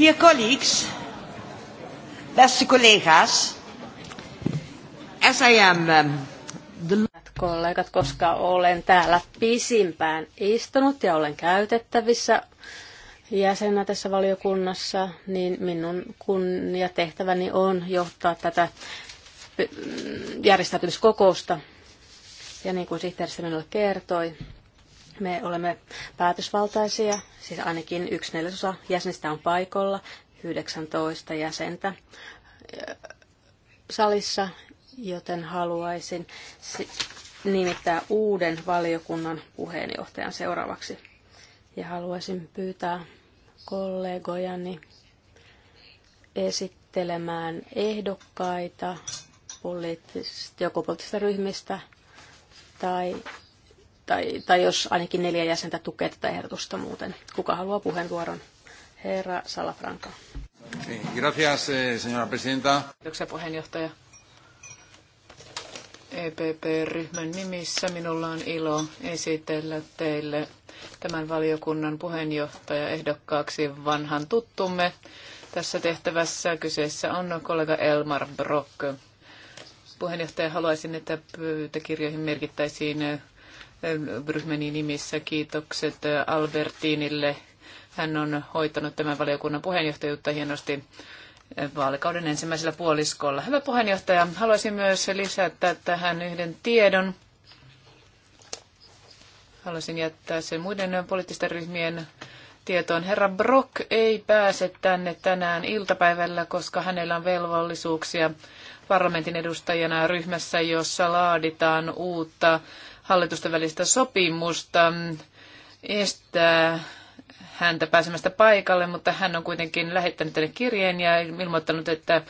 Dear colleagues, beste collega's, as I am um, the... Kollegat, koska olen täällä pisimpään istunut ja olen käytettävissä jäsenä tässä valiokunnassa, niin minun tehtäväni on johtaa tätä mm, järjestäytymiskokousta. Ja niin kuin sihteeristä minulle kertoi, me olemme päätösvaltaisia, siis ainakin yksi neljäsosa jäsenistä on paikalla, 19 jäsentä salissa, joten haluaisin nimittää uuden valiokunnan puheenjohtajan seuraavaksi. Ja haluaisin pyytää kollegojani esittelemään ehdokkaita poliittisista, joko poliittisista ryhmistä tai tai, tai jos ainakin neljä jäsentä tukee tätä ehdotusta muuten. Kuka haluaa puheenvuoron? Herra Salafranca. Gracias, eh, señora presidenta. Kiitoksia puheenjohtaja. EPP-ryhmän nimissä minulla on ilo esitellä teille tämän valiokunnan puheenjohtaja ehdokkaaksi vanhan tuttumme. Tässä tehtävässä kyseessä on kollega Elmar Brock. Puheenjohtaja, haluaisin, että pöytäkirjoihin merkittäisiin ryhmäni nimissä kiitokset Albertinille. Hän on hoitanut tämän valiokunnan puheenjohtajuutta hienosti vaalikauden ensimmäisellä puoliskolla. Hyvä puheenjohtaja, haluaisin myös lisätä tähän yhden tiedon. Haluaisin jättää sen muiden poliittisten ryhmien tietoon. Herra Brock ei pääse tänne tänään iltapäivällä, koska hänellä on velvollisuuksia parlamentin edustajana ryhmässä, jossa laaditaan uutta hallitusten välistä sopimusta estää häntä pääsemästä paikalle, mutta hän on kuitenkin lähettänyt tänne kirjeen ja ilmoittanut, että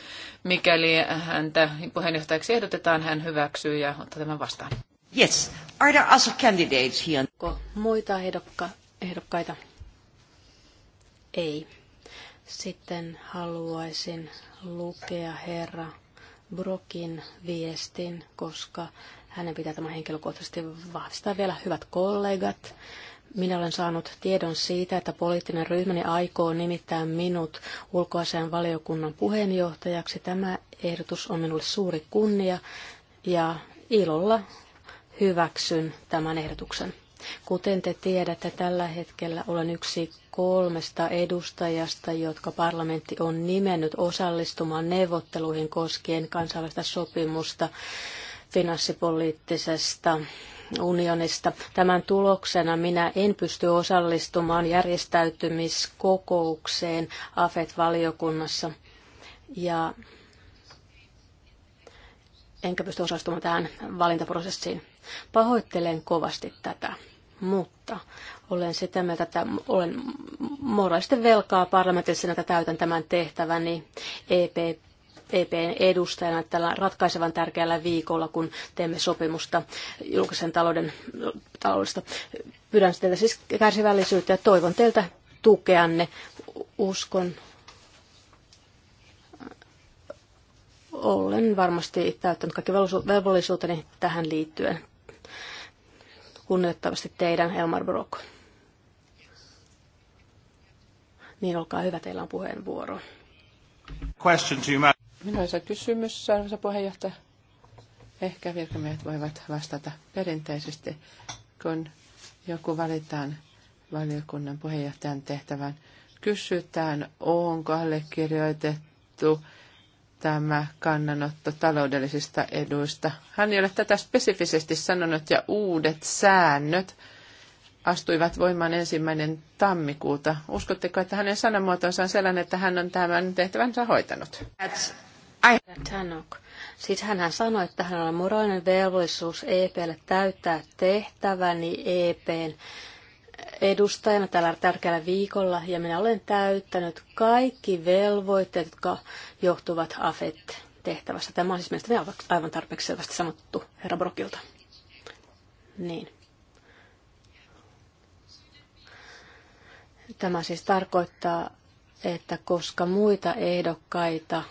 mikäli häntä puheenjohtajaksi ehdotetaan, hän hyväksyy ja ottaa tämän vastaan. Yes. Are there also candidates here? Onko muita ehdokka- ehdokkaita? Ei. Sitten haluaisin lukea herra Brokin viestin, koska hänen pitää tämä henkilökohtaisesti vahvistaa vielä hyvät kollegat. Minä olen saanut tiedon siitä, että poliittinen ryhmäni aikoo nimittää minut ulkoasian valiokunnan puheenjohtajaksi. Tämä ehdotus on minulle suuri kunnia ja ilolla hyväksyn tämän ehdotuksen. Kuten te tiedätte, tällä hetkellä olen yksi kolmesta edustajasta, jotka parlamentti on nimennyt osallistumaan neuvotteluihin koskien kansainvälistä sopimusta finanssipoliittisesta unionista. Tämän tuloksena minä en pysty osallistumaan järjestäytymiskokoukseen AFET-valiokunnassa ja enkä pysty osallistumaan tähän valintaprosessiin. Pahoittelen kovasti tätä, mutta olen sitä mieltä, että olen moraalisesti velkaa parlamentissa että täytän tämän tehtäväni EPP EPn edustajana tällä ratkaisevan tärkeällä viikolla, kun teemme sopimusta julkisen talouden taloudesta. Pyydän teiltä siis kärsivällisyyttä ja toivon teiltä tukeanne. Uskon, olen varmasti täyttänyt kaikki velvollisuuteni tähän liittyen. Kunnioittavasti teidän, Elmar Brock. Niin, olkaa hyvä, teillä on puheenvuoro. Question to you, Minulla on kysymys, arvoisa puheenjohtaja. Ehkä virkamiehet voivat vastata perinteisesti, kun joku valitaan valiokunnan puheenjohtajan tehtävän. Kysytään, onko allekirjoitettu tämä kannanotto taloudellisista eduista. Hän ei ole tätä spesifisesti sanonut ja uudet säännöt astuivat voimaan ensimmäinen tammikuuta. Uskotteko, että hänen sanamuotonsa on sellainen, että hän on tämän tehtävänsä hoitanut? Tanok. sitten siis hän sanoi, että hän on moraalinen velvollisuus EPlle täyttää tehtäväni EPn edustajana tällä tärkeällä viikolla ja minä olen täyttänyt kaikki velvoitteet, jotka johtuvat AFET-tehtävästä. Tämä on siis mielestäni aivan tarpeeksi selvästi sanottu herra Brokilta. Niin. Tämä siis tarkoittaa, että koska muita ehdokkaita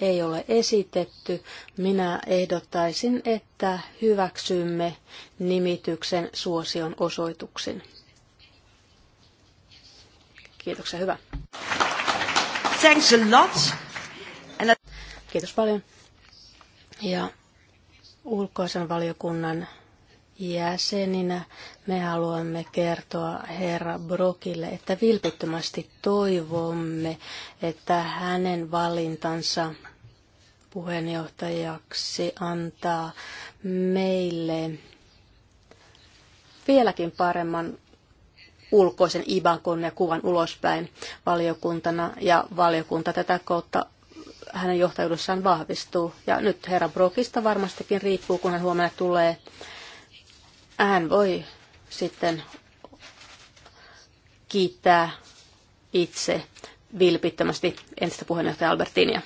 ei ole esitetty, minä ehdottaisin, että hyväksymme nimityksen suosion osoituksin. Kiitoksia, hyvä. Thanks a lot. And... Kiitos paljon. Ja ulkoisen valiokunnan jäseninä me haluamme kertoa herra Brokille, että vilpittömästi toivomme, että hänen valintansa puheenjohtajaksi antaa meille vieläkin paremman ulkoisen ibakon ja kuvan ulospäin valiokuntana ja valiokunta tätä kautta hänen johtajuudessaan vahvistuu. Ja nyt herra Brokista varmastikin riippuu, kun hän huomenna tulee. Hän voi sitten kiittää itse vilpittömästi entistä puheenjohtaja Albertinia.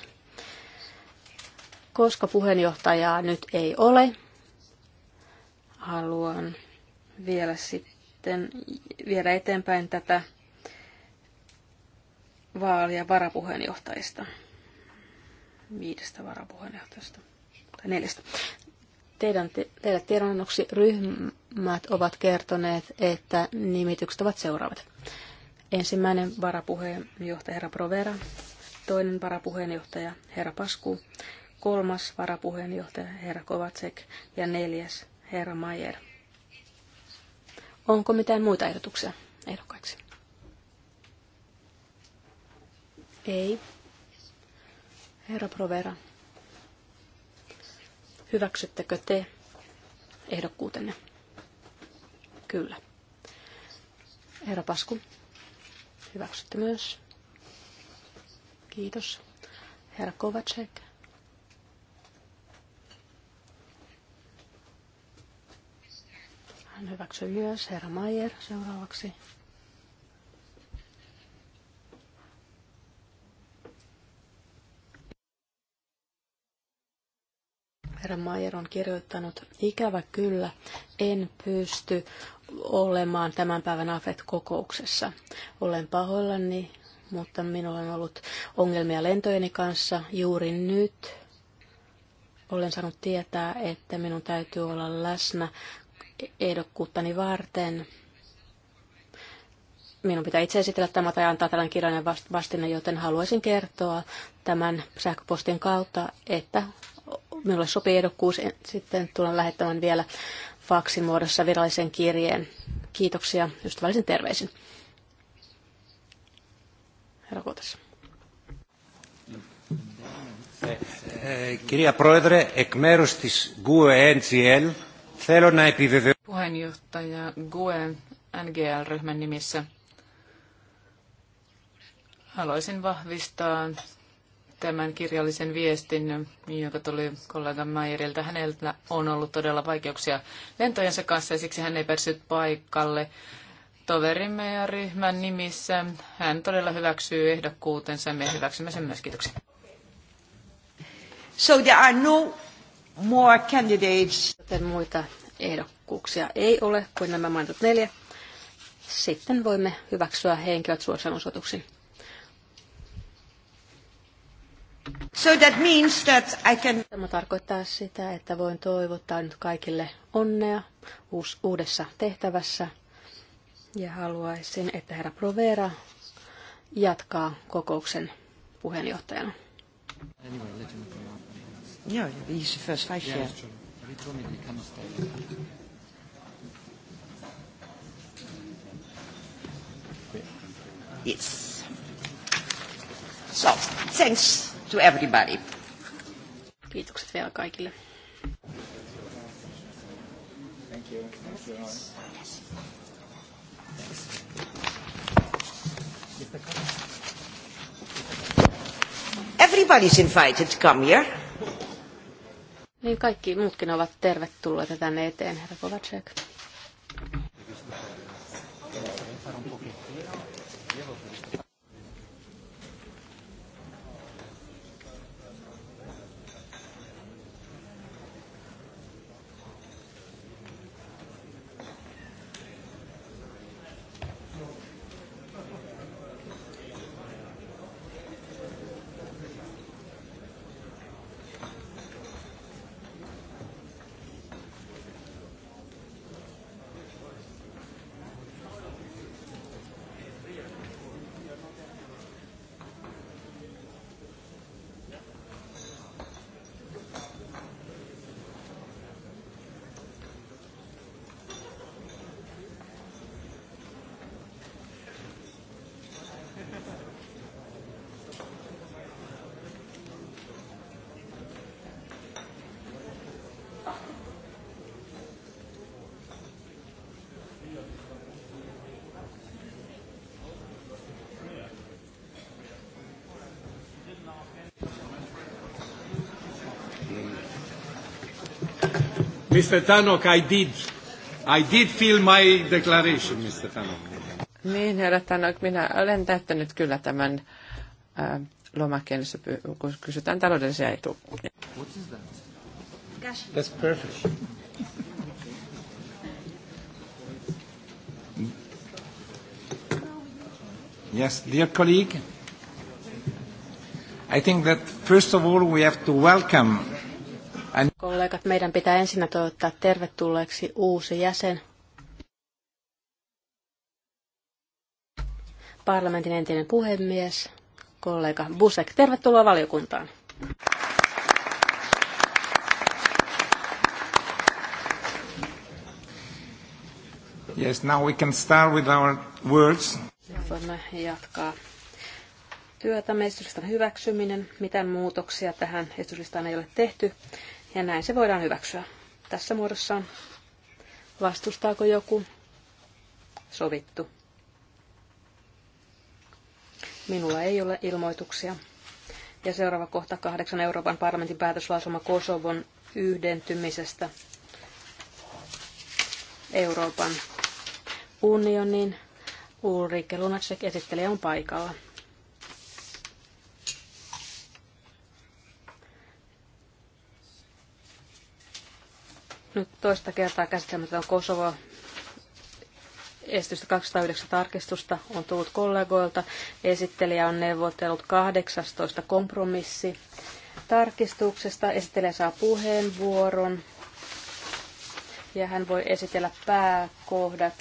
Koska puheenjohtajaa nyt ei ole, haluan vielä sitten viedä eteenpäin tätä vaalia varapuheenjohtajista. Viidestä varapuheenjohtajasta tai neljästä. Teidän, te, teille tiedonannoksi ryhmät ovat kertoneet, että nimitykset ovat seuraavat. Ensimmäinen varapuheenjohtaja herra Provera, toinen varapuheenjohtaja herra Pasku, kolmas varapuheenjohtaja herra Kovacek ja neljäs herra Mayer. Onko mitään muita ehdotuksia ehdokkaiksi? Ei. Herra Provera, hyväksyttekö te ehdokkuutenne? Kyllä. Herra Pasku, hyväksytte myös. Kiitos. Herra Kovacek, Hän myös herra Mayer seuraavaksi. Herra Mayer on kirjoittanut, ikävä kyllä, en pysty olemaan tämän päivän AFET-kokouksessa. Olen pahoillani, mutta minulla on ollut ongelmia lentojeni kanssa juuri nyt. Olen saanut tietää, että minun täytyy olla läsnä ehdokkuuttani varten. Minun pitää itse esitellä tämä tai antaa tällainen kirjallinen vastine, joten haluaisin kertoa tämän sähköpostin kautta, että minulle sopii ehdokkuus. Sitten tulen lähettämään vielä faksin muodossa virallisen kirjeen. Kiitoksia, ystävällisen terveisin. Herra Kuotas. Eh, eh, kirja Proedre, ekmerustis GUE-NCL Θέλω να επιβεβαιώσω. Puheenjohtaja Gue NGL-ryhmän nimissä. Haluaisin vahvistaa tämän kirjallisen viestin, joka tuli kollega Maijerilta. Hänellä on ollut todella vaikeuksia lentojensa kanssa ja siksi hän ei päässyt paikalle. Toverimme ja ryhmän nimissä hän todella hyväksyy ehdokkuutensa ja me hyväksymme sen myös. Kiitoksia. So there are no more candidates. Joten muita ehdokkuuksia ei ole kuin nämä mainitut neljä. Sitten voimme hyväksyä henkilöt suosion osoituksiin. So that means that I can... Tämä tarkoittaa sitä, että voin toivottaa nyt kaikille onnea uudessa tehtävässä. Ja haluaisin, että herra Provera jatkaa kokouksen puheenjohtajana. Anyway, Yeah, he's the first vice chair. Yeah, that's true. But he told me that he cannot stay. Yes. So, thanks to everybody. Kiitokset vielä kaikille. Thank you. Thank you. Everybody's invited to come here. Niin kaikki muutkin ovat tervetulleita tänne eteen, herra Kovacek. Mr. Tanok, I did. I did fill my declaration, Mr. Tanok. Niin, herra Tanok, minä olen täyttänyt kyllä tämän äh, lomakkeen, kun kysytään taloudellisia etuja. What is that? That's perfect. Yes, dear colleague, I think that first of all we have to welcome Kollegat, meidän pitää ensinnä toivottaa tervetulleeksi uusi jäsen. Parlamentin entinen puhemies, kollega Busek. Tervetuloa valiokuntaan. Yes, now we can start with our words. Voimme jatkaa työtä. Esityslistan hyväksyminen. Mitä muutoksia tähän esityslistaan ei ole tehty. Ja näin se voidaan hyväksyä tässä muodossaan. Vastustaako joku? Sovittu. Minulla ei ole ilmoituksia. Ja seuraava kohta kahdeksan Euroopan parlamentin päätöslausuma Kosovon yhdentymisestä Euroopan unionin Ulrike Lunacek esittelijä on paikalla. Nyt toista kertaa on Kosovo. Esitystä 209 tarkistusta on tullut kollegoilta. Esittelijä on neuvotellut 18 kompromissi tarkistuksesta. Esittelijä saa puheenvuoron ja hän voi esitellä pääkohdat.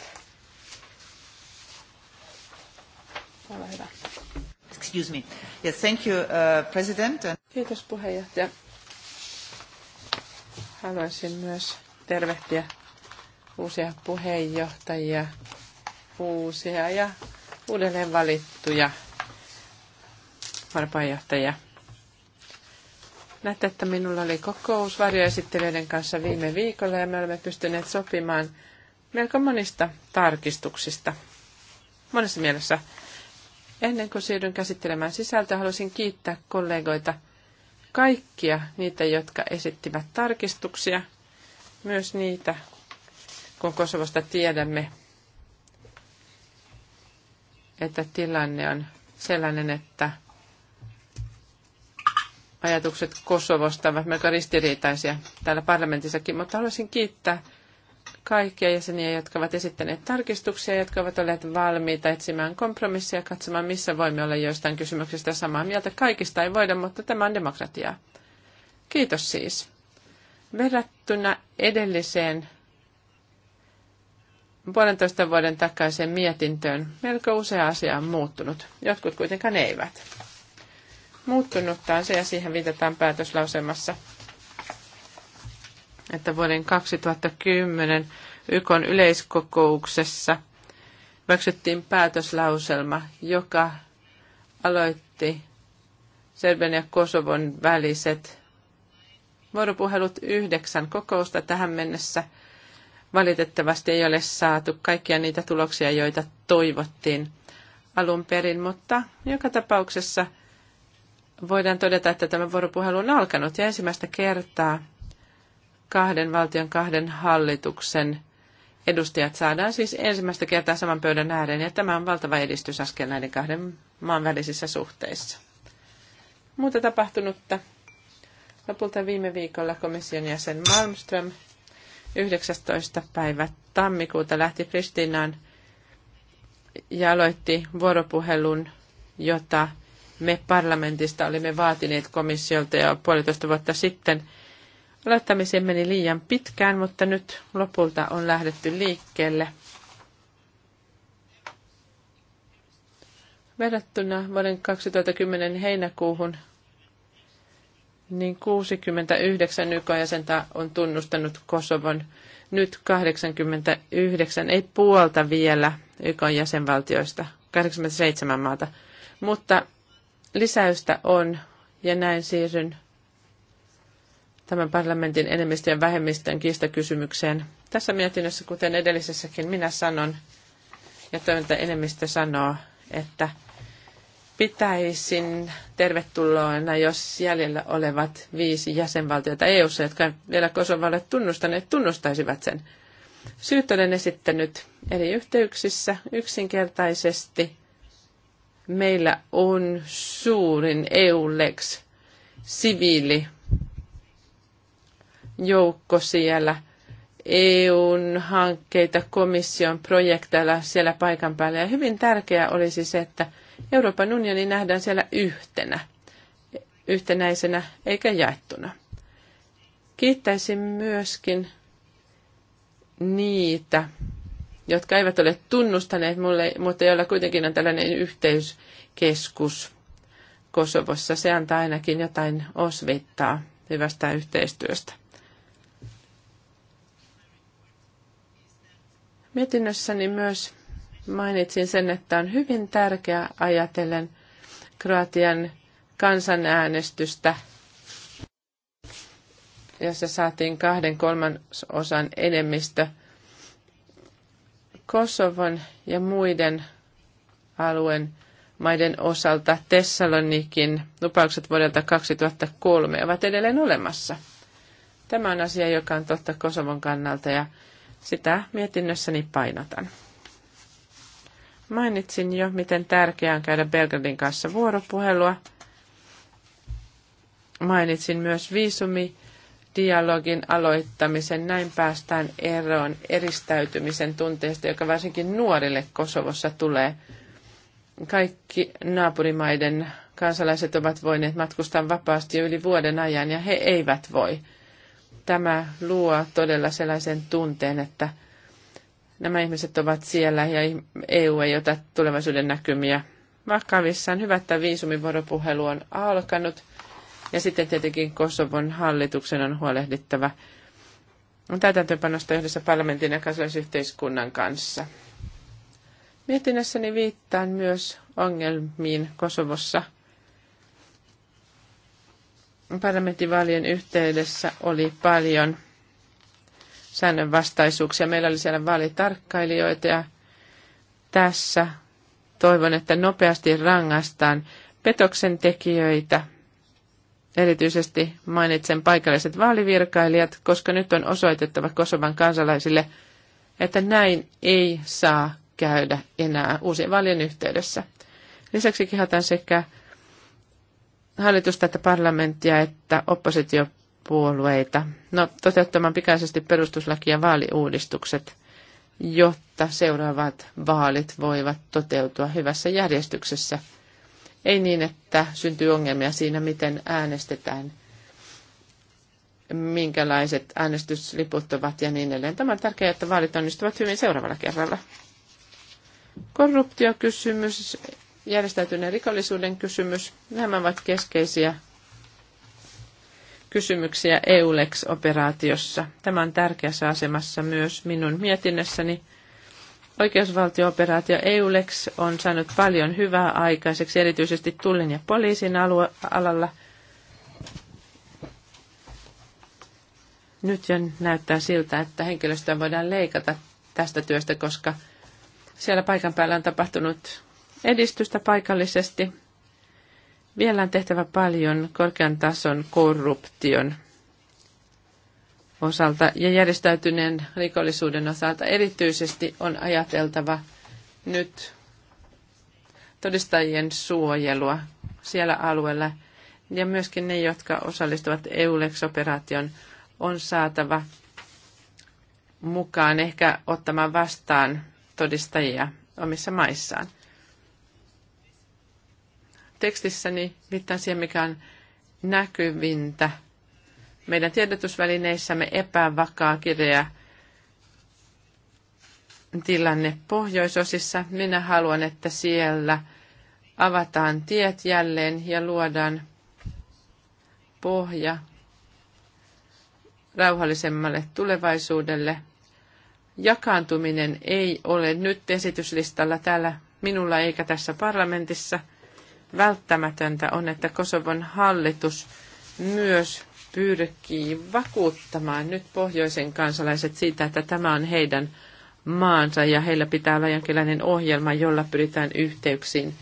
Ole hyvä. Excuse me. Yes, thank you, uh, President. Kiitos puheenjohtaja. Haluaisin myös tervehtiä uusia puheenjohtajia, uusia ja uudelleen valittuja varapuheenjohtajia. Näette, että minulla oli kokous varjoesittelijöiden kanssa viime viikolla ja me olemme pystyneet sopimaan melko monista tarkistuksista. Monessa mielessä. Ennen kuin siirryn käsittelemään sisältöä, haluaisin kiittää kollegoita – kaikkia niitä, jotka esittivät tarkistuksia, myös niitä, kun Kosovosta tiedämme, että tilanne on sellainen, että ajatukset Kosovosta ovat melko ristiriitaisia täällä parlamentissakin, mutta haluaisin kiittää kaikkia jäseniä, jotka ovat esittäneet tarkistuksia, jotka ovat olleet valmiita etsimään kompromissia, katsomaan missä voimme olla joistain kysymyksistä samaa mieltä. Kaikista ei voida, mutta tämä on demokratiaa. Kiitos siis. Verrattuna edelliseen puolentoista vuoden takaisin mietintöön melko usea asia on muuttunut. Jotkut kuitenkaan eivät. Muuttunutta on se, ja siihen viitataan päätöslausemassa että vuoden 2010 YKn yleiskokouksessa hyväksyttiin päätöslauselma, joka aloitti Serbian ja Kosovon väliset vuoropuhelut yhdeksän kokousta tähän mennessä. Valitettavasti ei ole saatu kaikkia niitä tuloksia, joita toivottiin alun perin, mutta joka tapauksessa voidaan todeta, että tämä vuoropuhelu on alkanut ja ensimmäistä kertaa kahden valtion, kahden hallituksen edustajat saadaan siis ensimmäistä kertaa saman pöydän ääreen, ja tämä on valtava edistysaskel näiden kahden maan välisissä suhteissa. Muuta tapahtunutta. Lopulta viime viikolla komission jäsen Malmström 19. päivä tammikuuta lähti Pristinaan ja aloitti vuoropuhelun, jota me parlamentista olimme vaatineet komissiolta jo puolitoista vuotta sitten – Aloittamiseen meni liian pitkään, mutta nyt lopulta on lähdetty liikkeelle. Verrattuna vuoden 2010 heinäkuuhun niin 69 YK-jäsentä on tunnustanut Kosovon, nyt 89, ei puolta vielä YK-jäsenvaltioista, 87 maata. Mutta lisäystä on, ja näin siirryn tämän parlamentin enemmistön ja vähemmistön kiistakysymykseen. Tässä mietinnössä, kuten edellisessäkin, minä sanon, ja toiminta enemmistö sanoo, että pitäisin tervetulloina, jos jäljellä olevat viisi jäsenvaltiota eu jotka vielä Kosovalle tunnustaneet, tunnustaisivat sen. Syyt olen esittänyt eri yhteyksissä yksinkertaisesti. Meillä on suurin eu leks siviili joukko siellä EUn hankkeita komission projekteilla siellä paikan päällä. Ja hyvin tärkeää olisi se, että Euroopan unioni nähdään siellä yhtenä, yhtenäisenä eikä jaettuna. Kiittäisin myöskin niitä, jotka eivät ole tunnustaneet mulle, mutta joilla kuitenkin on tällainen yhteyskeskus Kosovossa. Se antaa ainakin jotain osvittaa hyvästä yhteistyöstä. Mietinnössäni myös mainitsin sen, että on hyvin tärkeää ajatellen Kroatian kansanäänestystä, jossa saatiin kahden kolmasosan enemmistö Kosovon ja muiden alueen maiden osalta Tessalonikin lupaukset vuodelta 2003 ovat edelleen olemassa. Tämä on asia, joka on totta Kosovon kannalta ja sitä mietinnössäni painotan. Mainitsin jo, miten tärkeää on käydä Belgradin kanssa vuoropuhelua. Mainitsin myös viisumi dialogin aloittamisen. Näin päästään eroon eristäytymisen tunteesta, joka varsinkin nuorille Kosovossa tulee. Kaikki naapurimaiden kansalaiset ovat voineet matkustaa vapaasti jo yli vuoden ajan ja he eivät voi tämä luo todella sellaisen tunteen, että nämä ihmiset ovat siellä ja EU ei ota tulevaisuuden näkymiä vakavissaan. Hyvä, että viisumivuoropuhelu on alkanut. Ja sitten tietenkin Kosovon hallituksen on huolehdittava täytäntöönpanosta yhdessä parlamentin ja kansalaisyhteiskunnan kanssa. Mietinnässäni viittaan myös ongelmiin Kosovossa – parlamenttivaalien yhteydessä oli paljon säännönvastaisuuksia. Meillä oli siellä vaalitarkkailijoita ja tässä toivon, että nopeasti rangaistaan petoksen tekijöitä. Erityisesti mainitsen paikalliset vaalivirkailijat, koska nyt on osoitettava Kosovan kansalaisille, että näin ei saa käydä enää uusien vaalien yhteydessä. Lisäksi kehotan sekä hallitusta että parlamenttia että oppositiopuolueita no, toteuttamaan pikaisesti perustuslaki- ja vaaliuudistukset, jotta seuraavat vaalit voivat toteutua hyvässä järjestyksessä. Ei niin, että syntyy ongelmia siinä, miten äänestetään, minkälaiset äänestysliput ovat ja niin edelleen. Tämä on tärkeää, että vaalit onnistuvat hyvin seuraavalla kerralla. Korruptiokysymys järjestäytyneen rikollisuuden kysymys. Nämä ovat keskeisiä kysymyksiä EULEX-operaatiossa. Tämä on tärkeässä asemassa myös minun mietinnössäni. Oikeusvaltiooperaatio EULEX on saanut paljon hyvää aikaiseksi, erityisesti tullin ja poliisin alue- alalla. Nyt jo näyttää siltä, että henkilöstöä voidaan leikata tästä työstä, koska siellä paikan päällä on tapahtunut edistystä paikallisesti. Vielä on tehtävä paljon korkean tason korruption osalta ja järjestäytyneen rikollisuuden osalta erityisesti on ajateltava nyt todistajien suojelua siellä alueella ja myöskin ne, jotka osallistuvat EULEX-operaation, on saatava mukaan ehkä ottamaan vastaan todistajia omissa maissaan tekstissäni viittaan siihen, mikä on näkyvintä. Meidän tiedotusvälineissämme epävakaa kirja tilanne pohjoisosissa. Minä haluan, että siellä avataan tiet jälleen ja luodaan pohja rauhallisemmalle tulevaisuudelle. Jakaantuminen ei ole nyt esityslistalla täällä minulla eikä tässä parlamentissa – välttämätöntä on, että Kosovon hallitus myös pyrkii vakuuttamaan nyt pohjoisen kansalaiset siitä, että tämä on heidän maansa ja heillä pitää olla jonkinlainen ohjelma, jolla pyritään yhteyksiin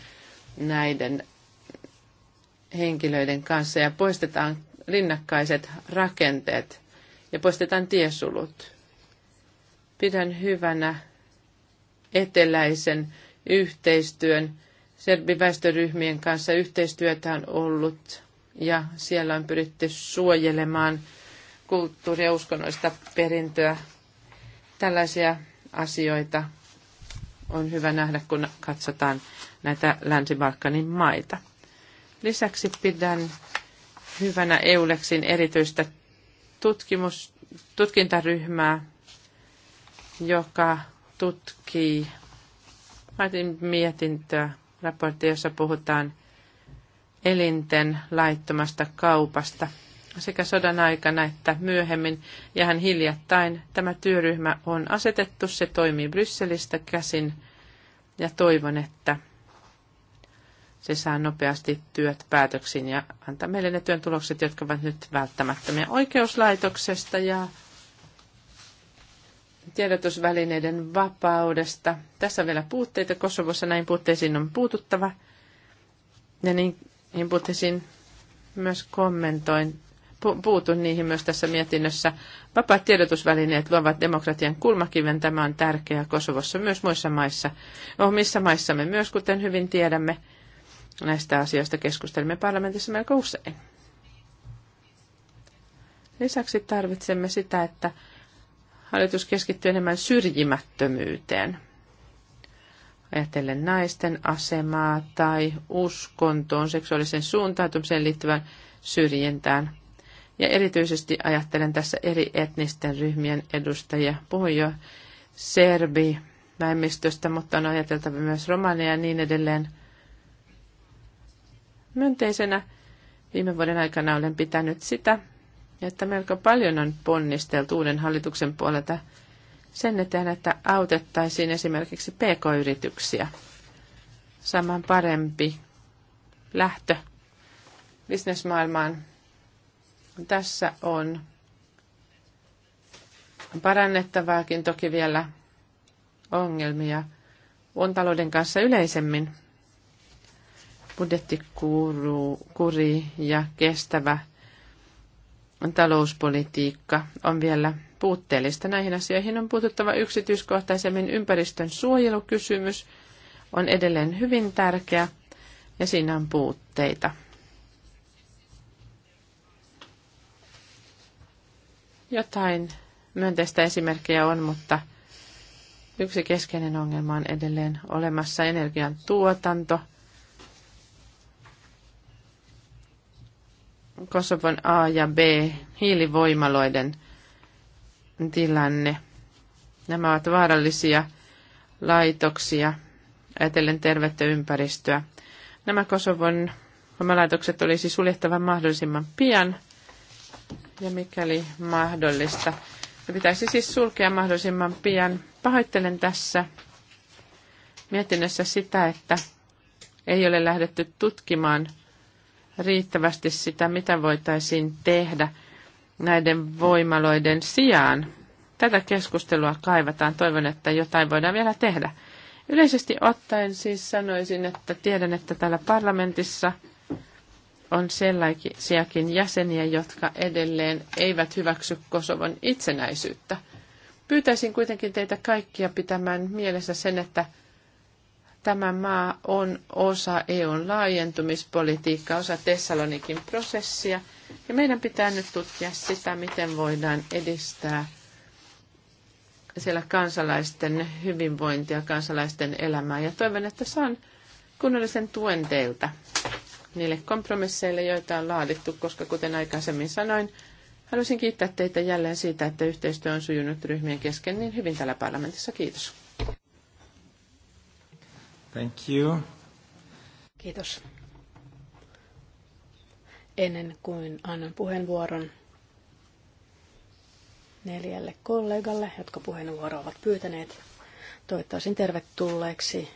näiden henkilöiden kanssa ja poistetaan rinnakkaiset rakenteet ja poistetaan tiesulut. Pidän hyvänä eteläisen yhteistyön serbiväestöryhmien kanssa yhteistyötä on ollut ja siellä on pyritty suojelemaan kulttuuri- ja uskonnoista perintöä. Tällaisia asioita on hyvä nähdä, kun katsotaan näitä Länsi-Balkanin maita. Lisäksi pidän hyvänä Euleksin erityistä tutkimus, tutkintaryhmää, joka tutkii mietintöä raportti, jossa puhutaan elinten laittomasta kaupasta sekä sodan aikana että myöhemmin ja hän hiljattain. Tämä työryhmä on asetettu, se toimii Brysselistä käsin ja toivon, että se saa nopeasti työt päätöksiin ja antaa meille ne työn tulokset, jotka ovat nyt välttämättömiä oikeuslaitoksesta ja tiedotusvälineiden vapaudesta. Tässä on vielä puutteita. Kosovossa näin puutteisiin on puututtava. Ja niin, niin puutteisiin myös kommentoin. Pu- puutun niihin myös tässä mietinnössä. Vapaat tiedotusvälineet luovat demokratian kulmakiven. Tämä on tärkeää Kosovossa myös muissa maissa. Omissa oh, me myös, kuten hyvin tiedämme. Näistä asioista keskustelemme parlamentissa melko usein. Lisäksi tarvitsemme sitä, että Hallitus keskittyy enemmän syrjimättömyyteen. Ajatellen naisten asemaa tai uskontoon, seksuaalisen suuntautumiseen liittyvän syrjintään. Ja erityisesti ajattelen tässä eri etnisten ryhmien edustajia. Puhun jo serbi vähemmistöstä, mutta on ajateltava myös romaneja ja niin edelleen. Myönteisenä viime vuoden aikana olen pitänyt sitä, että melko paljon on ponnisteltu uuden hallituksen puolelta sen eteen, että autettaisiin esimerkiksi pk-yrityksiä saman parempi lähtö bisnesmaailmaan. Tässä on parannettavaakin toki vielä ongelmia on talouden kanssa yleisemmin. Budjettikuri ja kestävä talouspolitiikka on vielä puutteellista. Näihin asioihin on puututtava yksityiskohtaisemmin. Ympäristön suojelukysymys on edelleen hyvin tärkeä ja siinä on puutteita. Jotain myönteistä esimerkkejä on, mutta yksi keskeinen ongelma on edelleen olemassa energian tuotanto – Kosovon A ja B hiilivoimaloiden tilanne. Nämä ovat vaarallisia laitoksia, ajatellen tervettä ympäristöä. Nämä Kosovon voimalaitokset olisi suljettava mahdollisimman pian ja mikäli mahdollista. Ne pitäisi siis sulkea mahdollisimman pian. Pahoittelen tässä mietinnössä sitä, että ei ole lähdetty tutkimaan – riittävästi sitä, mitä voitaisiin tehdä näiden voimaloiden sijaan. Tätä keskustelua kaivataan. Toivon, että jotain voidaan vielä tehdä. Yleisesti ottaen siis sanoisin, että tiedän, että täällä parlamentissa on sellaisiakin jäseniä, jotka edelleen eivät hyväksy Kosovon itsenäisyyttä. Pyytäisin kuitenkin teitä kaikkia pitämään mielessä sen, että Tämä maa on osa EUn laajentumispolitiikkaa, osa Thessalonikin prosessia, ja meidän pitää nyt tutkia sitä, miten voidaan edistää siellä kansalaisten hyvinvointia, kansalaisten elämää. Ja toivon, että saan kunnollisen tuen teiltä niille kompromisseille, joita on laadittu, koska kuten aikaisemmin sanoin, haluaisin kiittää teitä jälleen siitä, että yhteistyö on sujunut ryhmien kesken niin hyvin täällä parlamentissa. Kiitos. Thank you. Kiitos. Ennen kuin annan puheenvuoron neljälle kollegalle, jotka puheenvuoro ovat pyytäneet, toivottaisin tervetulleeksi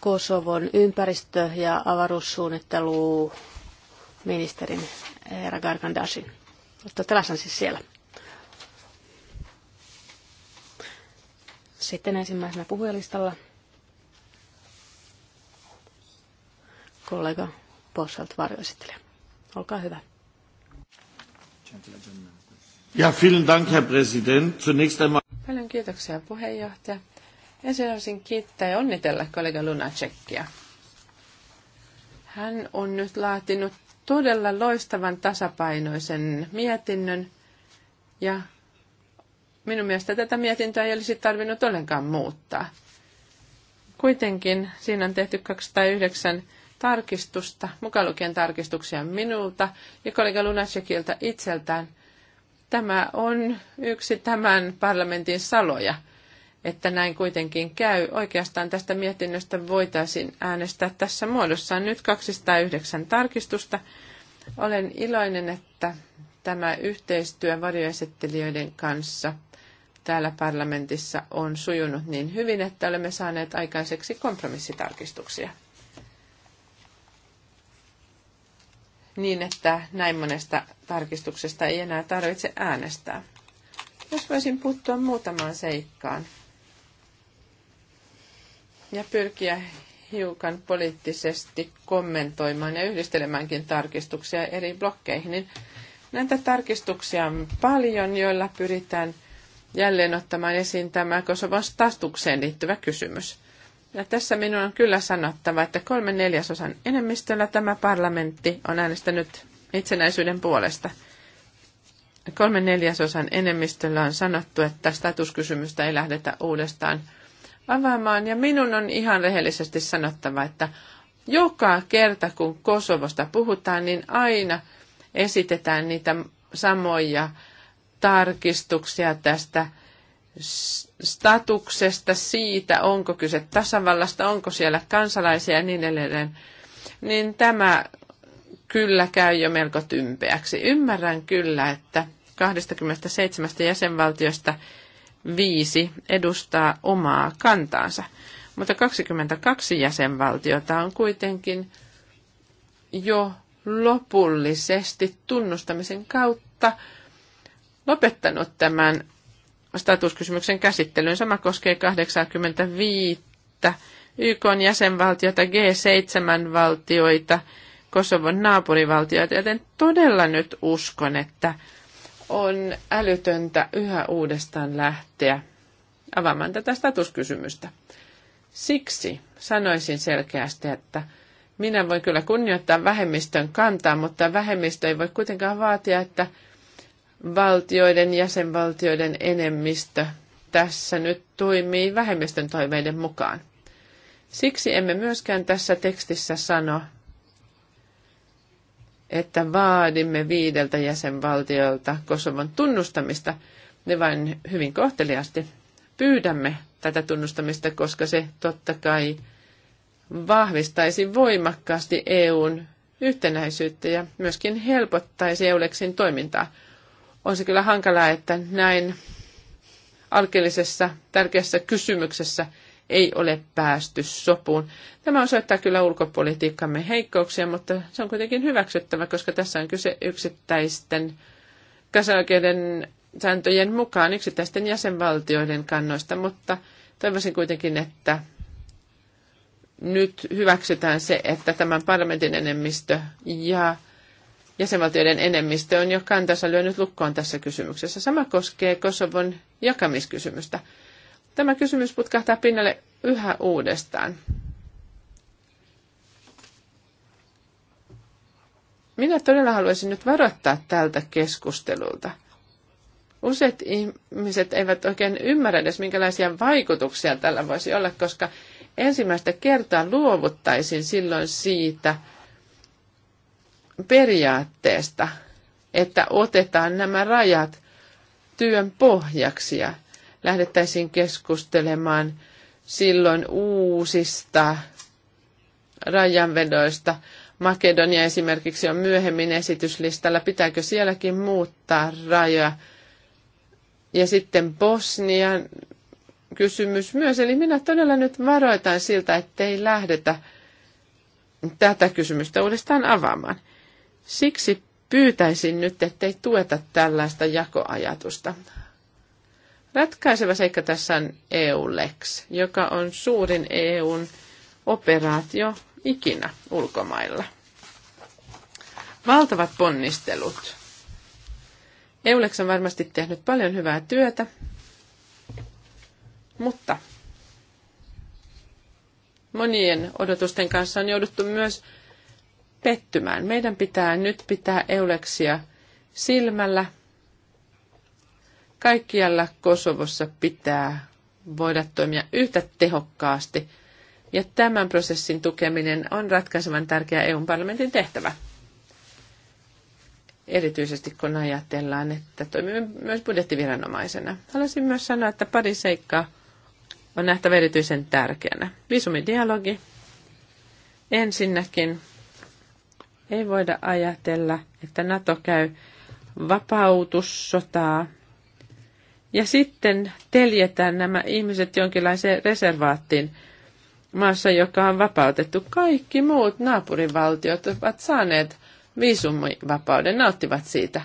Kosovon ympäristö- ja avaruussuunnitteluministerin ministerin Herra Gargandasin. Olette läsnä siis siellä. Sitten ensimmäisenä puhujalistalla kollega Posselt varjoesittelijä. Olkaa hyvä. Ja, vielen Dank, Herr president, Zunächst einmal... Paljon kiitoksia, puheenjohtaja. Ensin haluaisin kiittää ja onnitella kollega Lunacekia. Hän on nyt laatinut todella loistavan tasapainoisen mietinnön ja Minun mielestä tätä mietintöä ei olisi tarvinnut ollenkaan muuttaa. Kuitenkin siinä on tehty 209 tarkistusta, mukaan lukien tarkistuksia minulta ja kollega Lunasekilta itseltään. Tämä on yksi tämän parlamentin saloja, että näin kuitenkin käy. Oikeastaan tästä mietinnöstä voitaisiin äänestää tässä muodossa nyt 209 tarkistusta. Olen iloinen, että tämä yhteistyö varjoesittelijöiden kanssa – täällä parlamentissa on sujunut niin hyvin, että olemme saaneet aikaiseksi kompromissitarkistuksia. Niin, että näin monesta tarkistuksesta ei enää tarvitse äänestää. Jos voisin puuttua muutamaan seikkaan ja pyrkiä hiukan poliittisesti kommentoimaan ja yhdistelemäänkin tarkistuksia eri blokkeihin, niin näitä tarkistuksia on paljon, joilla pyritään jälleen ottamaan esiin tämä kosovan statukseen liittyvä kysymys. Ja tässä minun on kyllä sanottava, että kolme neljäsosan enemmistöllä tämä parlamentti on äänestänyt itsenäisyyden puolesta. Kolme neljäsosan enemmistöllä on sanottu, että statuskysymystä ei lähdetä uudestaan avaamaan. Ja minun on ihan rehellisesti sanottava, että joka kerta kun Kosovosta puhutaan, niin aina esitetään niitä samoja tarkistuksia tästä statuksesta, siitä, onko kyse tasavallasta, onko siellä kansalaisia ja niin edelleen, niin tämä kyllä käy jo melko tympeäksi. Ymmärrän kyllä, että 27 jäsenvaltiosta viisi edustaa omaa kantaansa, mutta 22 jäsenvaltiota on kuitenkin jo lopullisesti tunnustamisen kautta lopettanut tämän statuskysymyksen käsittelyn. Sama koskee 85 YK jäsenvaltiota, G7-valtioita, Kosovon naapurivaltioita, joten todella nyt uskon, että on älytöntä yhä uudestaan lähteä avaamaan tätä statuskysymystä. Siksi sanoisin selkeästi, että minä voin kyllä kunnioittaa vähemmistön kantaa, mutta vähemmistö ei voi kuitenkaan vaatia, että valtioiden, jäsenvaltioiden enemmistö tässä nyt toimii vähemmistön toiveiden mukaan. Siksi emme myöskään tässä tekstissä sano, että vaadimme viideltä jäsenvaltiolta Kosovon tunnustamista, ne vain hyvin kohteliasti pyydämme tätä tunnustamista, koska se totta kai vahvistaisi voimakkaasti EUn yhtenäisyyttä ja myöskin helpottaisi EULEXin toimintaa on se kyllä hankalaa, että näin alkeellisessa tärkeässä kysymyksessä ei ole päästy sopuun. Tämä osoittaa kyllä ulkopolitiikkamme heikkouksia, mutta se on kuitenkin hyväksyttävä, koska tässä on kyse yksittäisten kansanoikeuden sääntöjen mukaan yksittäisten jäsenvaltioiden kannoista, mutta toivoisin kuitenkin, että nyt hyväksytään se, että tämän parlamentin enemmistö ja jäsenvaltioiden enemmistö on jo kantansa lyönyt lukkoon tässä kysymyksessä. Sama koskee Kosovon jakamiskysymystä. Tämä kysymys putkahtaa pinnalle yhä uudestaan. Minä todella haluaisin nyt varoittaa tältä keskustelulta. Useat ihmiset eivät oikein ymmärrä edes, minkälaisia vaikutuksia tällä voisi olla, koska ensimmäistä kertaa luovuttaisin silloin siitä, periaatteesta, että otetaan nämä rajat työn pohjaksi ja lähdettäisiin keskustelemaan silloin uusista rajanvedoista. Makedonia esimerkiksi on myöhemmin esityslistalla. Pitääkö sielläkin muuttaa rajoja? Ja sitten Bosnian kysymys myös. Eli minä todella nyt varoitan siltä, ettei lähdetä tätä kysymystä uudestaan avaamaan. Siksi pyytäisin nyt, ettei tueta tällaista jakoajatusta. Ratkaiseva seikka tässä on EU-lex, joka on suurin EUn operaatio ikinä ulkomailla. Valtavat ponnistelut. EULEX on varmasti tehnyt paljon hyvää työtä, mutta monien odotusten kanssa on jouduttu myös pettymään. Meidän pitää nyt pitää euleksia silmällä. Kaikkialla Kosovossa pitää voida toimia yhtä tehokkaasti. Ja tämän prosessin tukeminen on ratkaisevan tärkeä EUn parlamentin tehtävä. Erityisesti kun ajatellaan, että toimimme myös budjettiviranomaisena. Haluaisin myös sanoa, että pari seikkaa on nähtävä erityisen tärkeänä. Visumidialogi. Ensinnäkin ei voida ajatella, että NATO käy vapautussotaa ja sitten teljetään nämä ihmiset jonkinlaiseen reservaattiin maassa, joka on vapautettu. Kaikki muut naapurivaltiot ovat saaneet viisumivapauden, nauttivat siitä.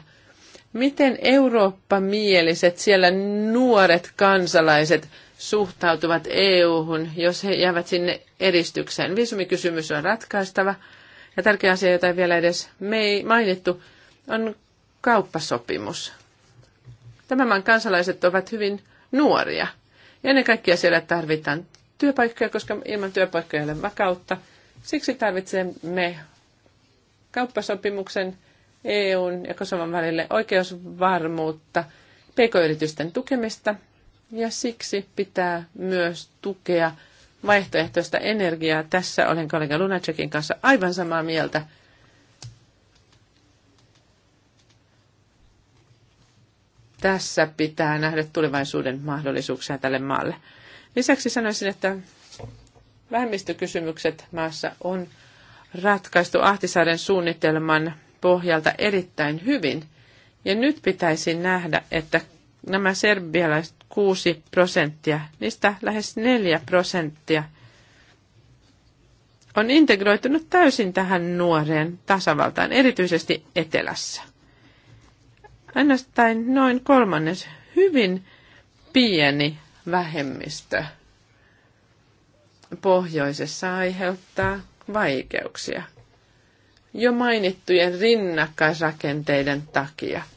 Miten Eurooppa-mieliset siellä nuoret kansalaiset suhtautuvat EU-hun, jos he jäävät sinne eristykseen? Viisumikysymys on ratkaistava. Ja tärkeä asia, jota ei vielä edes me ei mainittu, on kauppasopimus. Tämän maan kansalaiset ovat hyvin nuoria. Ja ennen kaikkea siellä tarvitaan työpaikkoja, koska ilman työpaikkoja ei ole vakautta. Siksi tarvitsemme kauppasopimuksen EUn ja Kosovan välille oikeusvarmuutta, pk-yritysten tukemista ja siksi pitää myös tukea vaihtoehtoista energiaa. Tässä olen kollega Lunacekin kanssa aivan samaa mieltä. Tässä pitää nähdä tulevaisuuden mahdollisuuksia tälle maalle. Lisäksi sanoisin, että vähemmistökysymykset maassa on ratkaistu Ahtisaaren suunnitelman pohjalta erittäin hyvin. Ja nyt pitäisi nähdä, että nämä serbialaiset 6 prosenttia, niistä lähes 4 prosenttia on integroitunut täysin tähän nuoreen tasavaltaan, erityisesti etelässä. Ainoastaan noin kolmannes, hyvin pieni vähemmistö pohjoisessa aiheuttaa vaikeuksia jo mainittujen rinnakkaisrakenteiden takia –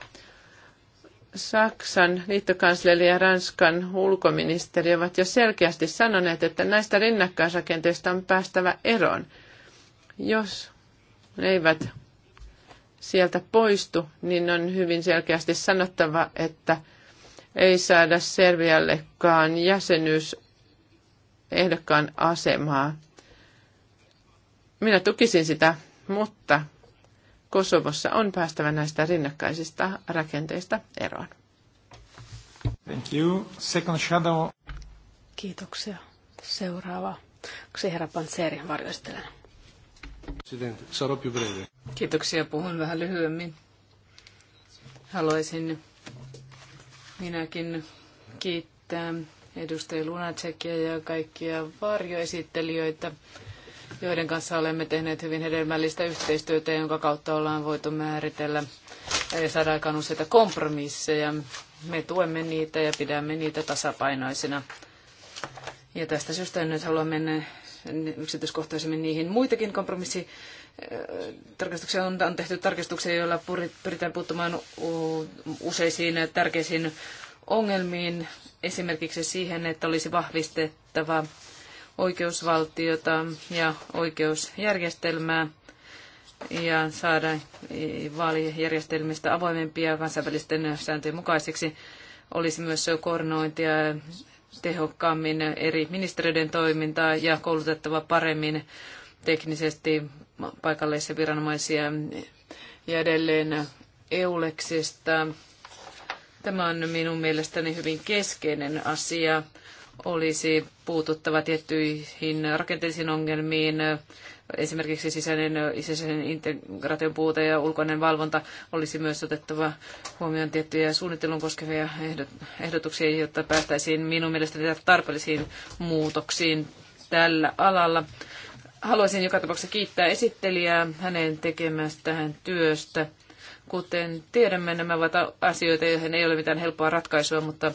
Saksan liittokansleri ja Ranskan ulkoministeri ovat jo selkeästi sanoneet, että näistä rinnakkaisrakenteista on päästävä eroon. Jos ne eivät sieltä poistu, niin on hyvin selkeästi sanottava, että ei saada Serviallekaan jäsenyys ehdokkaan asemaa. Minä tukisin sitä, mutta Kosovossa on päästävä näistä rinnakkaisista rakenteista eroon. Thank you. Second shadow. Kiitoksia. Seuraava. Yksi herra Panseri Varjoistelen. Kiitoksia. Puhun vähän lyhyemmin. Haluaisin minäkin kiittää edustaja Lunacekia ja kaikkia varjoesittelijöitä joiden kanssa olemme tehneet hyvin hedelmällistä yhteistyötä, jonka kautta ollaan voitu määritellä ja saada aikaan useita kompromisseja. Me tuemme niitä ja pidämme niitä tasapainoisina. Ja tästä syystä en nyt halua mennä yksityiskohtaisemmin niihin. Muitakin kompromissi on, on tehty tarkistuksia, joilla pyritään puuttumaan useisiin tärkeisiin ongelmiin, esimerkiksi siihen, että olisi vahvistettava oikeusvaltiota ja oikeusjärjestelmää ja saada vaalijärjestelmistä avoimempia kansainvälisten sääntöjen mukaisiksi. Olisi myös koordinointia tehokkaammin eri ministeriöiden toimintaa ja koulutettava paremmin teknisesti paikallisia viranomaisia ja edelleen EULEXista. Tämä on minun mielestäni hyvin keskeinen asia olisi puututtava tiettyihin rakenteellisiin ongelmiin, esimerkiksi sisäinen, sisäisen integraation puute ja ulkoinen valvonta olisi myös otettava huomioon tiettyjä suunnittelun koskevia ehdotuksia, jotta päästäisiin minun mielestäni tarpeellisiin muutoksiin tällä alalla. Haluaisin joka tapauksessa kiittää esittelijää hänen tekemästään työstä. Kuten tiedämme, nämä ovat asioita, joihin ei ole mitään helppoa ratkaisua, mutta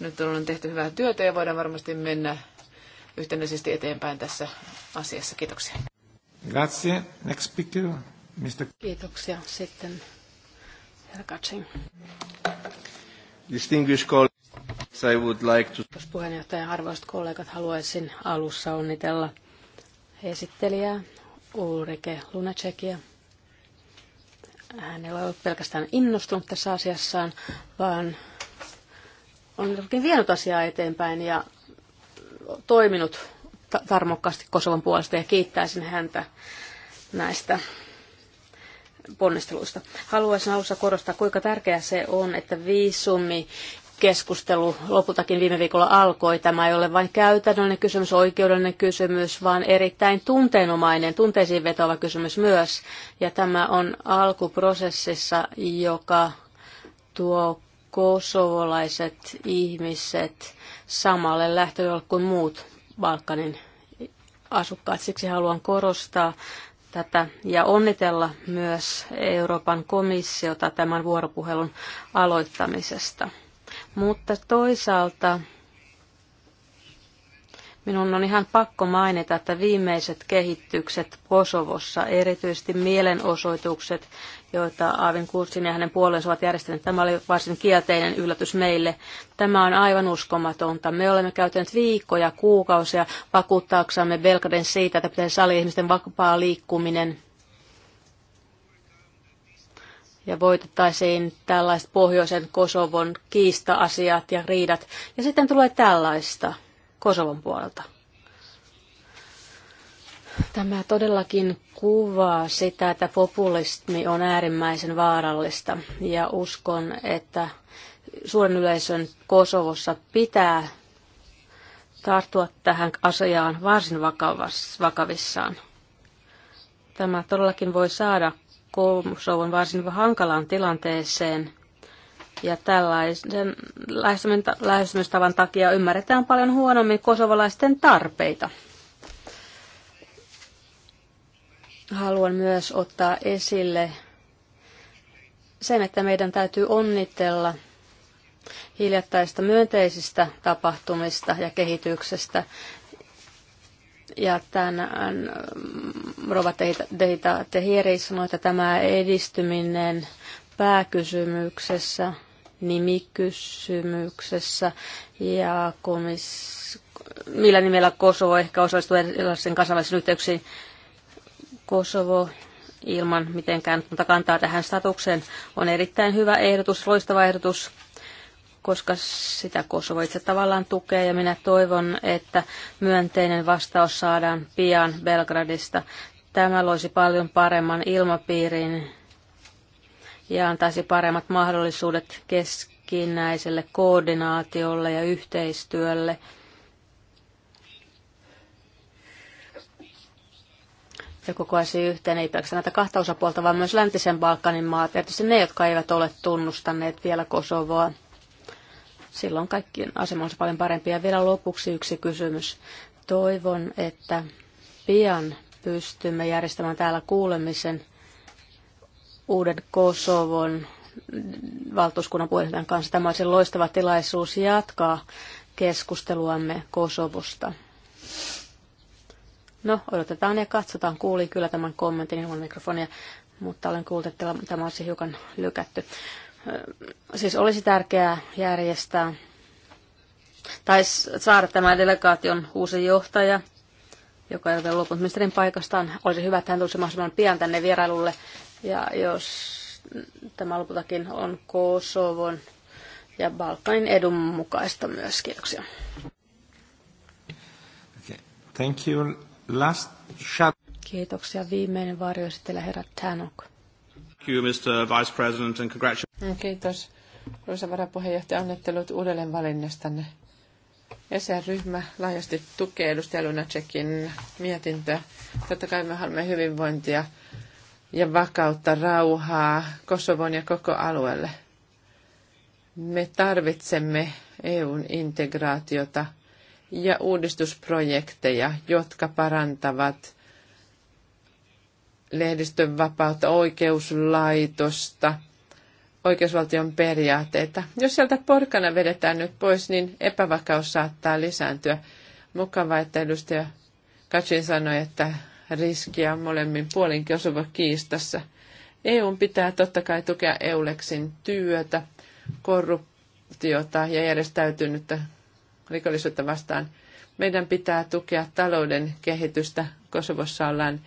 nyt on tehty hyvää työtä ja voidaan varmasti mennä yhtenäisesti eteenpäin tässä asiassa. Kiitoksia. Grazie. Next speaker, Mr. Kiitoksia. Sitten herra Katsin. Distinguished colleagues, I would like to... Jos puheenjohtaja arvoisat kollegat, haluaisin alussa onnitella esittelijää Ulrike Lunacekia. Hän ei ole pelkästään innostunut tässä asiassaan, vaan on vienyt asiaa eteenpäin ja toiminut tarmokkaasti Kosovan puolesta ja kiittäisin häntä näistä ponnisteluista. Haluaisin alussa korostaa, kuinka tärkeää se on, että viisumi keskustelu lopultakin viime viikolla alkoi. Tämä ei ole vain käytännöllinen kysymys, oikeudellinen kysymys, vaan erittäin tunteenomainen, tunteisiin vetova kysymys myös. Ja tämä on alkuprosessissa, joka tuo kosovolaiset ihmiset samalle lähtöjolle kuin muut Balkanin asukkaat. Siksi haluan korostaa tätä ja onnitella myös Euroopan komissiota tämän vuoropuhelun aloittamisesta. Mutta toisaalta Minun on ihan pakko mainita, että viimeiset kehitykset Kosovossa, erityisesti mielenosoitukset, joita Aavin Kursin ja hänen puolensa ovat järjestäneet, tämä oli varsin kielteinen yllätys meille. Tämä on aivan uskomatonta. Me olemme käyttäneet viikkoja, kuukausia vakuuttaaksamme Belgraden siitä, että pitäisi sali ihmisten vapaa liikkuminen ja voitettaisiin tällaiset pohjoisen Kosovon kiista-asiat ja riidat. Ja sitten tulee tällaista. Kosovon puolelta. Tämä todellakin kuvaa sitä, että populismi on äärimmäisen vaarallista ja uskon, että suuren yleisön Kosovossa pitää tarttua tähän asiaan varsin vakavissaan. Tämä todellakin voi saada Kosovon varsin hankalaan tilanteeseen, ja tällaisen lähestymistavan takia ymmärretään paljon huonommin kosovalaisten tarpeita. Haluan myös ottaa esille sen, että meidän täytyy onnitella hiljattaista myönteisistä tapahtumista ja kehityksestä. Ja tämän ähm, Rova Tehita Tehieri sanoi, että tämä edistyminen pääkysymyksessä – nimikysymyksessä ja komis, millä nimellä Kosovo ehkä osallistuu erilaisiin kansainvälisiin yhteyksiin. Kosovo ilman mitenkään mutta kantaa tähän statukseen on erittäin hyvä ehdotus, loistava ehdotus, koska sitä Kosovo itse tavallaan tukee ja minä toivon, että myönteinen vastaus saadaan pian Belgradista. Tämä loisi paljon paremman ilmapiirin ja antaisi paremmat mahdollisuudet keskinäiselle koordinaatiolle ja yhteistyölle. ja kokoaisi yhteen ei pelkästään näitä kahta osapuolta, vaan myös läntisen Balkanin maat, erityisesti ne, jotka eivät ole tunnustaneet vielä Kosovoa. Silloin kaikkien asema on paljon parempi. Ja vielä lopuksi yksi kysymys. Toivon, että pian pystymme järjestämään täällä kuulemisen uuden Kosovon valtuuskunnan puheenjohtajan kanssa. Tämä olisi loistava tilaisuus jatkaa keskusteluamme Kosovosta. No, odotetaan ja katsotaan. kuuli kyllä tämän kommentin ilman mikrofonia, mutta olen kuullut, että tämä olisi hiukan lykätty. Siis olisi tärkeää järjestää tai saada tämä delegaation uusi johtaja, joka ei ole luopunut ministerin paikastaan. Olisi hyvä, että hän tulisi mahdollisimman pian tänne vierailulle ja jos tämä lopultakin on Kosovon ja Balkanin edun mukaista myös. Kiitoksia. Okay. Thank you. Last shot. Kiitoksia. Viimeinen varjoesittelijä herra Tanok. Thank you, Mr. Vice President, and congratulations. Kiitos. Arvoisa varapuheenjohtaja, annettelut uudelleen valinnastanne. ESR-ryhmä laajasti tukee edustaja Lunacekin mietintöä. Totta kai me haluamme hyvinvointia ja vakautta, rauhaa Kosovon ja koko alueelle. Me tarvitsemme EUn integraatiota ja uudistusprojekteja, jotka parantavat lehdistön vapautta, oikeuslaitosta, oikeusvaltion periaatteita. Jos sieltä porkana vedetään nyt pois, niin epävakaus saattaa lisääntyä. Mukava, että edustaja Katsin sanoi, että riskiä molemmin puolin Kosovo kiistassa. EU pitää totta kai tukea Euleksin työtä, korruptiota ja järjestäytynyttä rikollisuutta vastaan. Meidän pitää tukea talouden kehitystä. Kosovossa ollaan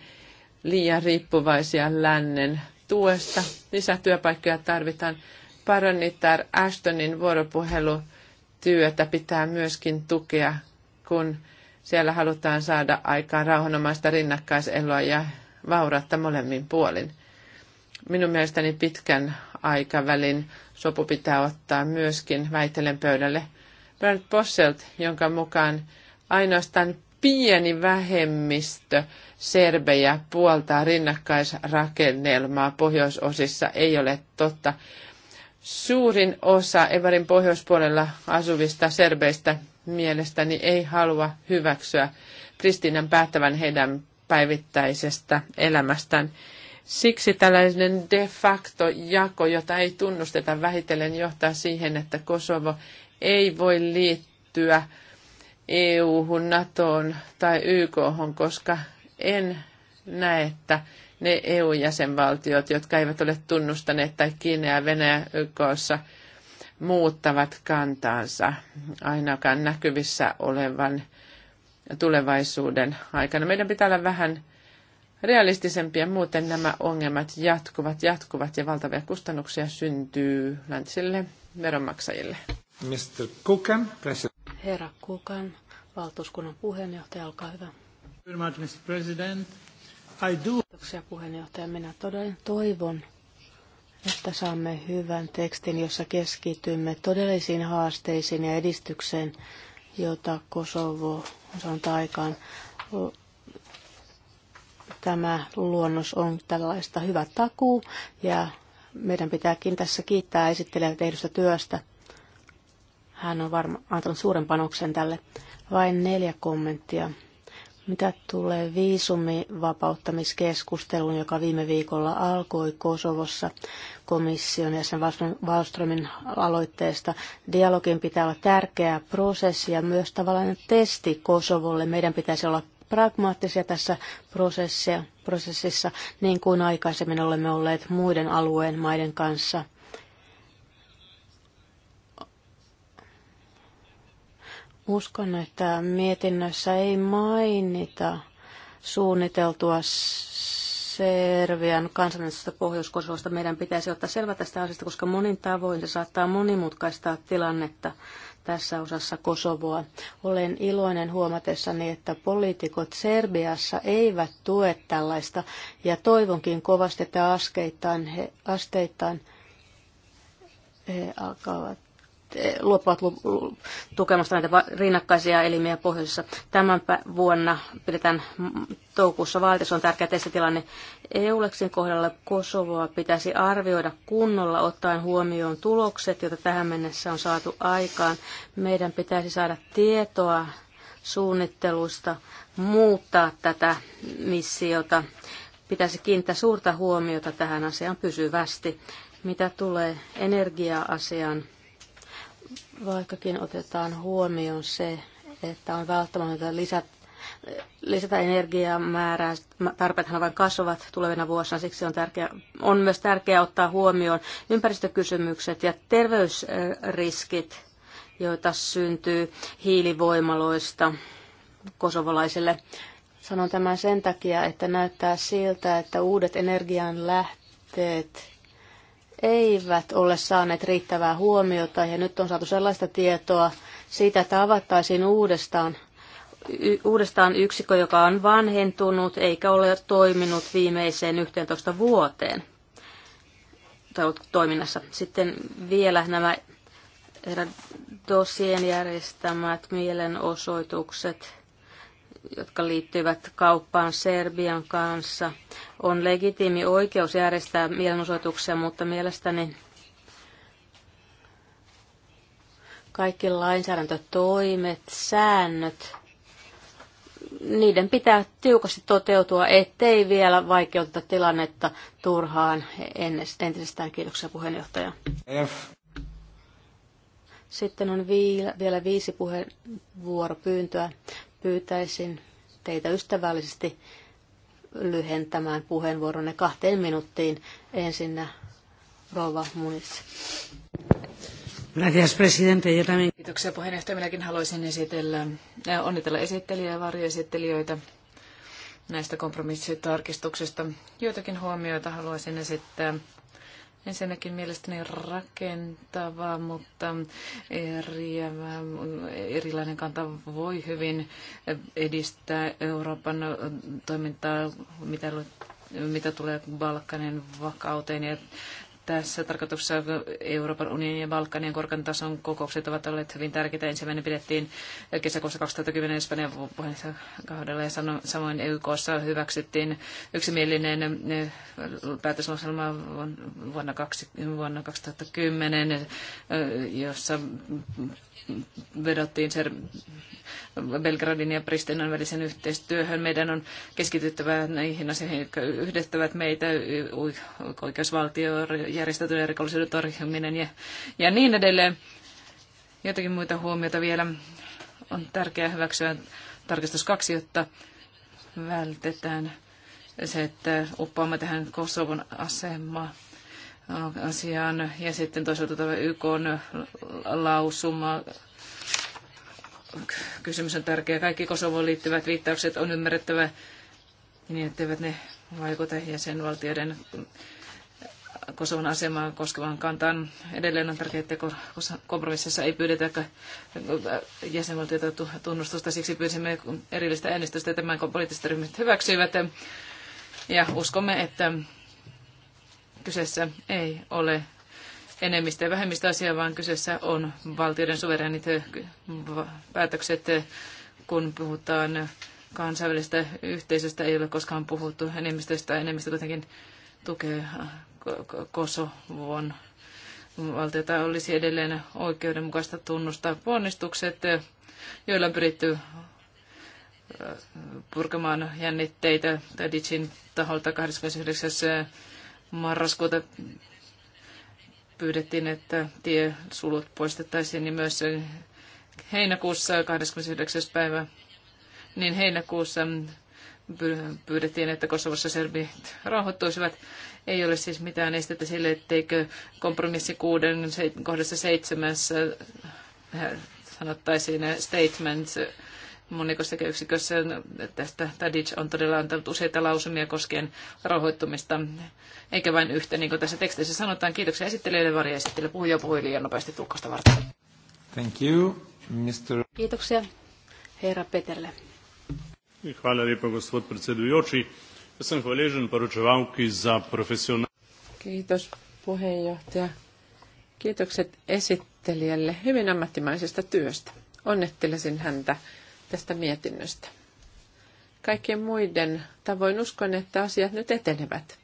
liian riippuvaisia lännen tuesta. Lisätyöpaikkoja tarvitaan. Paronitar Ashtonin vuoropuhelutyötä pitää myöskin tukea, kun siellä halutaan saada aikaan rauhanomaista rinnakkaiseloa ja vaurautta molemmin puolin. Minun mielestäni pitkän aikavälin sopu pitää ottaa myöskin väitellen pöydälle Bernd Posselt, jonka mukaan ainoastaan pieni vähemmistö serbejä puoltaa rinnakkaisrakennelmaa pohjoisosissa ei ole totta. Suurin osa Evarin pohjoispuolella asuvista serbeistä mielestäni ei halua hyväksyä Kristiinan päättävän heidän päivittäisestä elämästään. Siksi tällainen de facto jako, jota ei tunnusteta vähitellen, johtaa siihen, että Kosovo ei voi liittyä EU-hun, NATOon tai yk koska en näe, että ne EU-jäsenvaltiot, jotka eivät ole tunnustaneet tai Kiina ja Venäjä YKssa – muuttavat kantaansa ainakaan näkyvissä olevan tulevaisuuden aikana. Meidän pitää olla vähän realistisempia, muuten nämä ongelmat jatkuvat, jatkuvat ja valtavia kustannuksia syntyy läntisille veronmaksajille. Mr. Kukan, president. Herra Kukan, valtuuskunnan puheenjohtaja, olkaa hyvä. President. I do. Kiitoksia puheenjohtaja. Minä todella toivon, että saamme hyvän tekstin, jossa keskitymme todellisiin haasteisiin ja edistykseen, jota Kosovo on saanut aikaan. Tämä luonnos on tällaista hyvä takuu ja meidän pitääkin tässä kiittää esittelijää tehdystä työstä. Hän on varmaan antanut suuren panoksen tälle. Vain neljä kommenttia mitä tulee viisumivapauttamiskeskusteluun, joka viime viikolla alkoi Kosovossa komission ja sen Wallströmin aloitteesta, dialogin pitää olla tärkeä prosessi ja myös tavallaan testi Kosovolle. Meidän pitäisi olla pragmaattisia tässä prosessissa, niin kuin aikaisemmin olemme olleet muiden alueen maiden kanssa. Uskon, että mietinnössä ei mainita suunniteltua Servian kansallisesta pohjoiskosvosta. Meidän pitäisi ottaa selvä tästä asiasta, koska monin tavoin se saattaa monimutkaistaa tilannetta tässä osassa Kosovoa. Olen iloinen huomatessani, että poliitikot Serbiassa eivät tue tällaista ja toivonkin kovasti, että asteittain he, asteittain he alkavat Eh, luopuvat tukemasta näitä rinnakkaisia elimiä pohjoisessa. Tämän vuonna pidetään toukussa vaalit, on tärkeä testitilanne. EULEXin kohdalla Kosovoa pitäisi arvioida kunnolla ottaen huomioon tulokset, joita tähän mennessä on saatu aikaan. Meidän pitäisi saada tietoa suunnittelusta muuttaa tätä missiota. Pitäisi kiinnittää suurta huomiota tähän asiaan pysyvästi. Mitä tulee energia-asiaan, Vaikkakin otetaan huomioon se, että on välttämätöntä lisät, lisätä energiaa määrää, tarpeethan vain kasvavat tulevina vuosina, siksi on, tärkeä, on myös tärkeää ottaa huomioon ympäristökysymykset ja terveysriskit, joita syntyy hiilivoimaloista kosovolaisille. Sanon tämän sen takia, että näyttää siltä, että uudet energian lähteet eivät ole saaneet riittävää huomiota ja nyt on saatu sellaista tietoa siitä, että avattaisiin uudestaan, uudestaan yksikkö, joka on vanhentunut eikä ole toiminut viimeiseen 11 vuoteen tai ollut toiminnassa. Sitten vielä nämä Dosien järjestämät mielenosoitukset – jotka liittyvät kauppaan Serbian kanssa. On legitiimi oikeus järjestää mielenosoituksia, mutta mielestäni kaikki lainsäädäntötoimet, säännöt, niiden pitää tiukasti toteutua, ettei vielä vaikeuteta tilannetta turhaan entisestään. Kiitoksia puheenjohtaja. F. Sitten on vielä viisi puheenvuoropyyntöä. Pyytäisin teitä ystävällisesti lyhentämään puheenvuoronne kahteen minuuttiin. Ensinnä Rova Munis. Gracias, presidente. Yo también... Kiitoksia puheenjohtaja. Minäkin haluaisin esitellä, äh, onnitella esittelijä ja varjoesittelijöitä näistä kompromissitarkistuksista. Joitakin huomioita haluaisin esittää ensinnäkin mielestäni rakentava, mutta eriävä, erilainen kanta voi hyvin edistää Euroopan toimintaa, mitä mitä tulee Balkanin vakauteen ja tässä tarkoituksessa Euroopan unionin ja Balkanien korkean tason kokoukset ovat olleet hyvin tärkeitä. Ensimmäinen pidettiin kesäkuussa 2010 Espanjan kahdella ja samoin e YKssa hyväksyttiin yksimielinen eh, päätöslauselma vuonna 2010, eh, jossa vedottiin ser- Belgradin ja Pristinan välisen yhteistyöhön. Meidän on keskityttävä näihin asioihin, jotka yhdistävät meitä, oikeusvaltio, järjestetyn rikollisuuden torjuminen ja, ja niin edelleen. Jotakin muita huomiota vielä. On tärkeää hyväksyä tarkistus kaksi, jotta vältetään se, että uppoamme tähän Kosovon asemaan asiaan. Ja sitten toisaalta tämä YK lausuma. Kysymys on tärkeä. Kaikki Kosovoon liittyvät viittaukset on ymmärrettävä niin, etteivät ne vaikuta jäsenvaltioiden Kosovon asemaa koskevaan kantaan. Edelleen on tärkeää, että kompromississa ei pyydetä jäsenvaltiota tunnustusta. Siksi pyysimme erillistä äänestystä. Tämän poliittiset ryhmät hyväksyivät. Ja uskomme, että kyseessä ei ole enemmistö- ja vähemmistöasia, vaan kyseessä on valtioiden suverenit eh, päätökset, eh, kun puhutaan kansainvälisestä yhteisöstä, ei ole koskaan puhuttu enemmistöstä. Enemmistö kuitenkin tukee eh, Kosovon valtiota. Olisi edelleen oikeudenmukaista tunnustaa ponnistukset, joilla on pyritty purkamaan jännitteitä Tadicin taholta 29 marraskuuta pyydettiin, että tiesulut poistettaisiin, niin myös heinäkuussa 29. päivä, niin heinäkuussa pyydettiin, että Kosovossa serbit rauhoittuisivat. Ei ole siis mitään estettä sille, etteikö kompromissi kuuden kohdassa seitsemässä äh, sanottaisiin äh, statements yksikössä Tästä Tadic on todella antanut useita lausumia koskien rahoittumista, eikä vain yhtä, niin kuin tässä tekstissä sanotaan. Kiitoksia esittelijöille, varjaesittelijä puhuja puhui liian nopeasti tulkosta varten. Thank you, Mr. Kiitoksia, herra Peterle. Kiitos puheenjohtaja. Kiitokset esittelijälle hyvin ammattimaisesta työstä. Onnettelisin häntä tästä mietinnöstä. Kaikkien muiden tavoin uskon, että asiat nyt etenevät.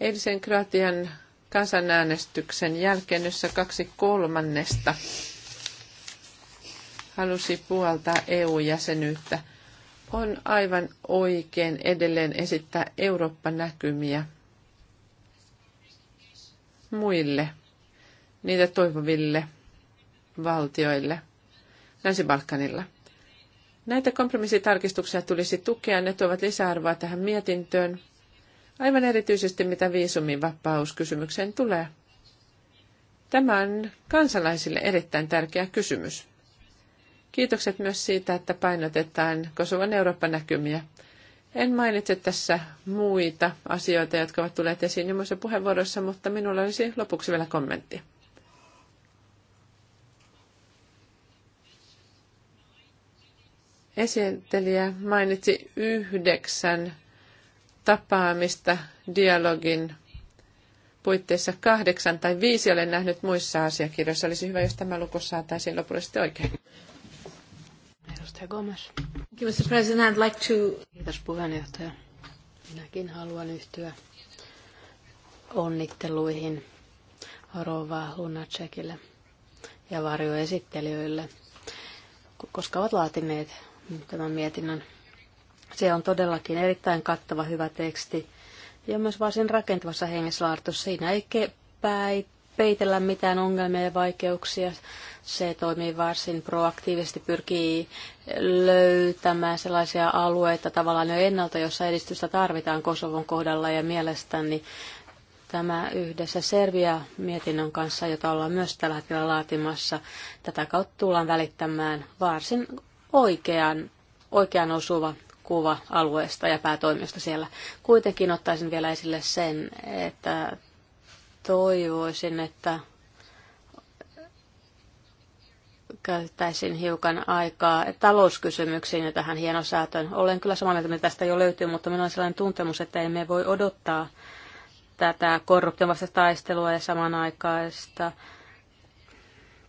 Eilisen Kroatian kansanäänestyksen jälkeen, jossa kaksi kolmannesta halusi puoltaa EU-jäsenyyttä, on aivan oikein edelleen esittää Eurooppa-näkymiä muille, niitä toivoville valtioille Länsi-Balkanilla – Näitä kompromissitarkistuksia tulisi tukea, ne tuovat lisäarvoa tähän mietintöön, aivan erityisesti mitä viisumivapauskysymykseen tulee. Tämä on kansalaisille erittäin tärkeä kysymys. Kiitokset myös siitä, että painotetaan Kosovan Eurooppa-näkymiä. En mainitse tässä muita asioita, jotka ovat tulleet esiin muissa puheenvuoroissa, mutta minulla olisi lopuksi vielä kommentti. Esittelijä mainitsi yhdeksän tapaamista dialogin puitteissa kahdeksan tai viisi olen nähnyt muissa asiakirjoissa. Olisi hyvä, jos tämä luku saataisiin lopullisesti oikein. Edustaja Gomes. Mr. President, like to... Kiitos puheenjohtaja. Minäkin haluan yhtyä onnitteluihin Rova Lunacekille ja varjoesittelijöille, koska ovat laatineet tämän mietinnön. Se on todellakin erittäin kattava, hyvä teksti ja myös varsin rakentavassa hengessä laadittu. Siinä ei päi, peitellä mitään ongelmia ja vaikeuksia. Se toimii varsin proaktiivisesti, pyrkii löytämään sellaisia alueita tavallaan jo ennalta, jossa edistystä tarvitaan Kosovon kohdalla ja mielestäni tämä yhdessä Serbia-mietinnön kanssa, jota ollaan myös tällä hetkellä laatimassa. Tätä kautta tullaan välittämään varsin oikean, oikean osuva kuva alueesta ja päätoimijoista siellä. Kuitenkin ottaisin vielä esille sen, että toivoisin, että käyttäisin hiukan aikaa talouskysymyksiin ja tähän hienosäätöön. Olen kyllä samaa mieltä, että tästä jo löytyy, mutta minulla on sellainen tuntemus, että emme voi odottaa tätä korruption taistelua ja samanaikaista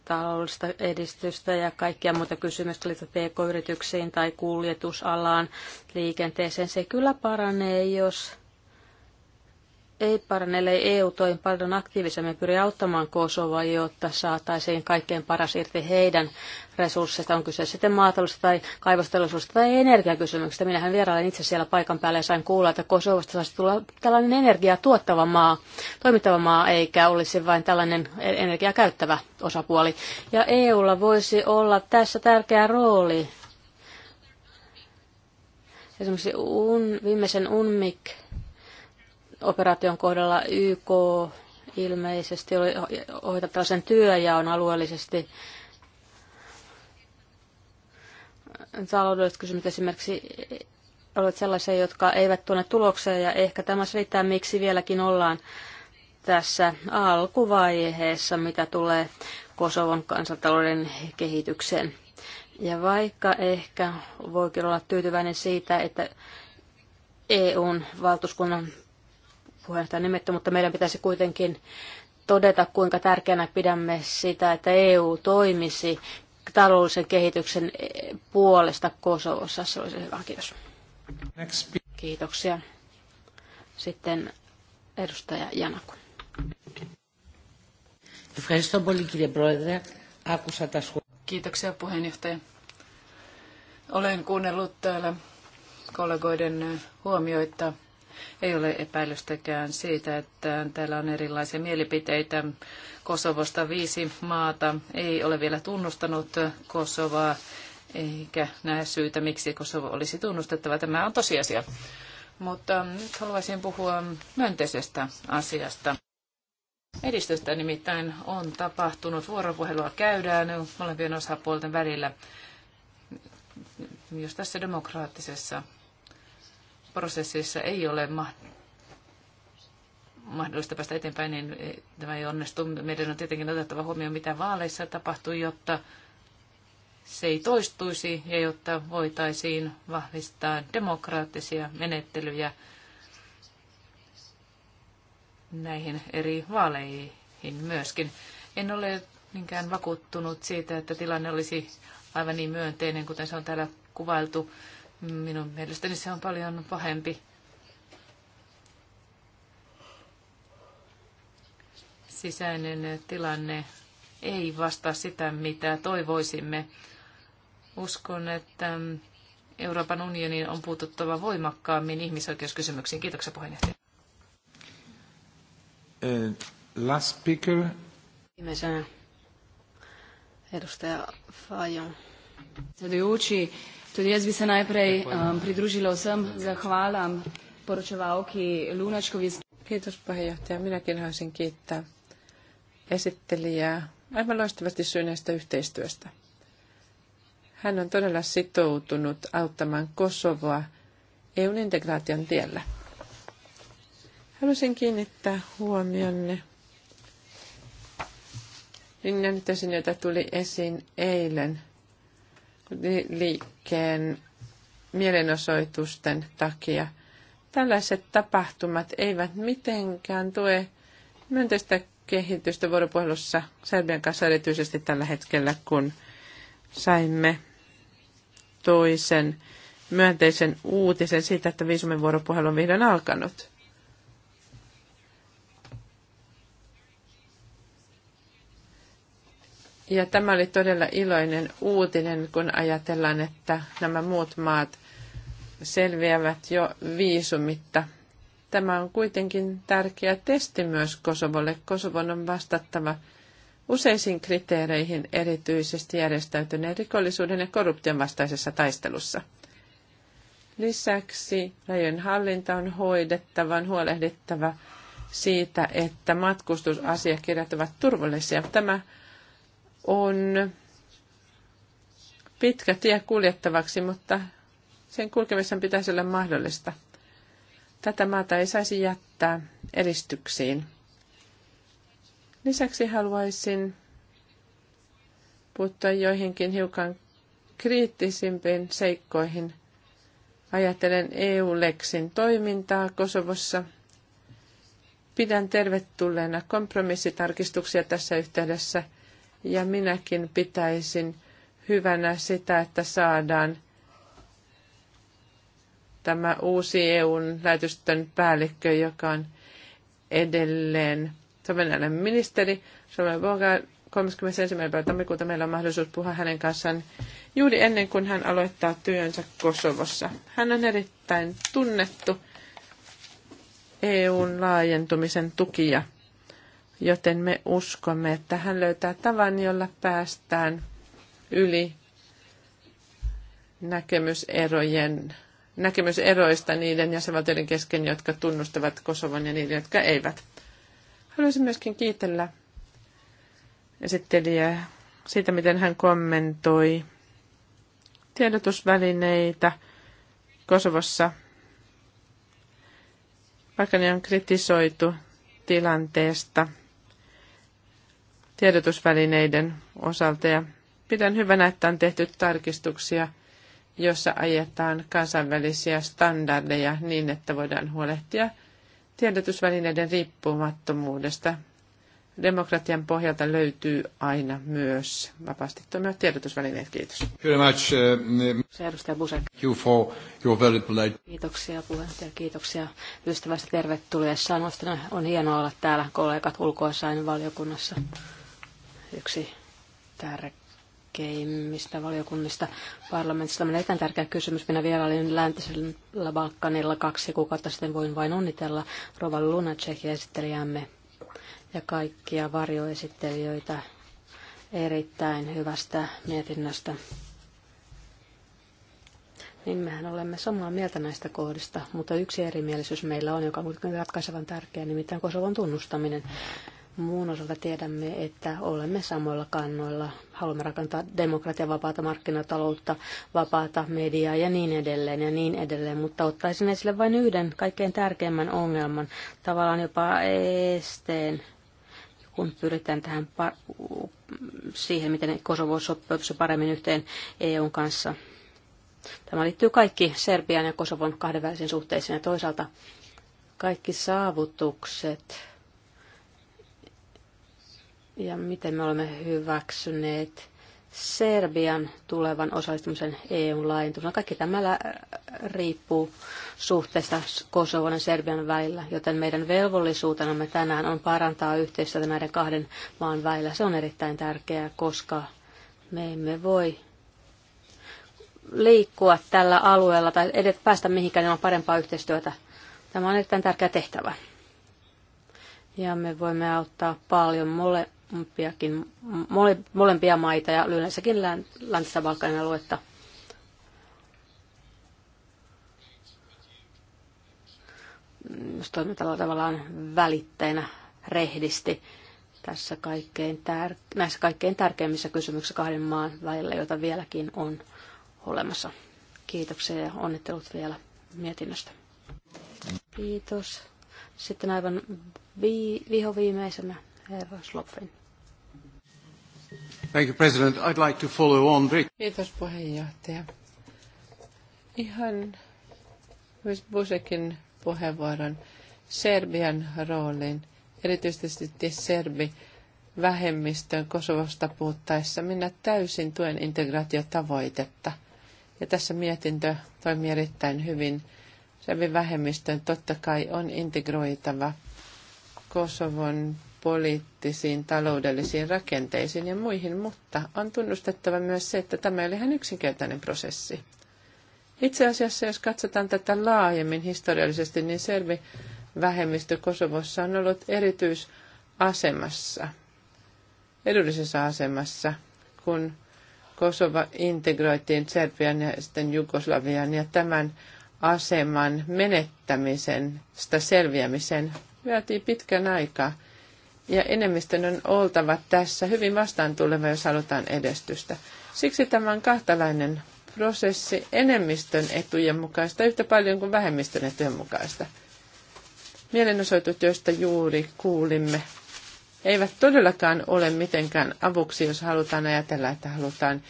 taloudellista edistystä ja kaikkia muuta kysymyksiä liittyy pk-yrityksiin tai kuljetusalaan, liikenteeseen. Se kyllä paranee, jos ei ellei EU-toin paljon aktiivisemmin pyri auttamaan Kosovoa, jotta saataisiin kaikkein paras irti heidän resursseista. On kyse sitten maataloudesta tai kaivosteollisuudesta tai energiakysymyksistä. Minähän vierailin itse siellä paikan päällä ja sain kuulla, että Kosovosta saisi tulla tällainen energiaa tuottava maa, toimittava maa, eikä olisi vain tällainen energiaa käyttävä osapuoli. Ja EUlla voisi olla tässä tärkeä rooli. Esimerkiksi un, viimeisen UNMIC operaation kohdalla YK ilmeisesti oli ohjata tällaisen työjaon alueellisesti taloudelliset kysymykset esimerkiksi olivat sellaisia, jotka eivät tuonne tulokseen ja ehkä tämä selittää, miksi vieläkin ollaan tässä alkuvaiheessa, mitä tulee Kosovon kansantalouden kehitykseen. Ja vaikka ehkä voikin olla tyytyväinen siitä, että EUn valtuuskunnan puheenjohtajan nimetty, mutta meidän pitäisi kuitenkin todeta, kuinka tärkeänä pidämme sitä, että EU toimisi taloudellisen kehityksen puolesta Kosovossa. Se olisi hyvä. Kiitos. Kiitoksia. Sitten edustaja Janaku. Kiitoksia puheenjohtaja. Olen kuunnellut täällä kollegoiden huomioita ei ole epäilystäkään siitä, että täällä on erilaisia mielipiteitä. Kosovosta viisi maata ei ole vielä tunnustanut Kosovaa, eikä näe syytä, miksi Kosovo olisi tunnustettava. Tämä on tosiasia. Mutta nyt haluaisin puhua myönteisestä asiasta. Edistystä nimittäin on tapahtunut, vuoropuhelua käydään molempien osapuolten välillä myös tässä demokraattisessa prosessissa ei ole mahdollista päästä eteenpäin, niin tämä ei onnistu. Meidän on tietenkin otettava huomioon, mitä vaaleissa tapahtui, jotta se ei toistuisi ja jotta voitaisiin vahvistaa demokraattisia menettelyjä näihin eri vaaleihin myöskin. En ole niinkään vakuuttunut siitä, että tilanne olisi aivan niin myönteinen, kuten se on täällä kuvailtu Minun mielestäni se on paljon pahempi. Sisäinen tilanne ei vastaa sitä, mitä toivoisimme. Uskon, että Euroopan unionin on puututtava voimakkaammin ihmisoikeuskysymyksiin. Kiitoksia puheenjohtaja. Uh, last speaker. Viimeisenä edustaja Fajon. Tudi jaz bi se najprej um, pridružila vsem zahvalam poročevalki Lunačkovi. Kiitos puheenjohtaja. Minäkin haluaisin kiittää esittelijää aivan loistavasti synneestä yhteistyöstä. Hän on todella sitoutunut auttamaan Kosovoa EUn integraation tiellä. Haluaisin kiinnittää huomionne linjan, niin jota tuli esiin eilen – liikkeen mielenosoitusten takia. Tällaiset tapahtumat eivät mitenkään tue myönteistä kehitystä vuoropuhelussa Serbian kanssa erityisesti tällä hetkellä, kun saimme toisen myönteisen uutisen siitä, että viisumin vuoropuhelu on vihdoin alkanut. Ja tämä oli todella iloinen uutinen, kun ajatellaan, että nämä muut maat selviävät jo viisumitta. Tämä on kuitenkin tärkeä testi myös Kosovolle. Kosovon on vastattava useisiin kriteereihin, erityisesti järjestäytyneen rikollisuuden ja korruption vastaisessa taistelussa. Lisäksi rajojen hallinta on hoidettava, on huolehdittava siitä, että matkustusasiakirjat ovat turvallisia. Tämä on pitkä tie kuljettavaksi, mutta sen kulkemisen pitäisi olla mahdollista. Tätä maata ei saisi jättää eristyksiin. Lisäksi haluaisin puuttua joihinkin hiukan kriittisimpiin seikkoihin. Ajattelen EU-leksin toimintaa Kosovossa. Pidän tervetulleena kompromissitarkistuksia tässä yhteydessä – ja minäkin pitäisin hyvänä sitä, että saadaan tämä uusi EUn lähetystön päällikkö, joka on edelleen Suomen ministeri, Suomen Voga, 31. päivä tammikuuta meillä on mahdollisuus puhua hänen kanssaan juuri ennen kuin hän aloittaa työnsä Kosovossa. Hän on erittäin tunnettu EUn laajentumisen tukija joten me uskomme, että hän löytää tavan, jolla päästään yli näkemyserojen, näkemyseroista niiden jäsenvaltioiden kesken, jotka tunnustavat Kosovan ja niiden, jotka eivät. Haluaisin myöskin kiitellä esittelijää siitä, miten hän kommentoi tiedotusvälineitä Kosovossa. Vaikka ne on kritisoitu tilanteesta tiedotusvälineiden osalta ja pidän hyvänä, että on tehty tarkistuksia, jossa ajetaan kansainvälisiä standardeja niin, että voidaan huolehtia tiedotusvälineiden riippumattomuudesta. Demokratian pohjalta löytyy aina myös vapaasti toimivat tiedotusvälineet. Kiitos. Kiitoksia puheenjohtaja, kiitoksia ystävästä tervetuloa. Sanoista on hienoa olla täällä kollegat ulkoasainvaliokunnassa. valiokunnassa yksi tärkeimmistä valiokunnista parlamentista. Tämä erittäin tärkeä kysymys. Minä olin läntisellä Balkanilla kaksi kuukautta sitten. Voin vain onnitella Rova Lunacekia esittelijämme ja kaikkia varjoesittelijöitä erittäin hyvästä mietinnöstä. Niin mehän olemme samaa mieltä näistä kohdista, mutta yksi erimielisyys meillä on, joka on ratkaisevan tärkeä, nimittäin Kosovon tunnustaminen muun osalta tiedämme, että olemme samoilla kannoilla. Haluamme rakentaa demokratia, vapaata markkinataloutta, vapaata mediaa ja niin edelleen ja niin edelleen. Mutta ottaisin esille vain yhden kaikkein tärkeimmän ongelman, tavallaan jopa esteen, kun pyritään tähän siihen, miten Kosovo sopeutuisi paremmin yhteen EUn kanssa. Tämä liittyy kaikki Serbian ja Kosovon kahdenvälisiin suhteisiin ja toisaalta kaikki saavutukset ja miten me olemme hyväksyneet Serbian tulevan osallistumisen eu laajentumisen Kaikki tämä riippuu suhteesta Kosovon ja Serbian välillä, joten meidän velvollisuutenamme tänään on parantaa yhteistyötä näiden kahden maan välillä. Se on erittäin tärkeää, koska me emme voi liikkua tällä alueella tai edes päästä mihinkään ilman parempaa yhteistyötä. Tämä on erittäin tärkeä tehtävä. Ja me voimme auttaa paljon mole, mole, molempia maita ja yleensäkin läntistä Balkanin aluetta. Jos toimii tällä tavallaan välitteinä rehdisti tässä kaikkein tär- näissä kaikkein tärkeimmissä kysymyksissä kahden maan välillä, joita vieläkin on olemassa. Kiitoksia ja onnittelut vielä mietinnöstä. Kiitos. Sitten aivan vi- vihoviimeisenä herra Slopfin. Thank you, President. I'd like to follow on. Kiitos puheenjohtaja. Ihan myös Busekin puheenvuoron Serbian roolin, erityisesti serbi vähemmistön Kosovosta puhuttaessa, minä täysin tuen integraatiotavoitetta. Ja tässä mietintö toimii erittäin hyvin. Serbin vähemmistön totta kai on integroitava Kosovon poliittisiin, taloudellisiin rakenteisiin ja muihin, mutta on tunnustettava myös se, että tämä ei ole ihan yksinkertainen prosessi. Itse asiassa, jos katsotaan tätä laajemmin historiallisesti, niin selvi vähemmistö Kosovossa on ollut erityisasemassa, edullisessa asemassa, kun Kosova integroitiin Serbian ja sitten Jugoslavian ja tämän aseman menettämisen, sitä selviämisen, vietiin pitkän aikaa – ja enemmistön on oltava tässä hyvin vastaan tuleva, jos halutaan edestystä. Siksi tämä on kahtalainen prosessi enemmistön etujen mukaista yhtä paljon kuin vähemmistön etujen mukaista. Mielenosoitut, joista juuri kuulimme, eivät todellakaan ole mitenkään avuksi, jos halutaan ajatella, että halutaan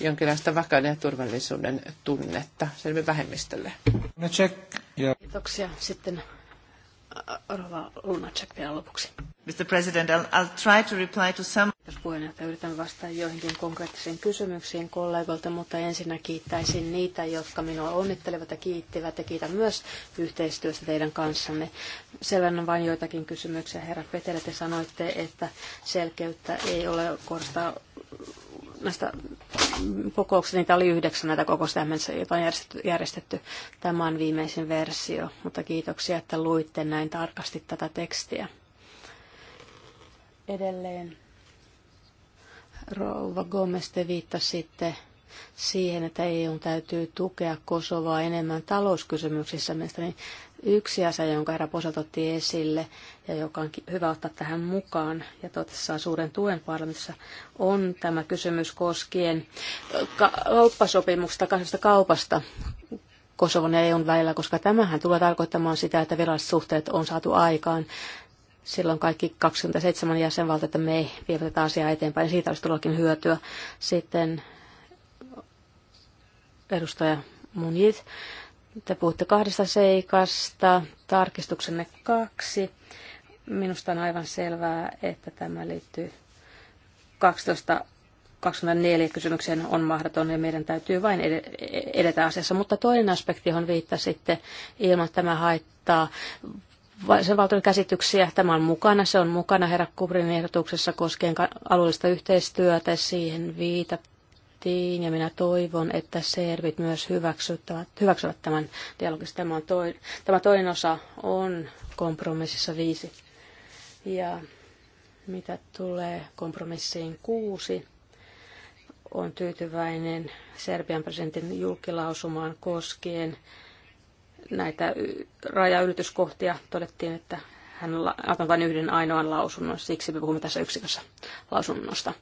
jonkinlaista vakauden ja turvallisuuden tunnetta selvi vähemmistölle. Kiitoksia. Sitten Rova Lunacek vielä lopuksi. Mr. President, I'll, I'll try to reply to some... yritän vastata joihinkin konkreettisiin kysymyksiin kollegoilta, mutta ensinnä kiittäisin niitä, jotka minua onnittelevat ja kiittivät, ja kiitän myös yhteistyöstä teidän kanssanne. Selvennän vain joitakin kysymyksiä. Herra Petele, te sanoitte, että selkeyttä ei ole korostaa näistä kokouksista, niitä oli yhdeksän näitä kokousta mennessä, on järjestetty, järjestetty. Tämä on viimeisin versio, mutta kiitoksia, että luitte näin tarkasti tätä tekstiä. Edelleen Rouva Gomez, te viittasitte siihen, että EU täytyy tukea Kosovaa enemmän talouskysymyksissä. Mielestäni yksi asia, jonka herra Posat otti esille ja joka on hyvä ottaa tähän mukaan ja toivottavasti saa suuren tuen parlamentissa, on tämä kysymys koskien kauppasopimuksesta, kansallisesta kaupasta Kosovon ja EUn välillä, koska tämähän tulee tarkoittamaan sitä, että viralliset suhteet on saatu aikaan silloin kaikki 27 jäsenvaltiota me vievät tätä asiaa eteenpäin. Siitä olisi todellakin hyötyä. Sitten edustaja Munjit, te puhutte kahdesta seikasta, tarkistuksenne kaksi. Minusta on aivan selvää, että tämä liittyy 12 24 kysymykseen on mahdoton ja meidän täytyy vain edetä asiassa. Mutta toinen aspekti, johon viittasitte, ilman että tämä haittaa valtion käsityksiä. Tämä on mukana, se on mukana herra Kubrin ehdotuksessa koskien alueellista yhteistyötä, siihen viitattiin ja minä toivon, että servit myös hyväksyvät, hyväksyvät tämän dialogissa. Tämä, on toi, tämä toinen osa on kompromississa viisi. Ja mitä tulee kompromissiin kuusi, on tyytyväinen Serbian presidentin julkilausumaan koskien näitä rajaylityskohtia todettiin, että hän antaa vain yhden ainoan lausunnon, siksi me puhumme tässä yksikössä lausunnosta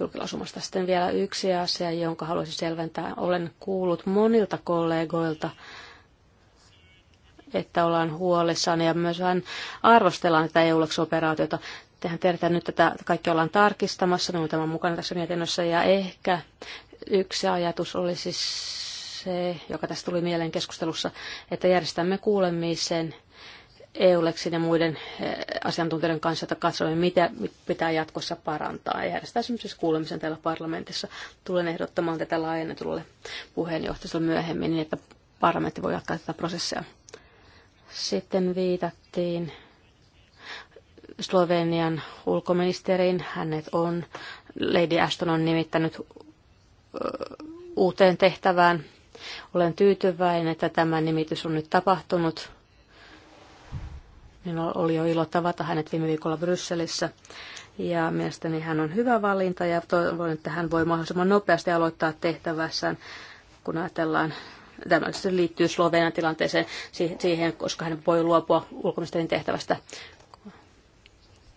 julkilausumasta. Sitten vielä yksi asia, jonka haluaisin selventää. Olen kuullut monilta kollegoilta, että ollaan huolissaan ja myös vähän arvostellaan tätä eu e operaatiota Tehän tiedetään nyt, että kaikki ollaan tarkistamassa, me olemme mukana tässä mietinnössä ja ehkä yksi ajatus olisi siis se, joka tässä tuli mieleen keskustelussa, että järjestämme kuulemisen EU-leksin ja muiden eh, asiantuntijoiden kanssa, että katsomme, mitä pitää jatkossa parantaa. Ja järjestetään siis kuulemisen täällä parlamentissa. Tulen ehdottamaan tätä laajennetulle puheenjohtajalle myöhemmin, niin että parlamentti voi jatkaa tätä prosessia. Sitten viitattiin Slovenian ulkoministeriin. Hänet on, Lady Ashton on nimittänyt uuteen tehtävään olen tyytyväinen, että tämä nimitys on nyt tapahtunut. Minulla oli jo ilo tavata hänet viime viikolla Brysselissä. Ja mielestäni hän on hyvä valinta ja toivon, että hän voi mahdollisimman nopeasti aloittaa tehtävässään, kun ajatellaan tämä siis liittyy Slovenian tilanteeseen siihen, koska hän voi luopua ulkoministerin tehtävästä.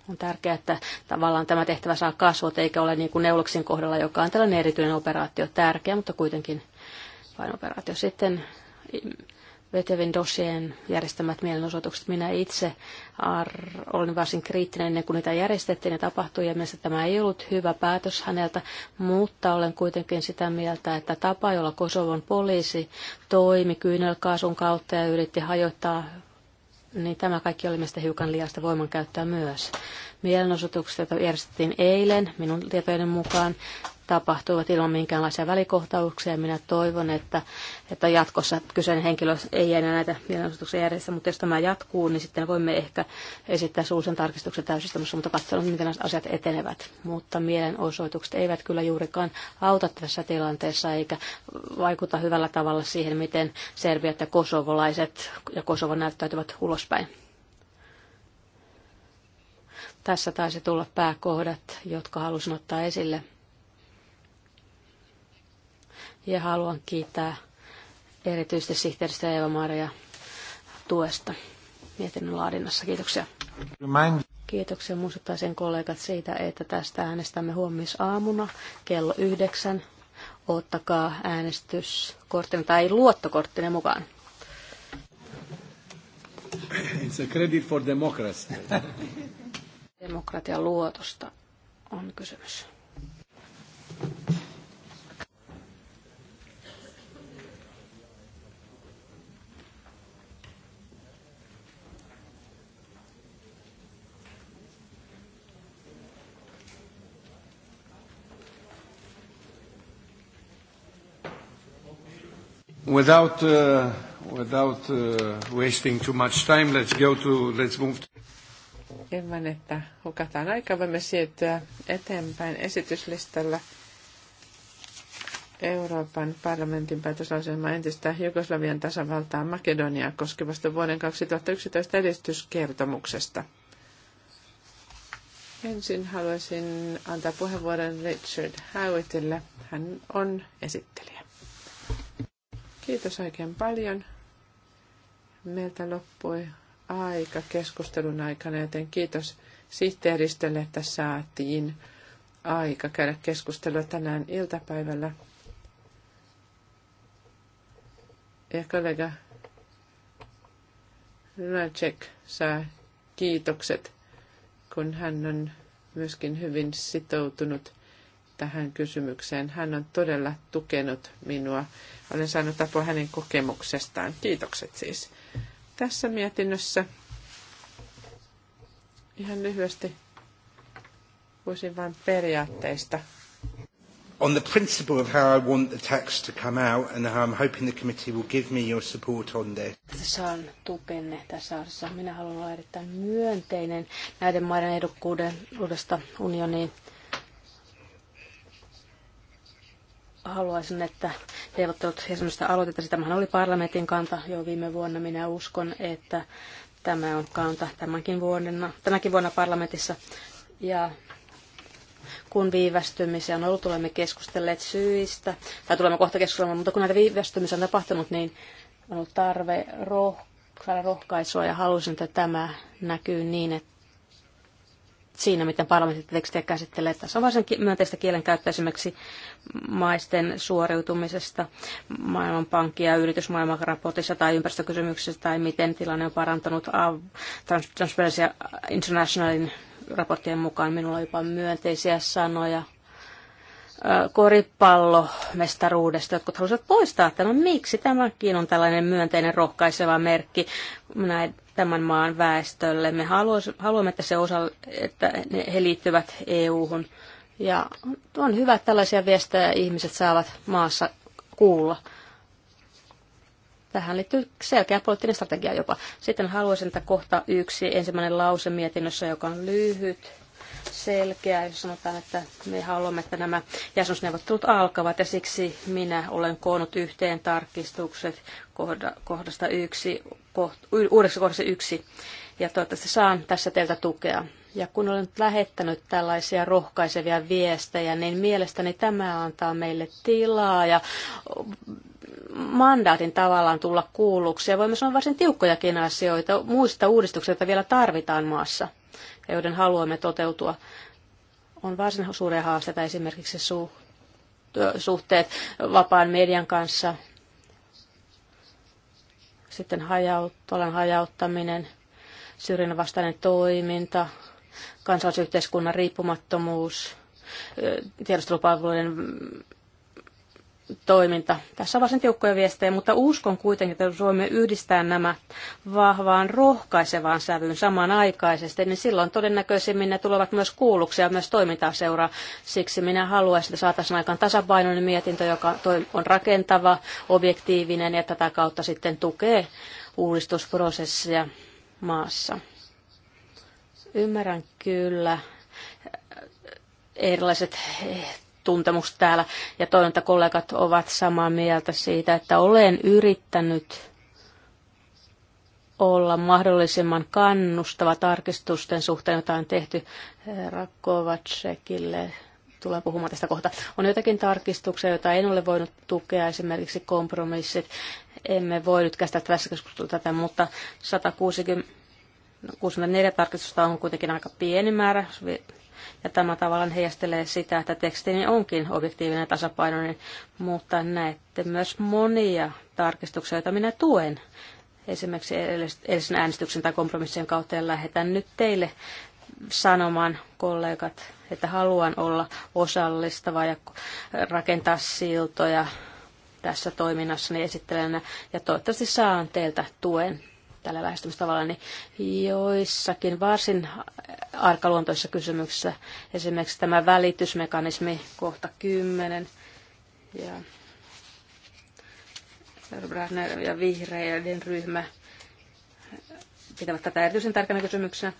On tärkeää, että tavallaan tämä tehtävä saa kasvot, eikä ole niin kuin Neuloksin kohdalla, joka on tällainen erityinen operaatio tärkeä, mutta kuitenkin operaatio. Sitten Vetevin Dosien järjestämät mielenosoitukset. Minä itse ar- olin varsin kriittinen ennen kuin niitä järjestettiin ja tapahtui, ja mielestäni tämä ei ollut hyvä päätös häneltä, mutta olen kuitenkin sitä mieltä, että tapa, jolla Kosovon poliisi toimi kyynelkaasun kautta ja yritti hajottaa, niin tämä kaikki oli mielestäni hiukan liiasta voimankäyttöä myös. Mielenosoitukset, joita järjestettiin eilen, minun tietojeni mukaan, tapahtuivat ilman minkäänlaisia välikohtauksia. Minä toivon, että, että jatkossa kyseinen henkilö ei enää näitä mielenosoituksia järjestä, mutta jos tämä jatkuu, niin sitten voimme ehkä esittää suullisen tarkistuksen täysistunnossa, mutta katsotaan, miten nämä asiat etenevät. Mutta mielenosoitukset eivät kyllä juurikaan auta tässä tilanteessa eikä vaikuta hyvällä tavalla siihen, miten serbiat ja kosovolaiset ja Kosovo näyttäytyvät ulospäin tässä taisi tulla pääkohdat, jotka halusin ottaa esille ja haluan kiittää erityisesti sihteeristä Eeva-Maria tuesta mietinnön laadinnassa. Kiitoksia. Kiitoksia. Muistuttaisin kollegat siitä, että tästä äänestämme huomisaamuna kello yhdeksän. Ottakaa äänestyskorttina tai luottokorttina mukaan. It's a credit for democracy. Demokratian luotosta on kysymys. Without, uh, without uh, wasting too much time, let's go to, let's move to... Ilman, että hukataan aikaa, voimme siirtyä eteenpäin esityslistalla Euroopan parlamentin päätöslauselma entistä Jugoslavian tasavaltaa Makedoniaa koskevasta vuoden 2011 edistyskertomuksesta. Ensin haluaisin antaa puheenvuoron Richard Howittille. Hän on esittelijä. Kiitos oikein paljon. Meiltä loppui aika keskustelun aikana, joten kiitos sihteeristölle, että saatiin aika käydä keskustelua tänään iltapäivällä. Ja kollega Lajek saa kiitokset, kun hän on myöskin hyvin sitoutunut tähän kysymykseen. Hän on todella tukenut minua. Olen saanut apua hänen kokemuksestaan. Kiitokset siis. Tässä mietinnössä ihan lyhyesti voisin vain periaatteista. On the principle of how I want the text to come out and how I'm hoping the committee will give me your support on this. Tässä on tukenne tässä asiassa. Minä haluan olla erittäin myönteinen näiden maiden uudesta unioniin haluaisin, että neuvottelut jäsenyydestä aloitetaan. Tämähän oli parlamentin kanta jo viime vuonna. Minä uskon, että tämä on kanta tämänkin vuonna, tämänkin vuonna parlamentissa. Ja kun viivästymisiä on ollut, olemme keskustelleet syistä, tai tulemme kohta keskustelemaan, mutta kun näitä viivästymisiä on tapahtunut, niin on ollut tarve roh- saada rohkaisua ja halusin, että tämä näkyy niin, että siinä, miten parlamentin tekstiä käsittelee. Tässä on varsin myönteistä kielenkäyttöä esimerkiksi maisten suoriutumisesta maailmanpankki- ja yritysmaailman raportissa tai ympäristökysymyksessä tai miten tilanne on parantanut Transparency Internationalin raporttien mukaan. Minulla on jopa myönteisiä sanoja koripallomestaruudesta, jotkut halusivat poistaa tämän. Miksi tämäkin on tällainen myönteinen rohkaiseva merkki näin tämän maan väestölle? Me haluamme, että, se osa, että he liittyvät EU-hun. Ja on hyvä, että tällaisia viestejä ihmiset saavat maassa kuulla. Tähän liittyy selkeä poliittinen strategia jopa. Sitten haluaisin, että kohta yksi ensimmäinen lause mietinnössä, joka on lyhyt selkeä, jos sanotaan, että me haluamme, että nämä jäsenyysneuvottelut alkavat ja siksi minä olen koonnut yhteen tarkistukset kohdasta yksi, koht, uudessa kohdassa yksi ja toivottavasti saan tässä teiltä tukea. Ja kun olen lähettänyt tällaisia rohkaisevia viestejä, niin mielestäni tämä antaa meille tilaa ja mandaatin tavallaan tulla kuulluksi. Ja voimme sanoa varsin tiukkojakin asioita, muista uudistuksista, joita vielä tarvitaan maassa ja joiden haluamme toteutua. On varsin suuria haasteita esimerkiksi su- suhteet vapaan median kanssa, sitten hajaut- hajauttaminen, syrjinnän vastainen toiminta, kansalaisyhteiskunnan riippumattomuus, tiedostelupalveluiden toiminta. Tässä on varsin tiukkoja viestejä, mutta uskon kuitenkin, että voimme yhdistää nämä vahvaan rohkaisevaan sävyyn samanaikaisesti, niin silloin todennäköisimmin ne tulevat myös kuulluksi ja myös toimintaa seuraa. Siksi minä haluaisin, että saataisiin aikaan tasapainoinen mietintö, joka on rakentava, objektiivinen ja tätä kautta sitten tukee uudistusprosessia maassa. Ymmärrän kyllä erilaiset tuntemus täällä. Ja toivon, että kollegat ovat samaa mieltä siitä, että olen yrittänyt olla mahdollisimman kannustava tarkistusten suhteen, jota on tehty Rakovacekille. Tulee puhumaan tästä kohta. On jotakin tarkistuksia, joita en ole voinut tukea, esimerkiksi kompromissit. Emme voi nyt käsitellä tässä keskustelua tätä, mutta 160, 64 tarkistusta on kuitenkin aika pieni määrä, ja tämä tavallaan heijastelee sitä, että tekstini onkin objektiivinen ja tasapainoinen, mutta näette myös monia tarkistuksia, joita minä tuen esimerkiksi edellisen äänestyksen tai kompromissien kautta ja lähetän nyt teille sanomaan kollegat, että haluan olla osallistava ja rakentaa siltoja tässä toiminnassani esittelenä ja toivottavasti saan teiltä tuen tällä lähestymistavalla, niin joissakin varsin arkaluontoisissa kysymyksissä, esimerkiksi tämä välitysmekanismi kohta 10 ja Brandner ja vihreiden ryhmä pitävät tätä erityisen tärkeänä kysymyksenä.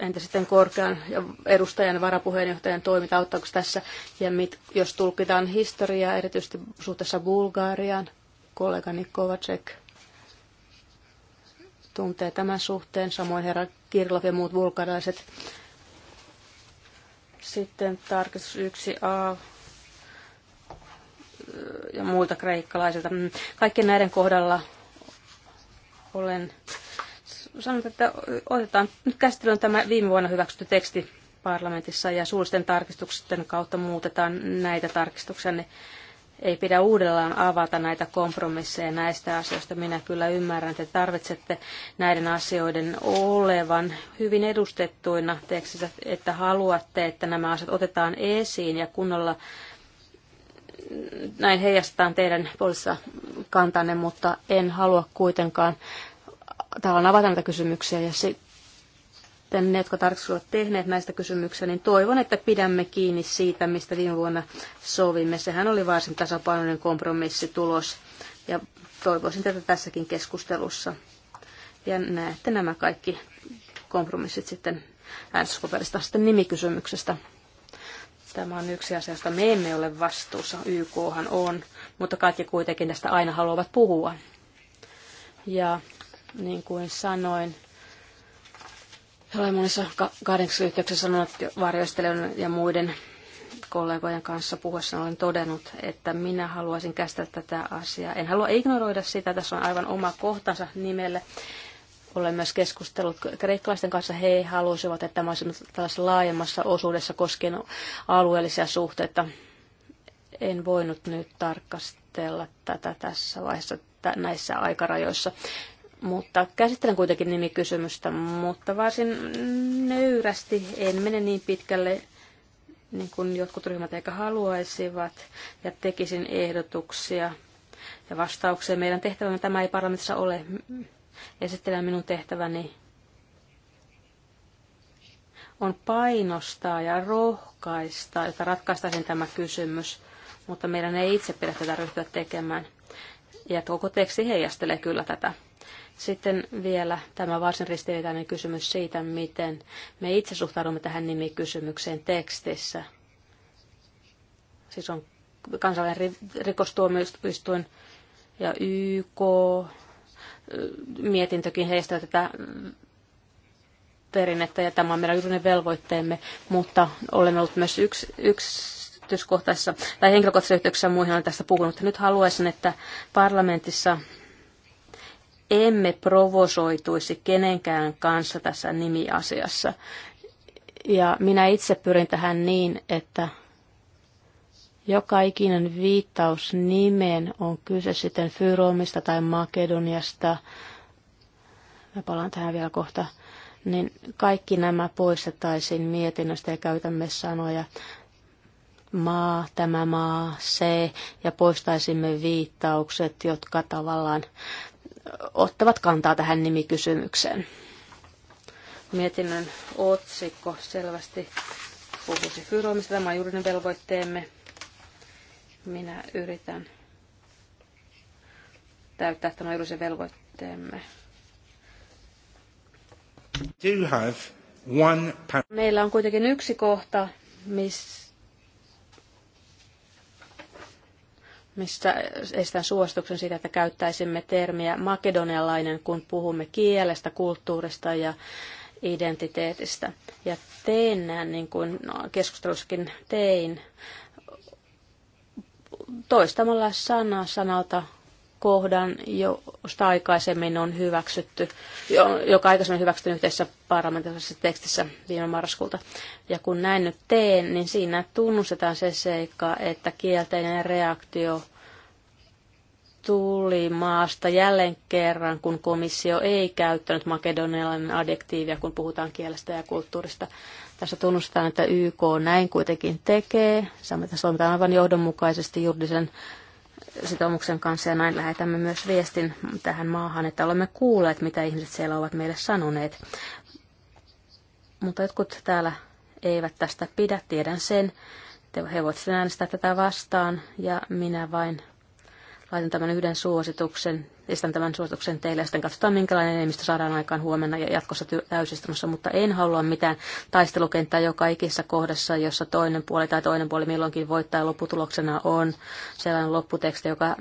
Entä sitten korkean edustajan varapuheenjohtajan toiminta, auttaako tässä, ja mit, jos tulkitaan historiaa erityisesti suhteessa Bulgariaan, kollegani Kovacek tuntee tämän suhteen, samoin herra Kirlov ja muut vulkaraiset. Sitten tarkistus 1a ja muilta kreikkalaisilta. Mm, kaikkien näiden kohdalla olen sanonut, että otetaan nyt käsittelyyn tämä viime vuonna hyväksytty teksti parlamentissa ja suullisten tarkistusten kautta muutetaan näitä tarkistuksia. Niin ei pidä uudellaan avata näitä kompromisseja näistä asioista. Minä kyllä ymmärrän, että tarvitsette näiden asioiden olevan hyvin edustettuina tekstissä, että haluatte, että nämä asiat otetaan esiin ja kunnolla näin heijastetaan teidän puolissa kantanne, mutta en halua kuitenkaan tavallaan avata näitä kysymyksiä ja sitten ne, jotka tarkoitus ovat tehneet näistä kysymyksistä, niin toivon, että pidämme kiinni siitä, mistä viime vuonna sovimme. Sehän oli varsin tasapainoinen kompromissitulos ja toivoisin tätä tässäkin keskustelussa. Ja näette nämä kaikki kompromissit sitten äänestyskoperista sitten nimikysymyksestä. Tämä on yksi asia, josta me emme ole vastuussa. YKhan on, mutta kaikki kuitenkin tästä aina haluavat puhua. Ja niin kuin sanoin, olen monissa 89 sanonut varjoistelijan ja muiden kollegojen kanssa puhuessa olen todennut, että minä haluaisin käsitellä tätä asiaa. En halua ignoroida sitä, tässä on aivan oma kohtansa nimelle. Olen myös keskustellut kreikkalaisten kanssa. He haluaisivat, että tämä olisi tällaisessa laajemmassa osuudessa koskien alueellisia suhteita. En voinut nyt tarkastella tätä tässä vaiheessa näissä aikarajoissa. Mutta käsittelen kuitenkin nimikysymystä, mutta varsin nöyrästi en mene niin pitkälle niin kuin jotkut ryhmät eikä haluaisivat ja tekisin ehdotuksia ja vastauksia. Meidän tehtävämme tämä ei parlamentissa ole. Esittelen minun tehtäväni on painostaa ja rohkaista, että ratkaistaisiin tämä kysymys, mutta meidän ei itse pidä tätä ryhtyä tekemään. Ja koko teksti heijastelee kyllä tätä. Sitten vielä tämä varsin ristiriitainen kysymys siitä, miten me itse suhtaudumme tähän nimikysymykseen tekstissä. Siis on kansallinen rikostuomioistuin ja YK, mietintökin heistä tätä perinnettä ja tämä on meidän yhden velvoitteemme, mutta olen ollut myös yksi, yksi tai henkilökohtaisessa yhteyksessä muihin olen tästä puhunut. Nyt haluaisin, että parlamentissa emme provosoituisi kenenkään kanssa tässä nimiasiassa. Ja minä itse pyrin tähän niin, että joka ikinen viittaus nimeen on kyse sitten Fyromista tai Makedoniasta, mä palaan tähän vielä kohta, niin kaikki nämä poistettaisiin mietinnöstä ja käytämme sanoja maa, tämä maa, se, ja poistaisimme viittaukset, jotka tavallaan ottavat kantaa tähän nimikysymykseen. Mietinnön otsikko selvästi puhuisi fyroimista. Tämä on juridinen velvoitteemme. Minä yritän täyttää tämän juridisen velvoitteemme. Meillä on kuitenkin yksi kohta, missä missä estän suostuksen siitä, että käyttäisimme termiä makedonialainen, kun puhumme kielestä, kulttuurista ja identiteetistä. Ja tein näin, niin kuin no, keskustelussakin tein, toistamalla sana sanalta kohdan, josta aikaisemmin on hyväksytty, joka aikaisemmin hyväksytty yhteisessä parlamentaarisessa tekstissä viime marraskuulta. Ja kun näin nyt teen, niin siinä tunnustetaan se seikka, että kielteinen reaktio tuli maasta jälleen kerran, kun komissio ei käyttänyt makedonialainen adjektiivia, kun puhutaan kielestä ja kulttuurista. Tässä tunnustetaan, että YK näin kuitenkin tekee. Tässä on aivan johdonmukaisesti juridisen sitoumuksen kanssa ja näin lähetämme myös viestin tähän maahan, että olemme kuulleet, mitä ihmiset siellä ovat meille sanoneet. Mutta jotkut täällä eivät tästä pidä, tiedän sen. He voivat sitten äänestää tätä vastaan ja minä vain laitan tämän yhden suosituksen, estän tämän suosituksen teille ja sitten katsotaan, minkälainen enemmistö saadaan aikaan huomenna ja jatkossa täysistunnossa, mutta en halua mitään taistelukenttää joka ikisessä kohdassa, jossa toinen puoli tai toinen puoli milloinkin voittaa lopputuloksena on sellainen lopputeksti, joka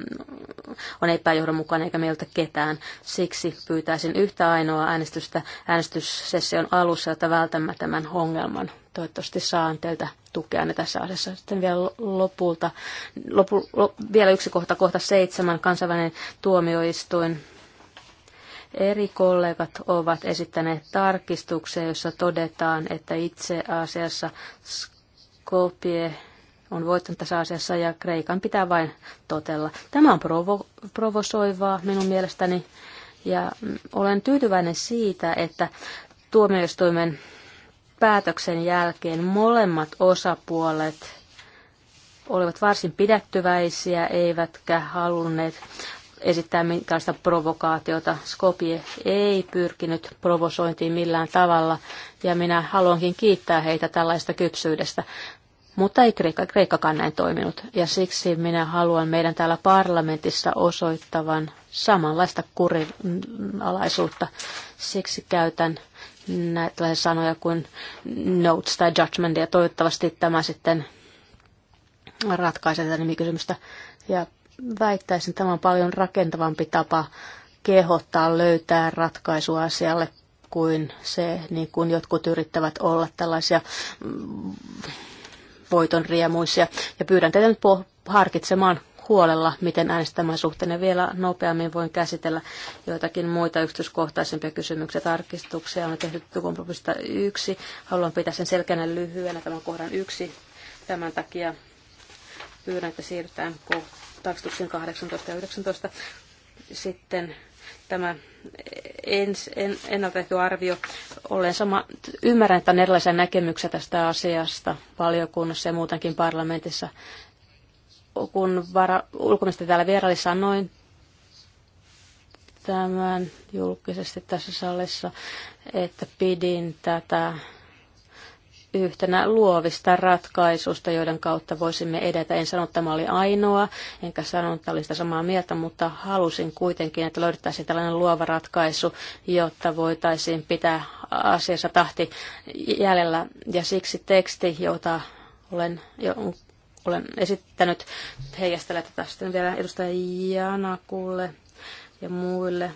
on epäjohdonmukainen eikä meiltä ketään. Siksi pyytäisin yhtä ainoa äänestystä äänestyssession alussa, jotta vältämme tämän ongelman. Toivottavasti saan teiltä ne niin tässä asiassa. Sitten vielä lopulta, lopu, lop, vielä yksi kohta, kohta seitsemän, kansainvälinen tuomioistuin. Eri kollegat ovat esittäneet tarkistuksia, jossa todetaan, että itse asiassa Skopje on voittanut tässä asiassa ja Kreikan pitää vain totella. Tämä on provo- provosoivaa minun mielestäni ja mm, olen tyytyväinen siitä, että tuomioistuimen päätöksen jälkeen molemmat osapuolet olivat varsin pidättyväisiä, eivätkä halunneet esittää minkäänlaista provokaatiota. Skopje ei pyrkinyt provosointiin millään tavalla, ja minä haluankin kiittää heitä tällaista kypsyydestä. Mutta ei Kreikka, Kreikkakaan näin toiminut, ja siksi minä haluan meidän täällä parlamentissa osoittavan samanlaista kurinalaisuutta. Siksi käytän näitä sanoja kuin notes tai judgment, ja toivottavasti tämä sitten ratkaisee tätä nimikysymystä. Ja väittäisin, että tämä on paljon rakentavampi tapa kehottaa löytää ratkaisua asialle kuin se, niin kuin jotkut yrittävät olla tällaisia mm, voiton riemuisia. Ja pyydän teitä nyt harkitsemaan huolella, miten äänestämään suhteen. Ja vielä nopeammin voin käsitellä joitakin muita yksityiskohtaisempia kysymyksiä tarkistuksia. On tehty kompromissista yksi. Haluan pitää sen selkeänä lyhyenä tämän kohdan yksi. Tämän takia pyydän, että siirrytään tarkistuksen 18 ja 19. Sitten tämä ens, en, ennaltaehto arvio. Olen sama, ymmärrän, että on erilaisia näkemyksiä tästä asiasta valiokunnassa ja muutenkin parlamentissa kun vara, ulkomista täällä vieraili, sanoin tämän julkisesti tässä salissa, että pidin tätä yhtenä luovista ratkaisusta, joiden kautta voisimme edetä. En sano, että tämä oli ainoa, enkä sano, että oli sitä samaa mieltä, mutta halusin kuitenkin, että löydettäisiin tällainen luova ratkaisu, jotta voitaisiin pitää asiassa tahti jäljellä. Ja siksi teksti, jota olen, olen esittänyt heijastella tätä sitten vielä edustaja Janakulle ja muille.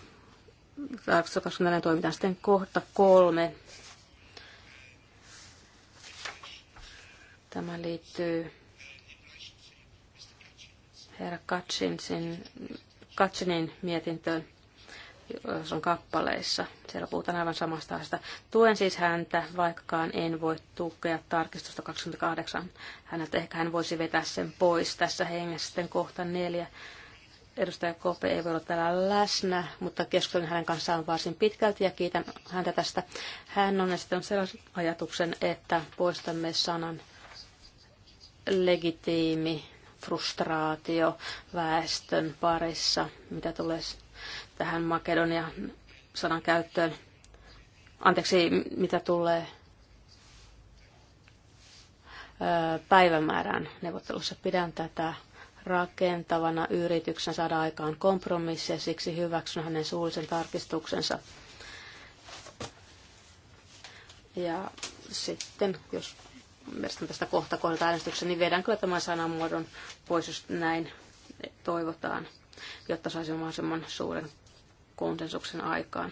2024 toimitaan sitten kohta kolme. Tämä liittyy herra Katsinsin, Katsinin mietintöön on kappaleissa. Siellä puhutaan aivan samasta asiasta. Tuen siis häntä, vaikkaan en voi tukea tarkistusta 28 häneltä. Ehkä hän voisi vetää sen pois tässä hengessä sitten kohta neljä. Edustaja Kope ei voi olla täällä läsnä, mutta keskustelin hänen kanssaan varsin pitkälti ja kiitän häntä tästä. Hän on esittänyt sellaisen ajatuksen, että poistamme sanan legitiimi frustraatio väestön parissa, mitä tulee tähän Makedonia-sanan käyttöön. Anteeksi, mitä tulee päivämäärään neuvottelussa. Pidän tätä rakentavana yrityksen saada aikaan kompromissi ja siksi hyväksyn hänen suullisen tarkistuksensa. Ja sitten, jos mielestäni tästä kohta kohdalta äänestyksen, niin vedän kyllä tämän sanamuodon pois, jos näin toivotaan, jotta saisi mahdollisimman suuren konsensuksen aikaan.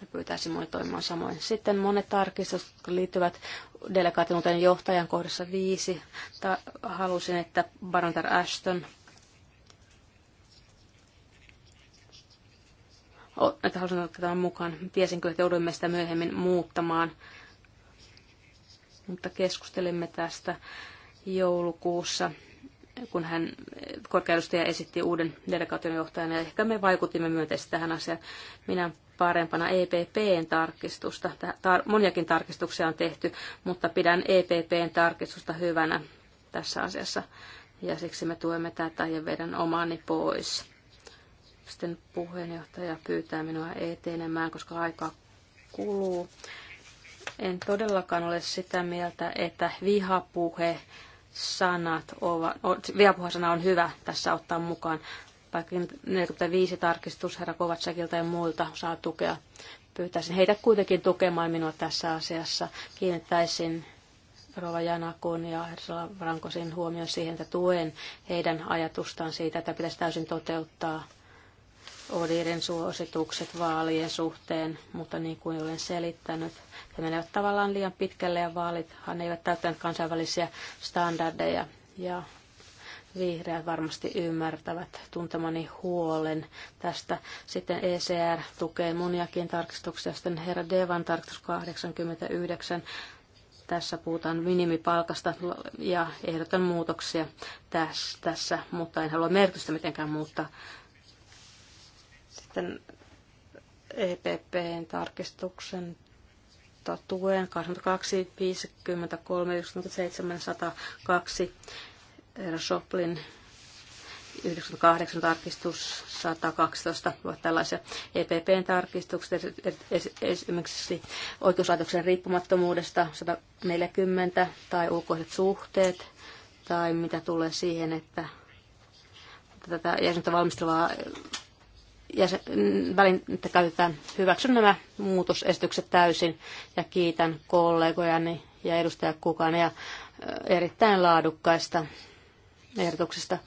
Ja pyytäisin muita toimimaan samoin. Sitten monet tarkistukset, jotka liittyvät delegaation johtajan kohdassa viisi. Ta- halusin, että Barantar Ashton että halusin ottaa mukaan. Tiesinkö, että joudumme sitä myöhemmin muuttamaan, mutta keskustelimme tästä joulukuussa kun hän korkeudustaja esitti uuden delegaation johtajana, ja ehkä me vaikutimme myönteisesti tähän asiaan. Minä parempana EPPn tarkistusta. Tar- moniakin tarkistuksia on tehty, mutta pidän EPPn tarkistusta hyvänä tässä asiassa, ja siksi me tuemme tätä ja vedän omaani pois. Sitten puheenjohtaja pyytää minua etenemään, koska aika kuluu. En todellakaan ole sitä mieltä, että vihapuhe sanat ovat, viapuhasana on hyvä tässä ottaa mukaan. Vaikka 45 tarkistus herra Kovatsekilta ja muilta saa tukea. Pyytäisin heitä kuitenkin tukemaan minua tässä asiassa. Kiinnittäisin Rova Janakun ja Herra Rankosin huomioon siihen, että tuen heidän ajatustaan siitä, että pitäisi täysin toteuttaa Odirin suositukset vaalien suhteen, mutta niin kuin olen selittänyt, he menevät tavallaan liian pitkälle ja vaalithan eivät täyttäneet kansainvälisiä standardeja. Ja vihreät varmasti ymmärtävät tuntemani huolen tästä. Sitten ECR tukee moniakin tarkistuksia, sitten herra Devan tarkistus 89. Tässä puhutaan minimipalkasta ja ehdotan muutoksia tässä, tässä mutta en halua merkitystä mitenkään muuttaa. Sitten EPPn tarkistuksen tuen 22, 53, 97, Shoplin 98 tarkistus, 112 ovat tällaisia EPPn tarkistuksia esimerkiksi oikeuslaitoksen riippumattomuudesta 140 tai ulkoiset suhteet, tai mitä tulee siihen, että tätä jäsentä valmistelevaa Jäsen, mm, välin, että käytetään hyväksyn nämä muutosesitykset täysin ja kiitän kollegojani ja edustaja Kukan ja äh, erittäin laadukkaista ehdotuksista.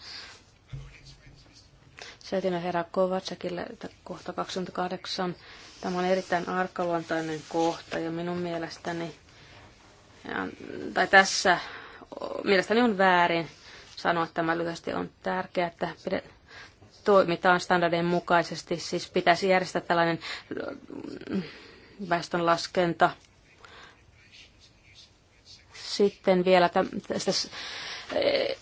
Setinä herra Kovatsakille, että kohta 28. Tämä on erittäin arkaluontainen kohta ja minun mielestäni, ja, tai tässä mielestäni on väärin sanoa tämä lyhyesti. On tärkeää, että pidetään toimitaan standardien mukaisesti. Siis pitäisi järjestää tällainen mm, väestönlaskenta. Sitten vielä tästä e,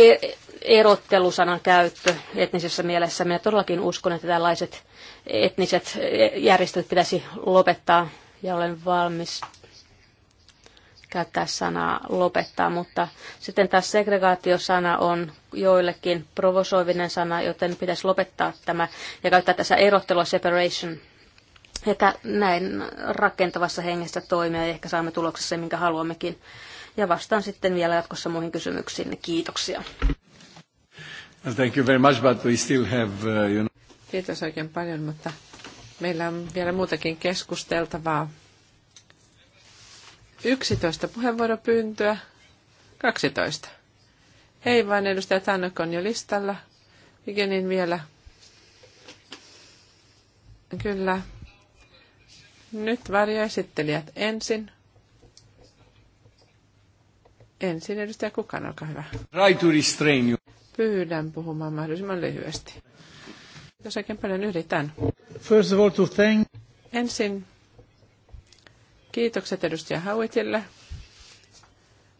e, erottelusanan käyttö etnisessä mielessä. Minä todellakin uskon, että tällaiset etniset e, järjestöt pitäisi lopettaa ja olen valmis käyttää sanaa lopettaa, mutta sitten taas segregaatiosana on joillekin provosoivinen sana, joten pitäisi lopettaa tämä ja käyttää tässä erottelua separation. Että näin rakentavassa hengessä toimia ja ehkä saamme tuloksessa se, minkä haluammekin. Ja vastaan sitten vielä jatkossa muihin kysymyksiin. Kiitoksia. Thank you very much, but we still have, uh, you know... Kiitos oikein paljon, mutta meillä on vielä muutakin keskusteltavaa. 11 puheenvuoropyyntöä. 12. Hei, vaan edustaja Tannok on jo listalla. Vigenin vielä. Kyllä. Nyt varjoesittelijät ensin. Ensin edustaja Kukan, olkaa hyvä. to restrain you. Pyydän puhumaan mahdollisimman lyhyesti. Jos oikein paljon, yritän. First of all to thank... Ensin Kiitokset edustaja Hauetille.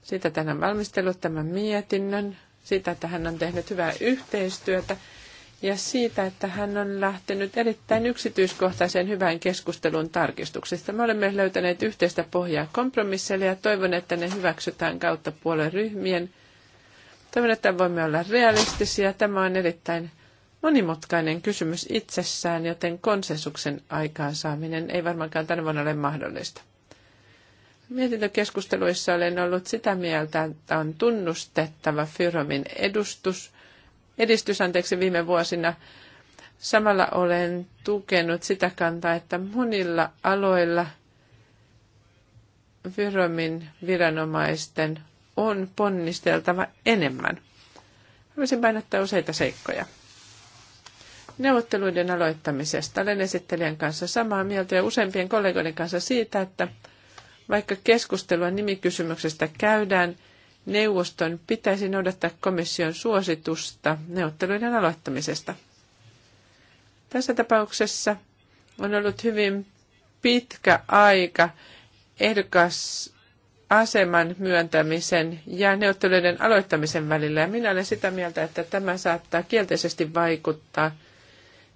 Sitä, että hän on valmistellut tämän mietinnön, sitä että hän on tehnyt hyvää yhteistyötä ja siitä, että hän on lähtenyt erittäin yksityiskohtaiseen hyvään keskusteluun tarkistuksista. Me olemme löytäneet yhteistä pohjaa kompromisseille ja toivon, että ne hyväksytään kautta puolen ryhmien. Toivon, että voimme olla realistisia. Tämä on erittäin monimutkainen kysymys itsessään, joten konsensuksen aikaansaaminen ei varmaankaan tänä vuonna ole mahdollista. Mietintökeskusteluissa olen ollut sitä mieltä, että on tunnustettava Fyromin edustus, edistys anteeksi, viime vuosina. Samalla olen tukenut sitä kantaa, että monilla aloilla Fyromin viranomaisten on ponnisteltava enemmän. Haluaisin painottaa useita seikkoja. Neuvotteluiden aloittamisesta olen esittelijän kanssa samaa mieltä ja useimpien kollegoiden kanssa siitä, että vaikka keskustelua nimikysymyksestä käydään, neuvoston pitäisi noudattaa komission suositusta neuvotteluiden aloittamisesta. Tässä tapauksessa on ollut hyvin pitkä aika ehdokas aseman myöntämisen ja neuvotteluiden aloittamisen välillä. Ja minä olen sitä mieltä, että tämä saattaa kielteisesti vaikuttaa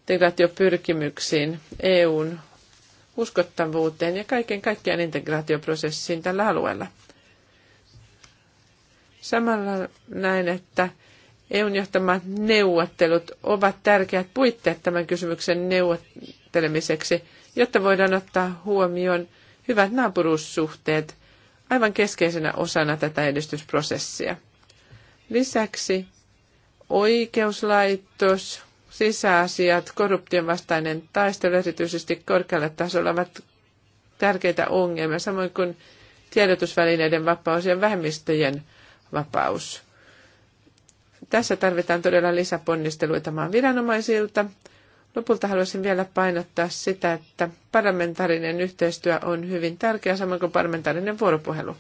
integraatiopyrkimyksiin EUn uskottavuuteen ja kaiken kaikkiaan integraatioprosessiin tällä alueella. Samalla näin, että EUn johtamat neuvottelut ovat tärkeät puitteet tämän kysymyksen neuvottelemiseksi, jotta voidaan ottaa huomioon hyvät naapuruussuhteet aivan keskeisenä osana tätä edistysprosessia. Lisäksi oikeuslaitos, sisäasiat, korruption vastainen taistelu erityisesti korkealla tasolla ovat tärkeitä ongelmia, samoin kuin tiedotusvälineiden vapaus ja vähemmistöjen vapaus. Tässä tarvitaan todella lisäponnisteluita maan viranomaisilta. Lopulta haluaisin vielä painottaa sitä, että parlamentaarinen yhteistyö on hyvin tärkeä, samoin kuin parlamentaarinen vuoropuhelu.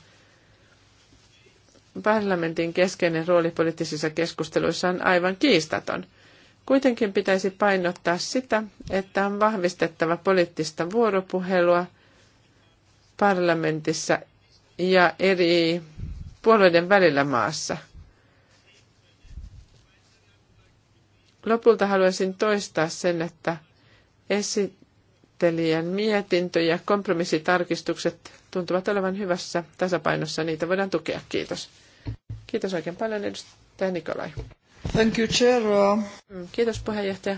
Parlamentin keskeinen rooli poliittisissa keskusteluissa on aivan kiistaton – Kuitenkin pitäisi painottaa sitä, että on vahvistettava poliittista vuoropuhelua parlamentissa ja eri puolueiden välillä maassa. Lopulta haluaisin toistaa sen, että esittelijän mietintö ja kompromissitarkistukset tuntuvat olevan hyvässä tasapainossa. Niitä voidaan tukea. Kiitos. Kiitos oikein paljon edustaja Nikolai. Thank you, Chair. Mm, kiitos puheenjohtaja.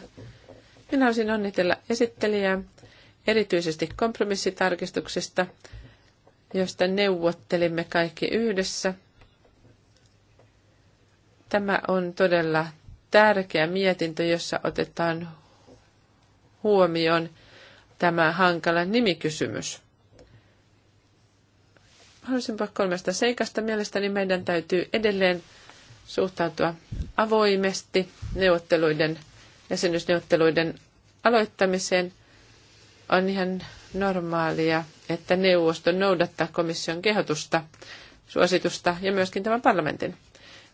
Minä haluaisin onnitella esittelijää erityisesti kompromissitarkistuksesta, josta neuvottelimme kaikki yhdessä. Tämä on todella tärkeä mietintö, jossa otetaan huomioon tämä hankala nimikysymys. Haluaisin puhua kolmesta seikasta. Mielestäni meidän täytyy edelleen suhtautua avoimesti neuvotteluiden, jäsenyysneuvotteluiden aloittamiseen. On ihan normaalia, että neuvosto noudattaa komission kehotusta, suositusta ja myöskin tämän parlamentin.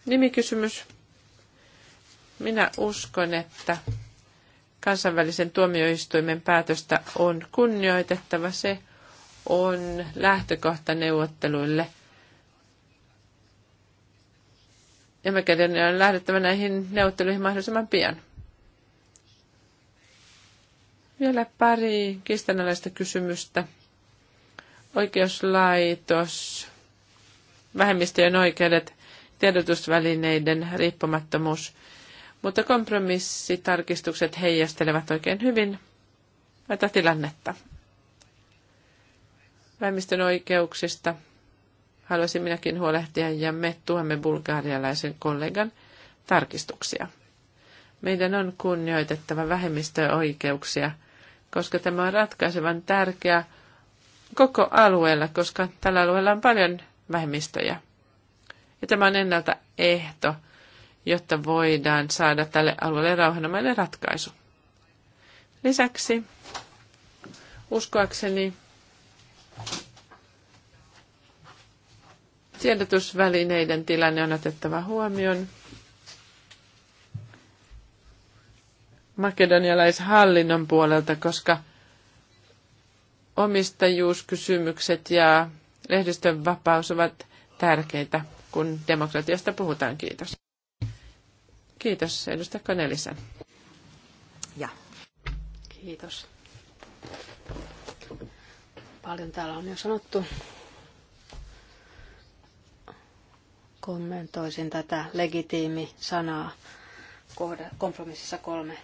Nimikysymys. Minä uskon, että kansainvälisen tuomioistuimen päätöstä on kunnioitettava. Se on lähtökohta neuvotteluille – ja me on lähdettävä näihin neuvotteluihin mahdollisimman pian. Vielä pari kistanalaista kysymystä. Oikeuslaitos, vähemmistöjen oikeudet, tiedotusvälineiden riippumattomuus. Mutta kompromissitarkistukset heijastelevat oikein hyvin tätä tilannetta. Vähemmistön oikeuksista haluaisin minäkin huolehtia ja me tuemme bulgarialaisen kollegan tarkistuksia. Meidän on kunnioitettava vähemmistöoikeuksia, koska tämä on ratkaisevan tärkeä koko alueella, koska tällä alueella on paljon vähemmistöjä. Ja tämä on ennalta ehto, jotta voidaan saada tälle alueelle rauhanomainen ratkaisu. Lisäksi uskoakseni Tiedotusvälineiden tilanne on otettava huomioon. makedonialaishallinnon puolelta, koska omistajuuskysymykset ja lehdistön vapaus ovat tärkeitä, kun demokratiasta puhutaan. Kiitos. Kiitos, edustaja Kanelisen. Ja. Kiitos. Paljon täällä on jo sanottu kommentoisin tätä legitiimi-sanaa kompromississa kolme.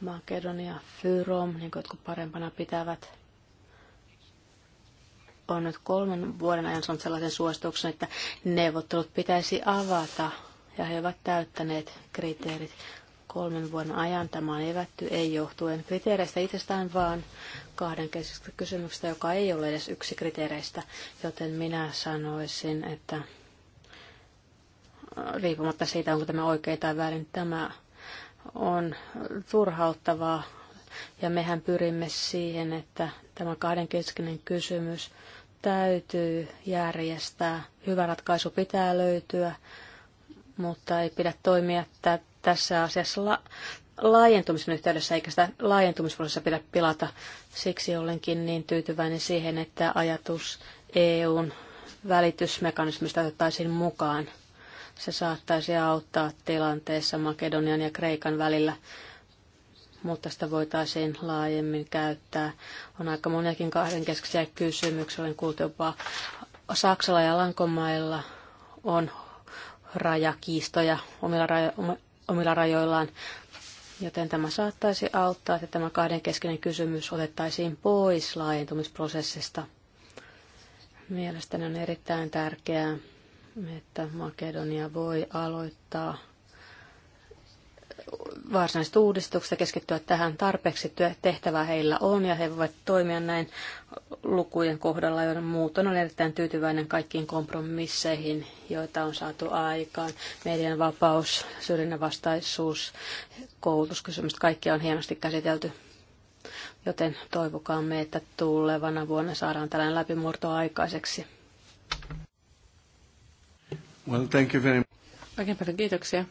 Makedonia, Fyrom, niin kuin jotkut parempana pitävät, on nyt kolmen vuoden ajan saanut sellaisen suosituksen, että neuvottelut pitäisi avata, ja he ovat täyttäneet kriteerit kolmen vuoden ajan. Tämä on evätty ei johtuen kriteereistä itsestään, vaan kahden keskeisestä kysymyksestä, joka ei ole edes yksi kriteereistä. Joten minä sanoisin, että äh, riippumatta siitä, onko tämä oikein tai väärin, tämä on turhauttavaa. Ja mehän pyrimme siihen, että tämä kahden keskeinen kysymys täytyy järjestää. Hyvä ratkaisu pitää löytyä, mutta ei pidä toimia tässä asiassa la- laajentumisen yhteydessä, eikä sitä laajentumisprosessia pidä pilata. Siksi olenkin niin tyytyväinen siihen, että ajatus EUn välitysmekanismista otettaisiin mukaan. Se saattaisi auttaa tilanteessa Makedonian ja Kreikan välillä, mutta sitä voitaisiin laajemmin käyttää. On aika moniakin kahdenkeskisiä kysymyksiä. Olen kuullut jopa Saksalla ja Lankomailla on rajakiistoja omilla raja, omilla rajoillaan. Joten tämä saattaisi auttaa, että tämä kahdenkeskeinen kysymys otettaisiin pois laajentumisprosessista. Mielestäni on erittäin tärkeää, että Makedonia voi aloittaa varsinaiset uudistukset keskittyä tähän tarpeeksi tehtävää heillä on ja he voivat toimia näin lukujen kohdalla, joiden muuton on erittäin tyytyväinen kaikkiin kompromisseihin, joita on saatu aikaan. Median vapaus, syrjinnän vastaisuus, kaikki on hienosti käsitelty. Joten toivokaamme, että tulevana vuonna saadaan tällainen läpimurto aikaiseksi. Well, thank you very much. Oikein paljon kiitoksia.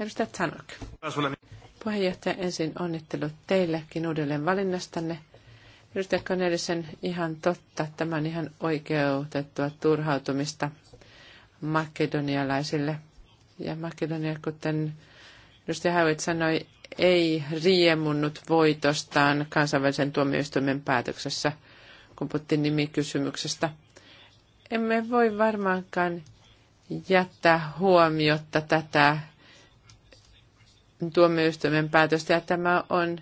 Edustaja Tanok. Puheenjohtaja, ensin onnittelut teillekin uudelleen valinnastanne. Edustaja Cornelisen ihan totta, tämä on ihan oikeutettua turhautumista makedonialaisille. Ja Makedonia, kuten edustaja Howitt sanoi, ei riemunnut voitostaan kansainvälisen tuomioistuimen päätöksessä, kun puhuttiin nimikysymyksestä. Emme voi varmaankaan jättää huomiotta tätä tuomioistuimen päätöstä ja tämä on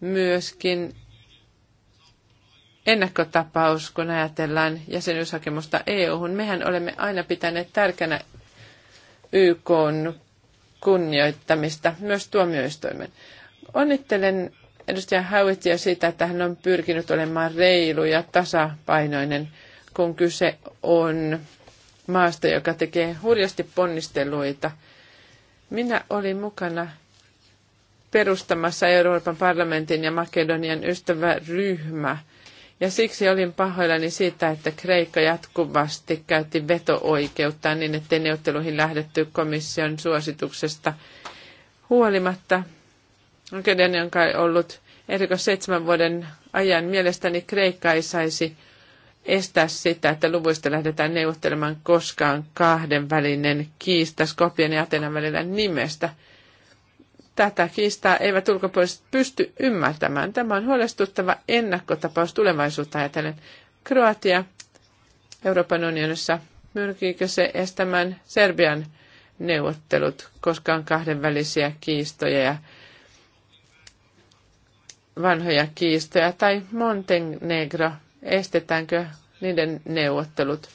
myöskin ennakkotapaus, kun ajatellaan jäsenyyshakemusta EU-hun. Mehän olemme aina pitäneet tärkeänä YK kunnioittamista, myös tuomioistuimen. Onnittelen edustaja Hauitia siitä, että hän on pyrkinyt olemaan reilu ja tasapainoinen, kun kyse on maasta, joka tekee hurjasti ponnisteluita – minä olin mukana perustamassa Euroopan parlamentin ja Makedonian ystäväryhmä. Ja siksi olin pahoillani siitä, että Kreikka jatkuvasti käytti veto-oikeutta niin, ettei neuvotteluihin lähdetty komission suosituksesta huolimatta. Makedonian kai ollut erikois seitsemän vuoden ajan mielestäni Kreikka ei saisi estää sitä, että luvuista lähdetään neuvottelemaan koskaan kahdenvälinen kiista Skopien ja Atenan välillä nimestä. Tätä kiistaa eivät ulkopuoliset pysty ymmärtämään. Tämä on huolestuttava ennakkotapaus tulevaisuutta ajatellen. Kroatia Euroopan unionissa, myrkiikö se estämään Serbian neuvottelut, koskaan kahdenvälisiä kiistoja ja vanhoja kiistoja, tai Montenegro estetäänkö niiden neuvottelut.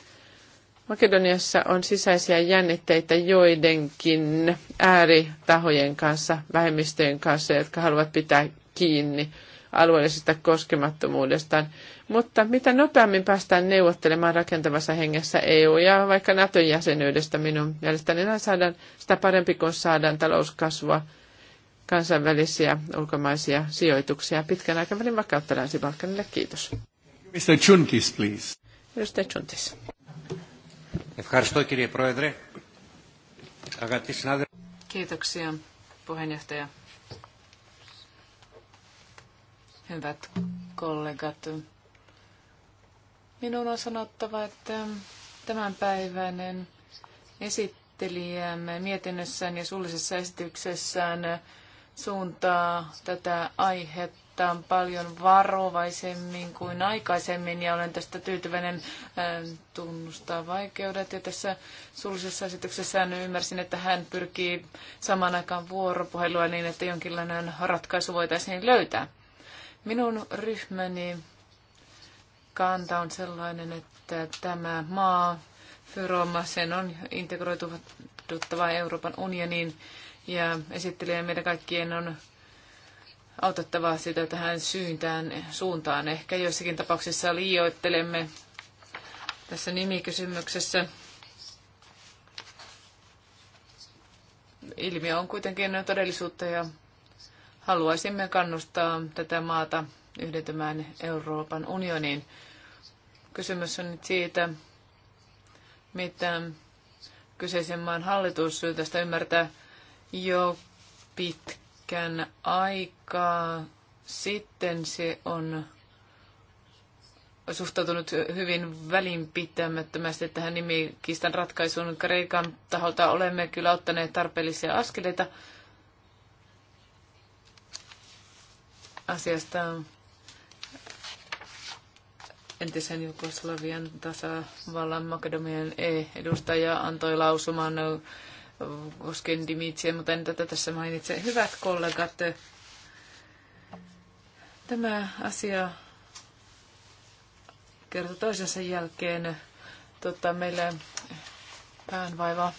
Makedoniassa on sisäisiä jännitteitä joidenkin ääritahojen kanssa, vähemmistöjen kanssa, jotka haluavat pitää kiinni alueellisesta koskemattomuudestaan. Mutta mitä nopeammin päästään neuvottelemaan rakentavassa hengessä EU- ja vaikka Naton jäsenyydestä minun mielestäni, niin saadaan sitä parempi, kun saadaan talouskasvua, kansainvälisiä ulkomaisia sijoituksia pitkän aikavälin vakautta Länsi-Balkanille. Kiitos. Mr. Chuntis, please. Mr. Chuntis. Ευχαριστώ κύριε Πρόεδρε. Αγαπητοί συνάδελφοι. Kiitoksia puheenjohtaja. Hyvät kollegat, minun on sanottava, että tämänpäiväinen esittelijämme mietinnössään ja suullisessa esityksessään suuntaa tätä aihetta kohtaan paljon varovaisemmin kuin aikaisemmin ja olen tästä tyytyväinen ähm, tunnustaa vaikeudet. Ja tässä suullisessa esityksessä ymmärsin, että hän pyrkii saman aikaan vuoropuhelua niin, että jonkinlainen ratkaisu voitaisiin löytää. Minun ryhmäni kanta on sellainen, että tämä maa, Fyroma, sen on integroituttava Euroopan unioniin ja esittelijä meidän kaikkien on autettavaa sitä tähän syyntään, suuntaan. Ehkä joissakin tapauksissa liioittelemme tässä nimikysymyksessä. Ilmiö on kuitenkin todellisuutta ja haluaisimme kannustaa tätä maata yhdentymään Euroopan unioniin. Kysymys on nyt siitä, mitä kyseisen maan hallitus tästä ymmärtää jo pitkään pitkän aikaa sitten se on suhtautunut hyvin välinpitämättömästi tähän nimikistan ratkaisuun. Kreikan taholta olemme kyllä ottaneet tarpeellisia askeleita asiasta entisen Jugoslavian tasavallan Makedonian e edustaja antoi lausuman koskien Dimitsiä, mutta en tätä tässä mainitse. Hyvät kollegat, tämä asia kerta toisensa jälkeen tota, meille päänvaiva.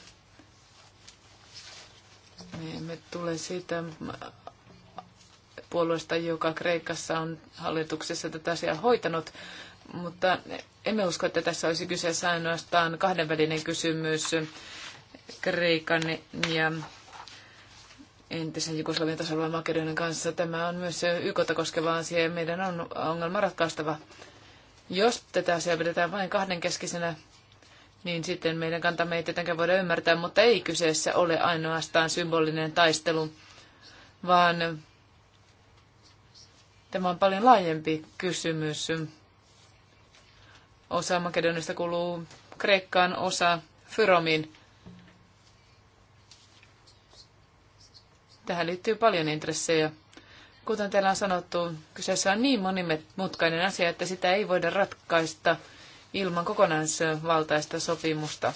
Me emme tule siitä puolueesta, joka Kreikassa on hallituksessa tätä asiaa hoitanut, mutta emme usko, että tässä olisi kyseessä ainoastaan kahdenvälinen kysymys Kreikan ja entisen Jugoslavian tasavallan Makedonian kanssa. Tämä on myös YKta koskeva asia ja meidän on ongelma ratkaistava. Jos tätä asiaa pidetään vain kahdenkeskisenä, niin sitten meidän kantamme ei tietenkään voida ymmärtää, mutta ei kyseessä ole ainoastaan symbolinen taistelu, vaan tämä on paljon laajempi kysymys. Osa Makedonista kuuluu Kreikkaan, osa Fyromiin. Tähän liittyy paljon intressejä. Kuten teillä on sanottu, kyseessä on niin monimutkainen asia, että sitä ei voida ratkaista ilman kokonaisvaltaista sopimusta.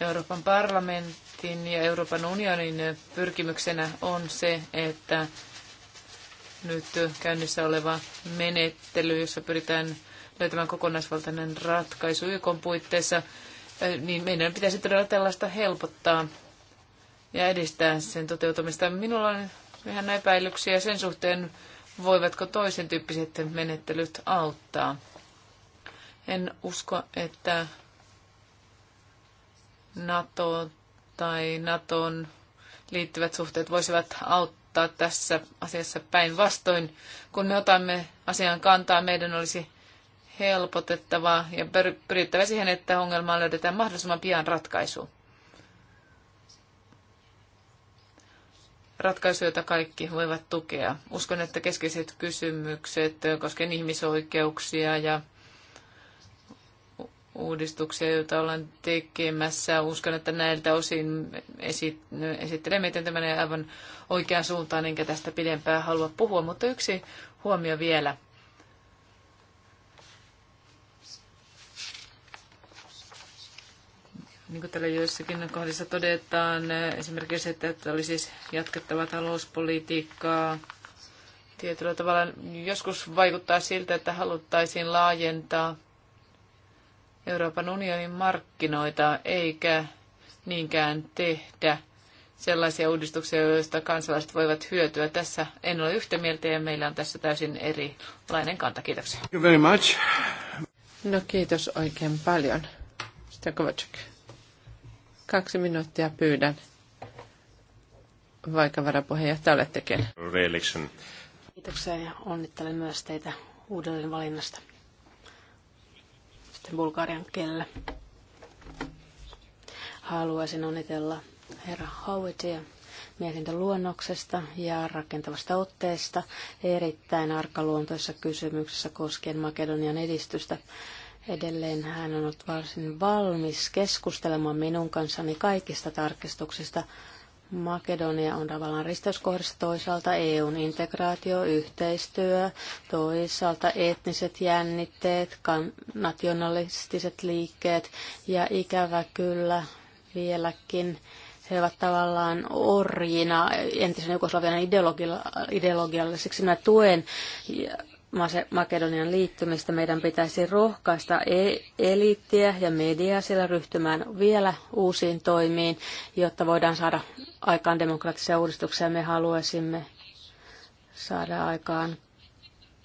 Euroopan parlamentin ja Euroopan unionin pyrkimyksenä on se, että nyt käynnissä oleva menettely, jossa pyritään löytämään kokonaisvaltainen ratkaisu YK puitteissa, niin meidän pitäisi todella tällaista helpottaa ja edistää sen toteutumista. Minulla on vähän epäilyksiä sen suhteen, voivatko toisen tyyppiset menettelyt auttaa. En usko, että NATO tai NATOn liittyvät suhteet voisivat auttaa tässä asiassa päinvastoin. Kun me otamme asian kantaa, meidän olisi helpotettava ja pyrittävä siihen, että ongelmaan löydetään mahdollisimman pian ratkaisu. Ratkaisu, jota kaikki voivat tukea. Uskon, että keskeiset kysymykset koskien ihmisoikeuksia ja uudistuksia, joita ollaan tekemässä. Uskon, että näiltä osin esit, esittelee miten tämä aivan oikeaan suuntaan, enkä tästä pidempään halua puhua. Mutta yksi huomio vielä. Niin kuin täällä joissakin kohdissa todetaan, esimerkiksi, että, että oli siis jatkettava talouspolitiikkaa, tietyllä tavalla joskus vaikuttaa siltä, että haluttaisiin laajentaa Euroopan unionin markkinoita, eikä niinkään tehdä sellaisia uudistuksia, joista kansalaiset voivat hyötyä. Tässä en ole yhtä mieltä ja meillä on tässä täysin erilainen kanta. Kiitoksia. Thank you very much. No kiitos oikein paljon. Stakovac. Kaksi minuuttia pyydän. Vaikka varapuheenjohtaja olettekin. Reelection. Kiitoksia ja onnittelen myös teitä uudelleen valinnasta. Sitten bulgarian kelle. Haluaisin onnitella herra Howitia mietintöluonnoksesta ja rakentavasta otteesta erittäin arkaluontoisessa kysymyksessä koskien Makedonian edistystä Edelleen hän on ollut varsin valmis keskustelemaan minun kanssani kaikista tarkistuksista. Makedonia on tavallaan risteyskohdassa toisaalta EUn integraatio, yhteistyö, toisaalta etniset jännitteet, nationalistiset liikkeet ja ikävä kyllä vieläkin he ovat tavallaan orjina entisen Jugoslavian ideologialle. Siksi minä tuen Makedonian liittymistä meidän pitäisi rohkaista e- eliittiä ja mediaa siellä ryhtymään vielä uusiin toimiin, jotta voidaan saada aikaan demokraattisia uudistuksia. Me haluaisimme saada aikaan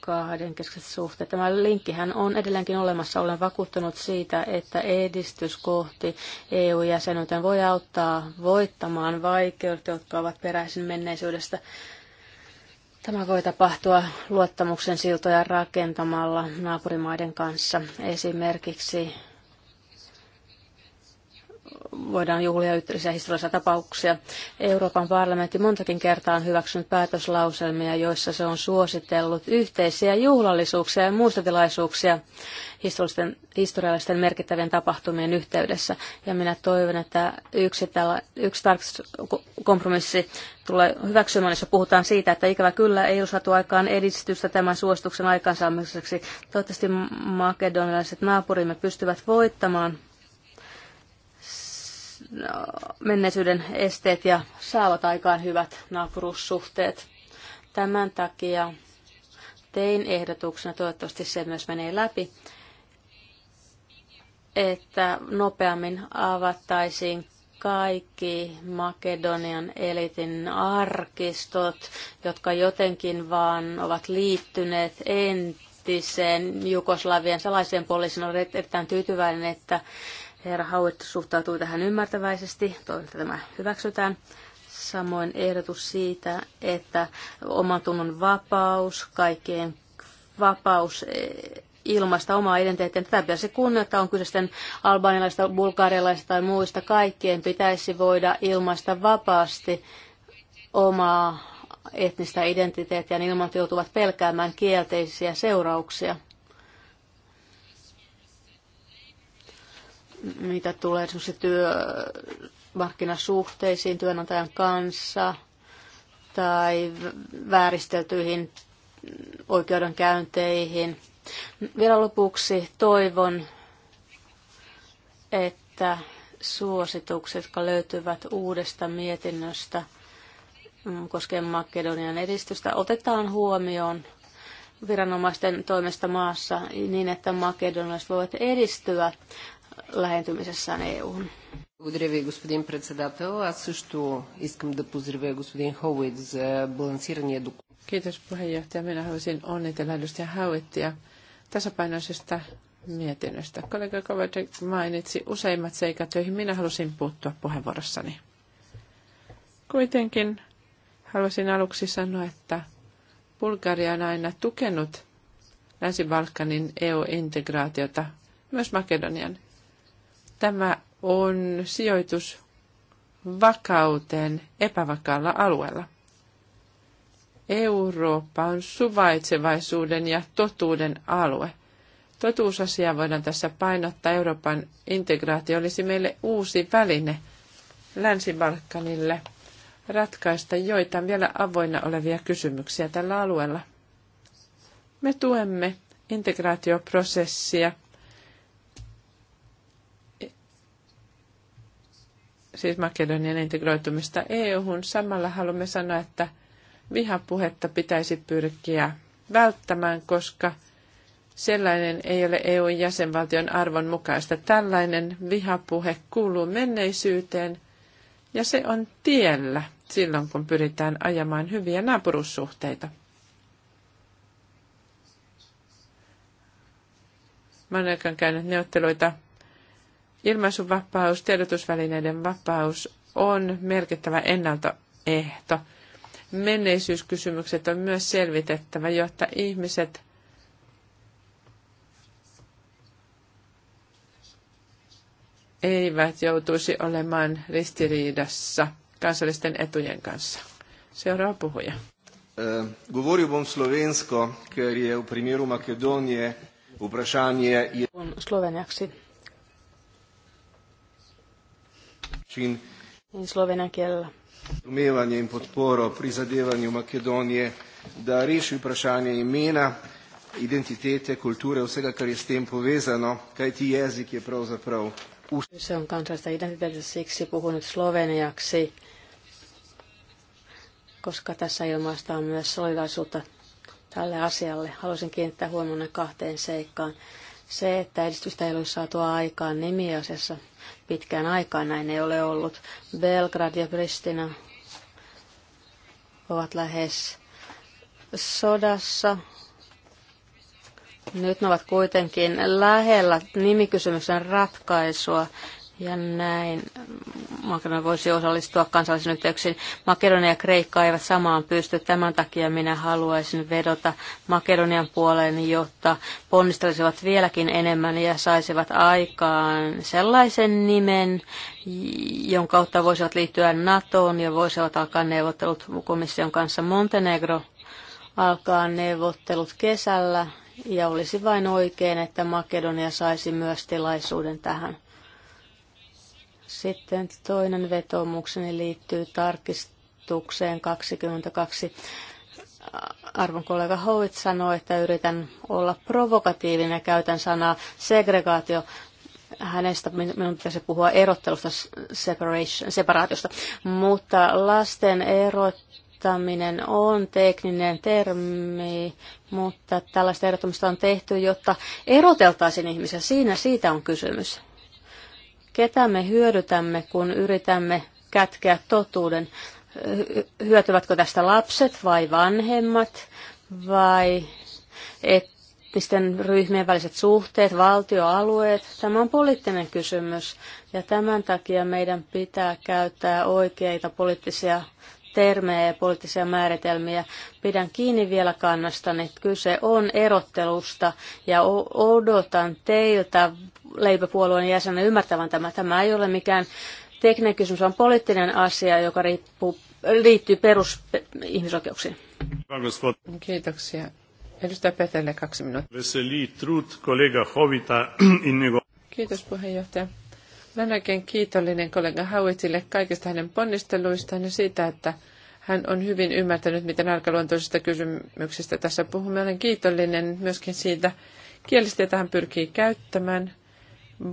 kahden keskeiset suhteet. Tämä linkkihän on edelleenkin olemassa. Olen vakuuttunut siitä, että edistys kohti EU-jäsenyyteen voi auttaa voittamaan vaikeudet, jotka ovat peräisin menneisyydestä. Tämä voi tapahtua luottamuksen siltoja rakentamalla naapurimaiden kanssa. Esimerkiksi voidaan juhlia yhteisiä historiallisia tapauksia. Euroopan parlamentti montakin kertaa on hyväksynyt päätöslauselmia, joissa se on suositellut yhteisiä juhlallisuuksia ja muistotilaisuuksia historiallisten, historiallisten merkittävien tapahtumien yhteydessä. Ja minä toivon, että yksi, tällä, yksi kompromissi tulee hyväksymään, jossa puhutaan siitä, että ikävä kyllä ei ole saatu aikaan edistystä tämän suosituksen aikaansaamiseksi. Toivottavasti makedonialaiset naapurimme pystyvät voittamaan menneisyyden esteet ja saavat aikaan hyvät naapuruussuhteet. Tämän takia tein ehdotuksena, toivottavasti se myös menee läpi, että nopeammin avattaisiin kaikki Makedonian elitin arkistot, jotka jotenkin vaan ovat liittyneet entiseen Jugoslavian salaiseen poliisiin. Olen erittäin tyytyväinen, että Herra Hauet suhtautui tähän ymmärtäväisesti, toivon, että tämä hyväksytään. Samoin ehdotus siitä, että tunnon vapaus, kaikkien vapaus e, ilmaista omaa identiteettiä. Tätä pitäisi kunnioittaa, on kyse sitten albanilaisista, bulgarialaisista tai muista. Kaikkien pitäisi voida ilmaista vapaasti omaa etnistä identiteettiä, niin ilman joutuvat pelkäämään kielteisiä seurauksia. mitä tulee esimerkiksi työmarkkinasuhteisiin työnantajan kanssa tai vääristeltyihin oikeudenkäynteihin. Vielä lopuksi toivon, että suositukset, jotka löytyvät uudesta mietinnöstä koskien Makedonian edistystä, otetaan huomioon viranomaisten toimesta maassa niin, että makedonilaiset voivat edistyä lähentymisessään EU-hun. Благодаря ви, господин председател. Аз също искам да поздравя господин Хоуит за балансирания доклад. Kiitos puheenjohtaja. Minä haluaisin onnitella edustaja Hauittia tasapainoisesta mietinnöstä. Kollega Kovacic mainitsi useimmat seikat, joihin minä halusin puuttua puheenvuorossani. Kuitenkin haluaisin aluksi sanoa, että Bulgaria on aina tukenut Länsi-Balkanin EU-integraatiota, myös Makedonian. Tämä on sijoitus vakauteen epävakaalla alueella. Eurooppa on suvaitsevaisuuden ja totuuden alue. Totuusasia voidaan tässä painottaa. Euroopan integraatio olisi meille uusi väline Länsi-Balkanille ratkaista joitain vielä avoinna olevia kysymyksiä tällä alueella. Me tuemme integraatioprosessia siis Makedonian integroitumista EU-hun. Samalla haluamme sanoa, että vihapuhetta pitäisi pyrkiä välttämään, koska sellainen ei ole EUn jäsenvaltion arvon mukaista. Tällainen vihapuhe kuuluu menneisyyteen ja se on tiellä silloin, kun pyritään ajamaan hyviä naapurussuhteita. Mä olen käynyt neuvotteluita Ilmaisuvapaus, tiedotusvälineiden vapaus on merkittävä ennaltoehto. Menneisyyskysymykset on myös selvitettävä, jotta ihmiset eivät joutuisi olemaan ristiriidassa kansallisten etujen kanssa. Seuraava puhuja. Eh, govoril bom slovensko, ker je v Makedonije vprašanje... čin. In slovena kielellä. Umevanje in podporo prizadevanju Makedonije, da reši vprašanje imena, identitete, kulture, vsega, kar je s tem povezano, kajti jezik je pravzaprav Se on kansallista identiteetistä siksi puhunut sloveniaksi, koska tässä ilmaistaan myös solidaisuutta tälle asialle. Haluaisin kiinnittää huomioon kahteen seikkaan. Se, että edistystä ei ole saatu aikaan nimiasiassa pitkään aikaan, näin ei ole ollut. Belgrad ja Pristina ovat lähes sodassa. Nyt ne ovat kuitenkin lähellä nimikysymyksen ratkaisua. Ja näin Makedonia voisi osallistua kansallisen yhteyksiin. Makedonia ja Kreikka eivät samaan pysty. Tämän takia minä haluaisin vedota Makedonian puoleen, jotta ponnistelisivat vieläkin enemmän ja saisivat aikaan sellaisen nimen, jonka kautta voisivat liittyä NATOon ja voisivat alkaa neuvottelut komission kanssa. Montenegro alkaa neuvottelut kesällä ja olisi vain oikein, että Makedonia saisi myös tilaisuuden tähän. Sitten toinen vetoomukseni liittyy tarkistukseen 22. Arvon kollega Howitt sanoi, että yritän olla provokatiivinen ja käytän sanaa segregaatio. Hänestä minun pitäisi puhua erottelusta, separation, separaatiosta, mutta lasten erottaminen on tekninen termi, mutta tällaista erottamista on tehty, jotta eroteltaisiin ihmisiä. Siinä siitä on kysymys. Ketä me hyödytämme, kun yritämme kätkeä totuuden? Hyötyvätkö tästä lapset vai vanhemmat vai etnisten ryhmien väliset suhteet, valtioalueet? Tämä on poliittinen kysymys ja tämän takia meidän pitää käyttää oikeita poliittisia termejä ja poliittisia määritelmiä. Pidän kiinni vielä kannasta, että kyse on erottelusta ja odotan teiltä leipäpuolueen jäsenen ymmärtävän tämä. Tämä ei ole mikään tekninen kysymys, vaan poliittinen asia, joka riippuu, liittyy perusihmisoikeuksiin. Kiitoksia. Edustaja Petelle kaksi minuuttia. Kiitos puheenjohtaja olen oikein kiitollinen kollega Hauitille kaikista hänen ponnisteluistaan ja siitä, että hän on hyvin ymmärtänyt, miten arkaluontoisista kysymyksistä tässä puhumme. Olen kiitollinen myöskin siitä kielestä, jota hän pyrkii käyttämään.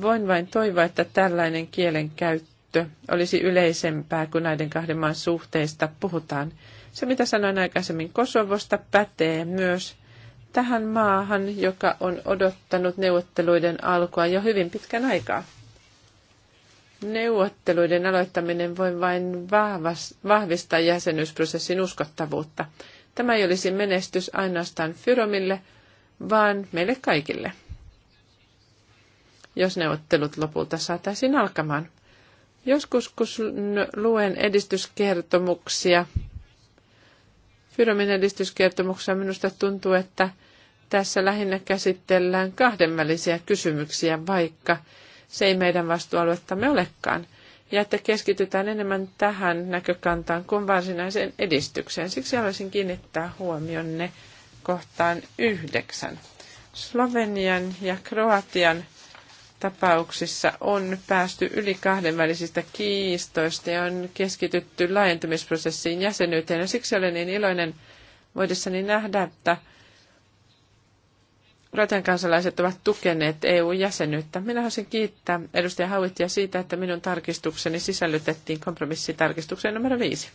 Voin vain toivoa, että tällainen kielen käyttö olisi yleisempää, kun näiden kahden maan suhteista puhutaan. Se, mitä sanoin aikaisemmin Kosovosta, pätee myös tähän maahan, joka on odottanut neuvotteluiden alkua jo hyvin pitkän aikaa. Neuvotteluiden aloittaminen voi vain vahvistaa jäsenyysprosessin uskottavuutta. Tämä ei olisi menestys ainoastaan Fyromille, vaan meille kaikille. Jos neuvottelut lopulta saataisiin alkamaan. Joskus kun luen edistyskertomuksia, Fyromin edistyskertomuksessa minusta tuntuu, että tässä lähinnä käsitellään kahdenvälisiä kysymyksiä, vaikka se ei meidän vastuualuettamme olekaan. Ja että keskitytään enemmän tähän näkökantaan kuin varsinaiseen edistykseen. Siksi haluaisin kiinnittää huomionne kohtaan yhdeksän. Slovenian ja Kroatian tapauksissa on päästy yli kahdenvälisistä kiistoista ja on keskitytty laajentumisprosessiin jäsenyyteen. Ja siksi olen niin iloinen voidessani nähdä, että Kroatian kansalaiset ovat tukeneet EU-jäsenyyttä. Minä haluaisin kiittää edustaja Hauittia siitä, että minun tarkistukseni sisällytettiin kompromissitarkistukseen numero 5.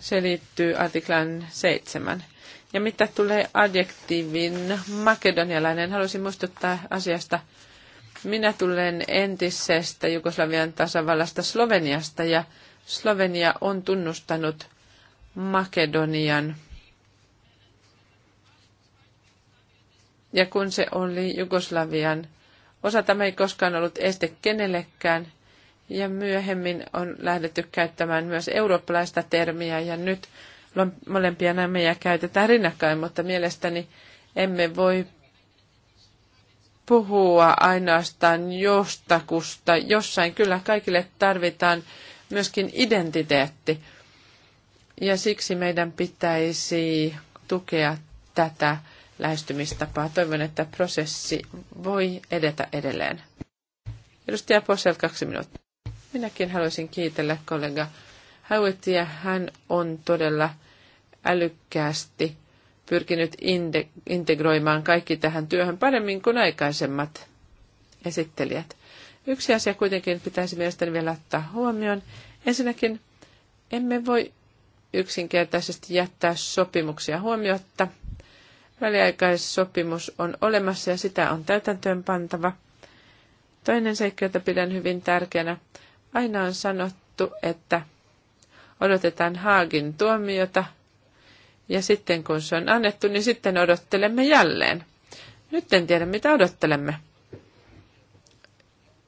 Se liittyy artiklan 7. Ja mitä tulee adjektiivin makedonialainen, haluaisin muistuttaa asiasta. Minä tulen entisestä Jugoslavian tasavallasta Sloveniasta ja Slovenia on tunnustanut Makedonian Ja kun se oli Jugoslavian osa, tämä ei koskaan ollut este kenellekään. Ja myöhemmin on lähdetty käyttämään myös eurooppalaista termiä ja nyt molempia nämä käytetään rinnakkain, mutta mielestäni emme voi puhua ainoastaan jostakusta jossain. Kyllä kaikille tarvitaan myöskin identiteetti. Ja siksi meidän pitäisi tukea tätä lähestymistapaa. Toivon, että prosessi voi edetä edelleen. Edustaja Posel, kaksi minuuttia. Minäkin haluaisin kiitellä kollega Howittia. Hän on todella älykkäästi pyrkinyt integroimaan kaikki tähän työhön paremmin kuin aikaisemmat esittelijät. Yksi asia kuitenkin pitäisi mielestäni vielä ottaa huomioon. Ensinnäkin emme voi yksinkertaisesti jättää sopimuksia huomiotta – Väliaikaissopimus on olemassa ja sitä on täytäntöön pantava. Toinen seikka, jota pidän hyvin tärkeänä, aina on sanottu, että odotetaan Haagin tuomiota ja sitten kun se on annettu, niin sitten odottelemme jälleen. Nyt en tiedä, mitä odottelemme.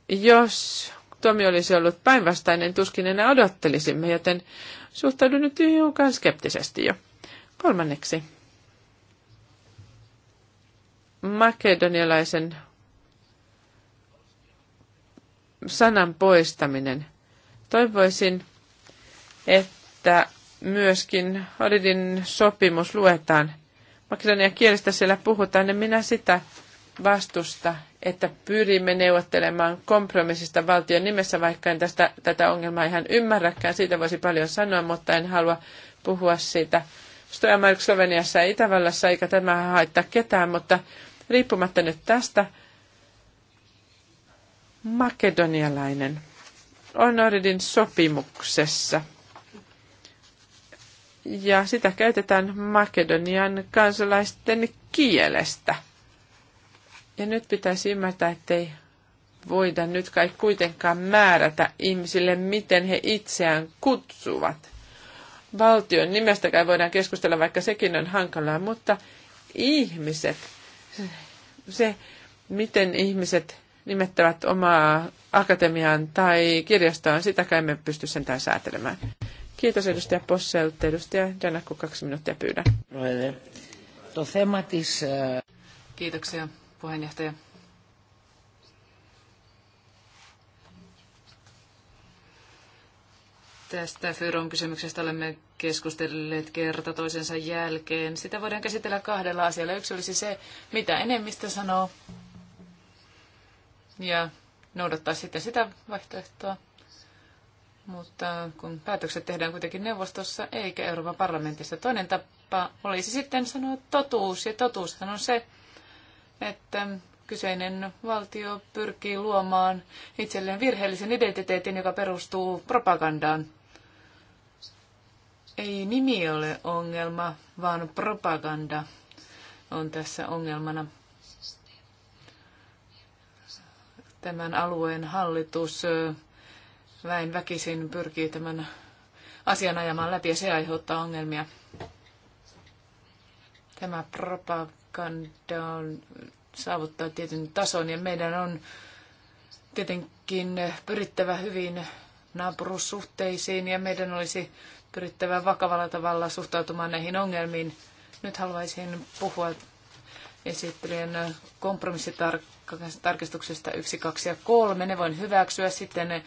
Jos tuomio olisi ollut päinvastainen, tuskin enää odottelisimme, joten suhtaudun nyt hiukan skeptisesti jo. Kolmanneksi, makedonialaisen sanan poistaminen. Toivoisin, että myöskin Hadidin sopimus luetaan. Makedonian kielestä siellä puhutaan, niin minä sitä vastusta, että pyrimme neuvottelemaan kompromissista valtion nimessä, vaikka en tästä, tätä ongelmaa ihan ymmärräkään. Siitä voisi paljon sanoa, mutta en halua puhua siitä. Stojamark Sloveniassa ja Itävallassa, eikä tämä haittaa ketään, mutta riippumatta nyt tästä, makedonialainen on Oridin sopimuksessa. Ja sitä käytetään Makedonian kansalaisten kielestä. Ja nyt pitäisi ymmärtää, ettei voida nyt kai kuitenkaan määrätä ihmisille, miten he itseään kutsuvat. Valtion nimestä kai voidaan keskustella, vaikka sekin on hankalaa, mutta ihmiset se, miten ihmiset nimettävät omaa akatemiaan tai kirjastoon, sitä kai me pysty sentään säätelemään. Kiitos edustaja Posselt, edustaja Janakku, kaksi minuuttia pyydän. Äh, Kiitoksia puheenjohtaja. Tästä Fyron kysymyksestä olemme keskustelleet kerta toisensa jälkeen. Sitä voidaan käsitellä kahdella asialla. Yksi olisi se, mitä enemmistö sanoo, ja noudattaa sitten sitä vaihtoehtoa. Mutta kun päätökset tehdään kuitenkin neuvostossa eikä Euroopan parlamentissa, toinen tapa olisi sitten sanoa totuus. Ja totuushan on se, että kyseinen valtio pyrkii luomaan itselleen virheellisen identiteetin, joka perustuu propagandaan. Ei nimi ole ongelma, vaan propaganda on tässä ongelmana. Tämän alueen hallitus väin väkisin pyrkii tämän asian ajamaan läpi ja se aiheuttaa ongelmia. Tämä propaganda on, saavuttaa tietyn tason ja meidän on tietenkin pyrittävä hyvin naapurussuhteisiin ja meidän olisi pyrittävä vakavalla tavalla suhtautumaan näihin ongelmiin. Nyt haluaisin puhua esittelijän kompromissitarkistuksesta 1, 2 ja 3. Ne voin hyväksyä sitten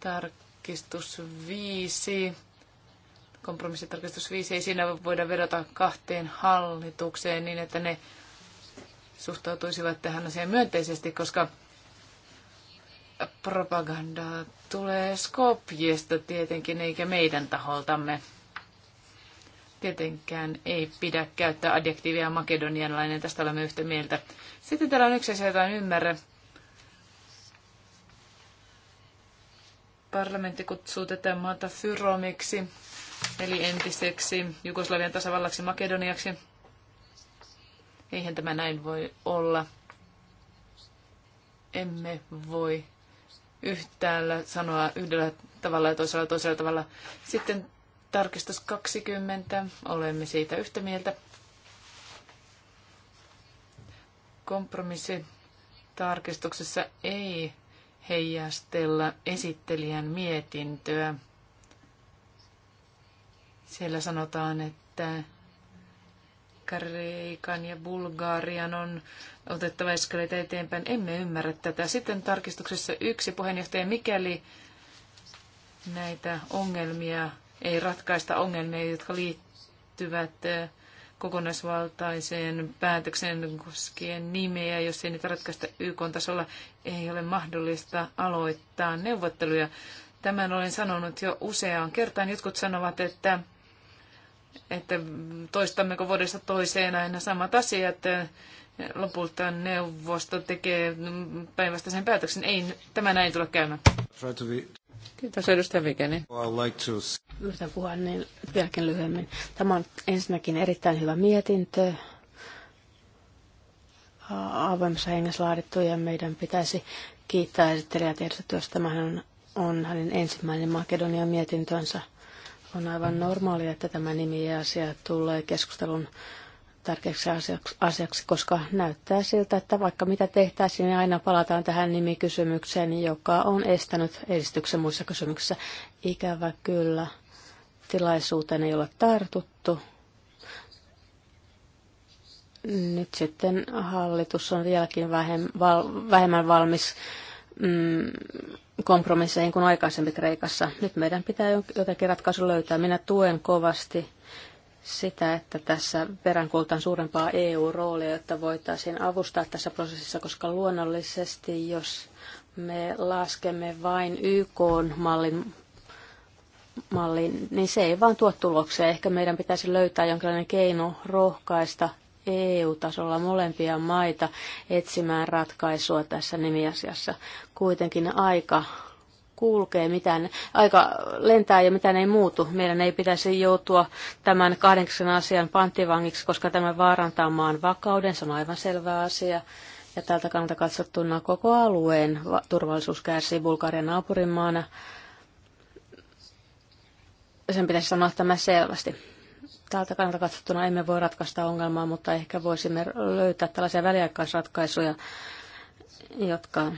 tarkistus 5. Kompromissitarkistus 5 ei siinä voida vedota kahteen hallitukseen niin, että ne suhtautuisivat tähän asiaan myönteisesti, koska propagandaa tulee Skopjesta tietenkin, eikä meidän taholtamme. Tietenkään ei pidä käyttää adjektiivia makedonianlainen, tästä olemme yhtä mieltä. Sitten täällä on yksi asia, jota en ymmärrä. Parlamentti kutsuu tätä maata Fyromiksi, eli entiseksi Jugoslavian tasavallaksi Makedoniaksi. Eihän tämä näin voi olla. Emme voi yhtäällä sanoa yhdellä tavalla ja toisella toisella tavalla. Sitten tarkistus 20, olemme siitä yhtä mieltä. Kompromissi tarkistuksessa ei heijastella esittelijän mietintöä. Siellä sanotaan, että Kreikan ja Bulgarian on otettava eskaleita eteenpäin. Emme ymmärrä tätä. Sitten tarkistuksessa yksi puheenjohtaja, mikäli näitä ongelmia ei ratkaista ongelmia, jotka liittyvät kokonaisvaltaiseen päätökseen koskien nimeä, jos ei niitä ratkaista YK-tasolla, ei ole mahdollista aloittaa neuvotteluja. Tämän olen sanonut jo useaan kertaan. Jotkut sanovat, että että toistammeko vuodesta toiseen aina samat asiat. Lopulta neuvosto tekee päivästä sen päätöksen. Ei tämä näin tule käymään. Kiitos edustaja Vikeni. Oh, Yritän puhua niin vieläkin lyhyemmin. Tämä on ensinnäkin erittäin hyvä mietintö avoimessa hengessä laadittu ja meidän pitäisi kiittää esittelijää tehdystä työstä. Tämähän on, on hänen ensimmäinen Makedonian mietintönsä. On aivan normaalia, että tämä nimi ja asia tulee keskustelun tärkeäksi asiaksi, koska näyttää siltä, että vaikka mitä tehtäisiin, niin aina palataan tähän nimikysymykseen, joka on estänyt edistyksen muissa kysymyksissä. Ikävä kyllä, tilaisuuteen ei ole tartuttu. Nyt sitten hallitus on vieläkin vähemmän valmis mm, kompromisseihin kuin aikaisemmin Kreikassa. Nyt meidän pitää jotakin ratkaisu löytää. Minä tuen kovasti sitä, että tässä peräänkuultaan suurempaa EU-roolia, jotta voitaisiin avustaa tässä prosessissa, koska luonnollisesti, jos me laskemme vain YK-mallin malli, niin se ei vaan tuo tuloksia. Ehkä meidän pitäisi löytää jonkinlainen keino rohkaista EU-tasolla molempia maita etsimään ratkaisua tässä nimiasiassa. Kuitenkin aika kulkee, mitään, aika lentää ja mitään ei muutu. Meidän ei pitäisi joutua tämän kahdeksan asian panttivangiksi, koska tämä vaarantaa maan vakauden, se on aivan selvä asia. Ja tältä kannalta katsottuna koko alueen turvallisuus kärsii Bulgarian naapurimaana. Sen pitäisi sanoa tämä selvästi tältä kannalta katsottuna emme voi ratkaista ongelmaa, mutta ehkä voisimme löytää tällaisia väliaikaisratkaisuja, jotka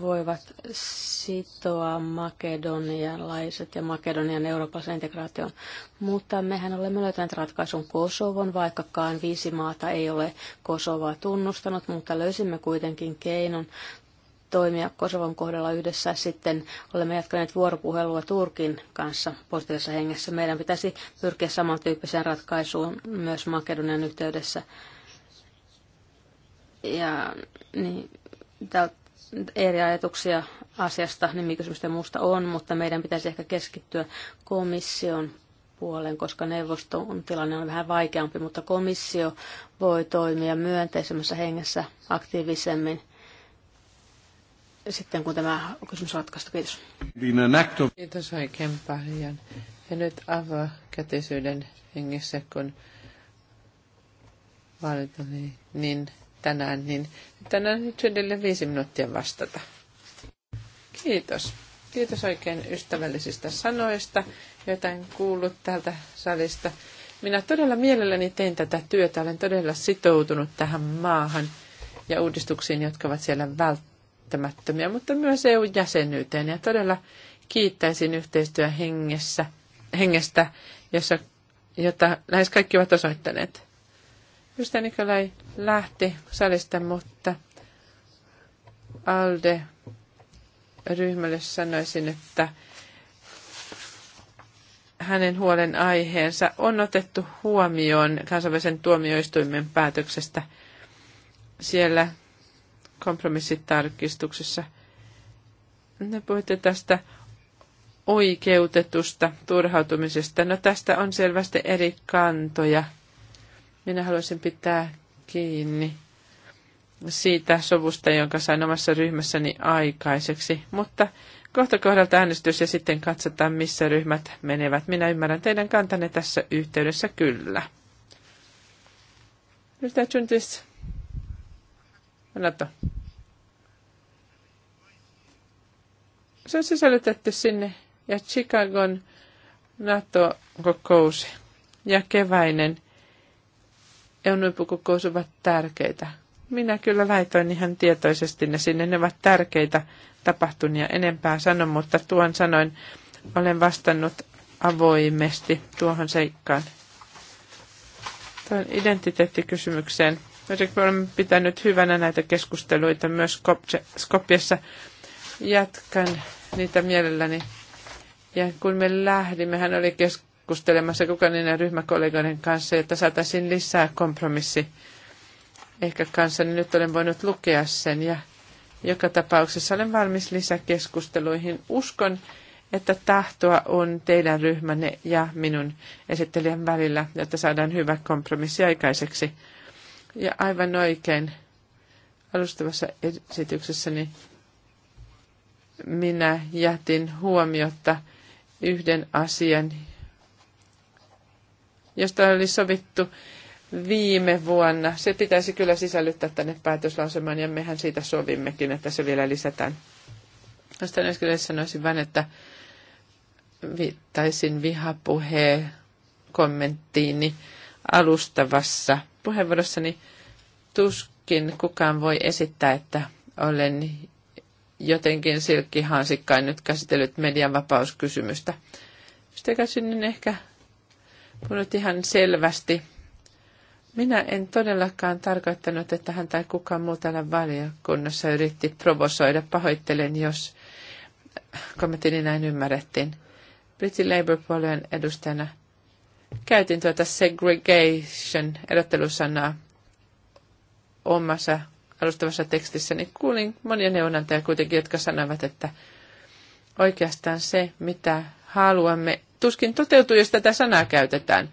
voivat sitoa makedonialaiset ja Makedonian eurooppalaisen integraation. Mutta mehän olemme löytäneet ratkaisun Kosovon, vaikkakaan viisi maata ei ole Kosovaa tunnustanut, mutta löysimme kuitenkin keinon toimia Kosovon kohdalla yhdessä. Sitten olemme jatkaneet vuoropuhelua Turkin kanssa positiivisessa hengessä. Meidän pitäisi pyrkiä samantyyppiseen ratkaisuun myös Makedonian yhteydessä. Ja niin, eri ajatuksia asiasta, nimikysymysten muusta on, mutta meidän pitäisi ehkä keskittyä komission puoleen, koska neuvoston tilanne on vähän vaikeampi, mutta komissio voi toimia myönteisemmässä hengessä aktiivisemmin – sitten, kun tämä kysymys ratkaistu. Kiitos. Kiitos oikein paljon. Ja nyt kätisyyden hengessä, kun vaalit oli niin tänään, niin tänään nyt edelleen viisi minuuttia vastata. Kiitos. Kiitos oikein ystävällisistä sanoista, joita en kuullut täältä salista. Minä todella mielelläni tein tätä työtä, olen todella sitoutunut tähän maahan ja uudistuksiin, jotka ovat siellä välttämättä välttämättömiä, mutta myös EU-jäsenyyteen. Ja todella kiittäisin yhteistyön hengessä, hengestä, jossa, jota lähes kaikki ovat osoittaneet. Ystävä Nikolai lähti salista, mutta Alde ryhmälle sanoisin, että hänen huolen aiheensa on otettu huomioon kansainvälisen tuomioistuimen päätöksestä. Siellä kompromissitarkistuksessa. Ne puhutte tästä oikeutetusta turhautumisesta. No tästä on selvästi eri kantoja. Minä haluaisin pitää kiinni siitä sovusta, jonka sain omassa ryhmässäni aikaiseksi. Mutta kohta kohdalta äänestys ja sitten katsotaan, missä ryhmät menevät. Minä ymmärrän teidän kantanne tässä yhteydessä kyllä. Mr. Juntis, Hylätty. Se on sisällytetty sinne ja Chicagon NATO-kokous ja keväinen eu kokous ovat tärkeitä. Minä kyllä laitoin ihan tietoisesti ne sinne. Ne ovat tärkeitä tapahtumia. Enempää sanon, mutta tuon sanoin, olen vastannut avoimesti tuohon seikkaan. Tuon identiteettikysymykseen Mä olen pitänyt hyvänä näitä keskusteluita myös Skopjassa. Jatkan niitä mielelläni. Ja kun me lähdimme, hän oli keskustelemassa Kukanin ja ryhmäkollegoiden kanssa, että saataisiin lisää kompromissi ehkä kanssa, niin nyt olen voinut lukea sen. Ja joka tapauksessa olen valmis lisäkeskusteluihin. Uskon, että tahtoa on teidän ryhmänne ja minun esittelijän välillä, jotta saadaan hyvä kompromissi aikaiseksi ja aivan oikein alustavassa esityksessäni minä jätin huomiota yhden asian, josta oli sovittu viime vuonna. Se pitäisi kyllä sisällyttää tänne päätöslausemaan ja mehän siitä sovimmekin, että se vielä lisätään. Jostain äsken sanoisin vain, että viittaisin vihapuheen kommenttiini alustavassa puheenvuorossani tuskin kukaan voi esittää, että olen jotenkin silkkihansikkain nyt käsitellyt median vapauskysymystä. Sitä sinne ehkä puhunut ihan selvästi. Minä en todellakaan tarkoittanut, että hän tai kukaan muu täällä valiokunnassa yritti provosoida. Pahoittelen, jos kommenttini näin ymmärrettiin. British Labour-puolueen edustajana Käytin tuota segregation erottelusanaa omassa alustavassa tekstissäni. Niin kuulin monia neuvonantajia kuitenkin, jotka sanoivat, että oikeastaan se, mitä haluamme, tuskin toteutuu, jos tätä sanaa käytetään.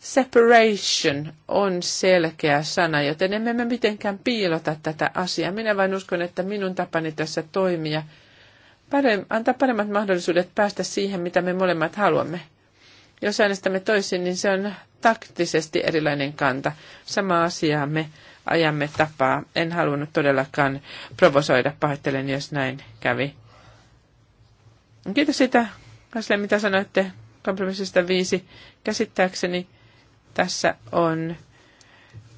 Separation on selkeä sana, joten emme me mitenkään piilota tätä asiaa. Minä vain uskon, että minun tapani tässä toimia parem, antaa paremmat mahdollisuudet päästä siihen, mitä me molemmat haluamme. Jos äänestämme toisin, niin se on taktisesti erilainen kanta. Sama asiaa me ajamme tapaa. En halunnut todellakaan provosoida, pahoittelen jos näin kävi. Kiitos sitä, Kasle, mitä sanoitte kompromissista viisi. Käsittääkseni tässä on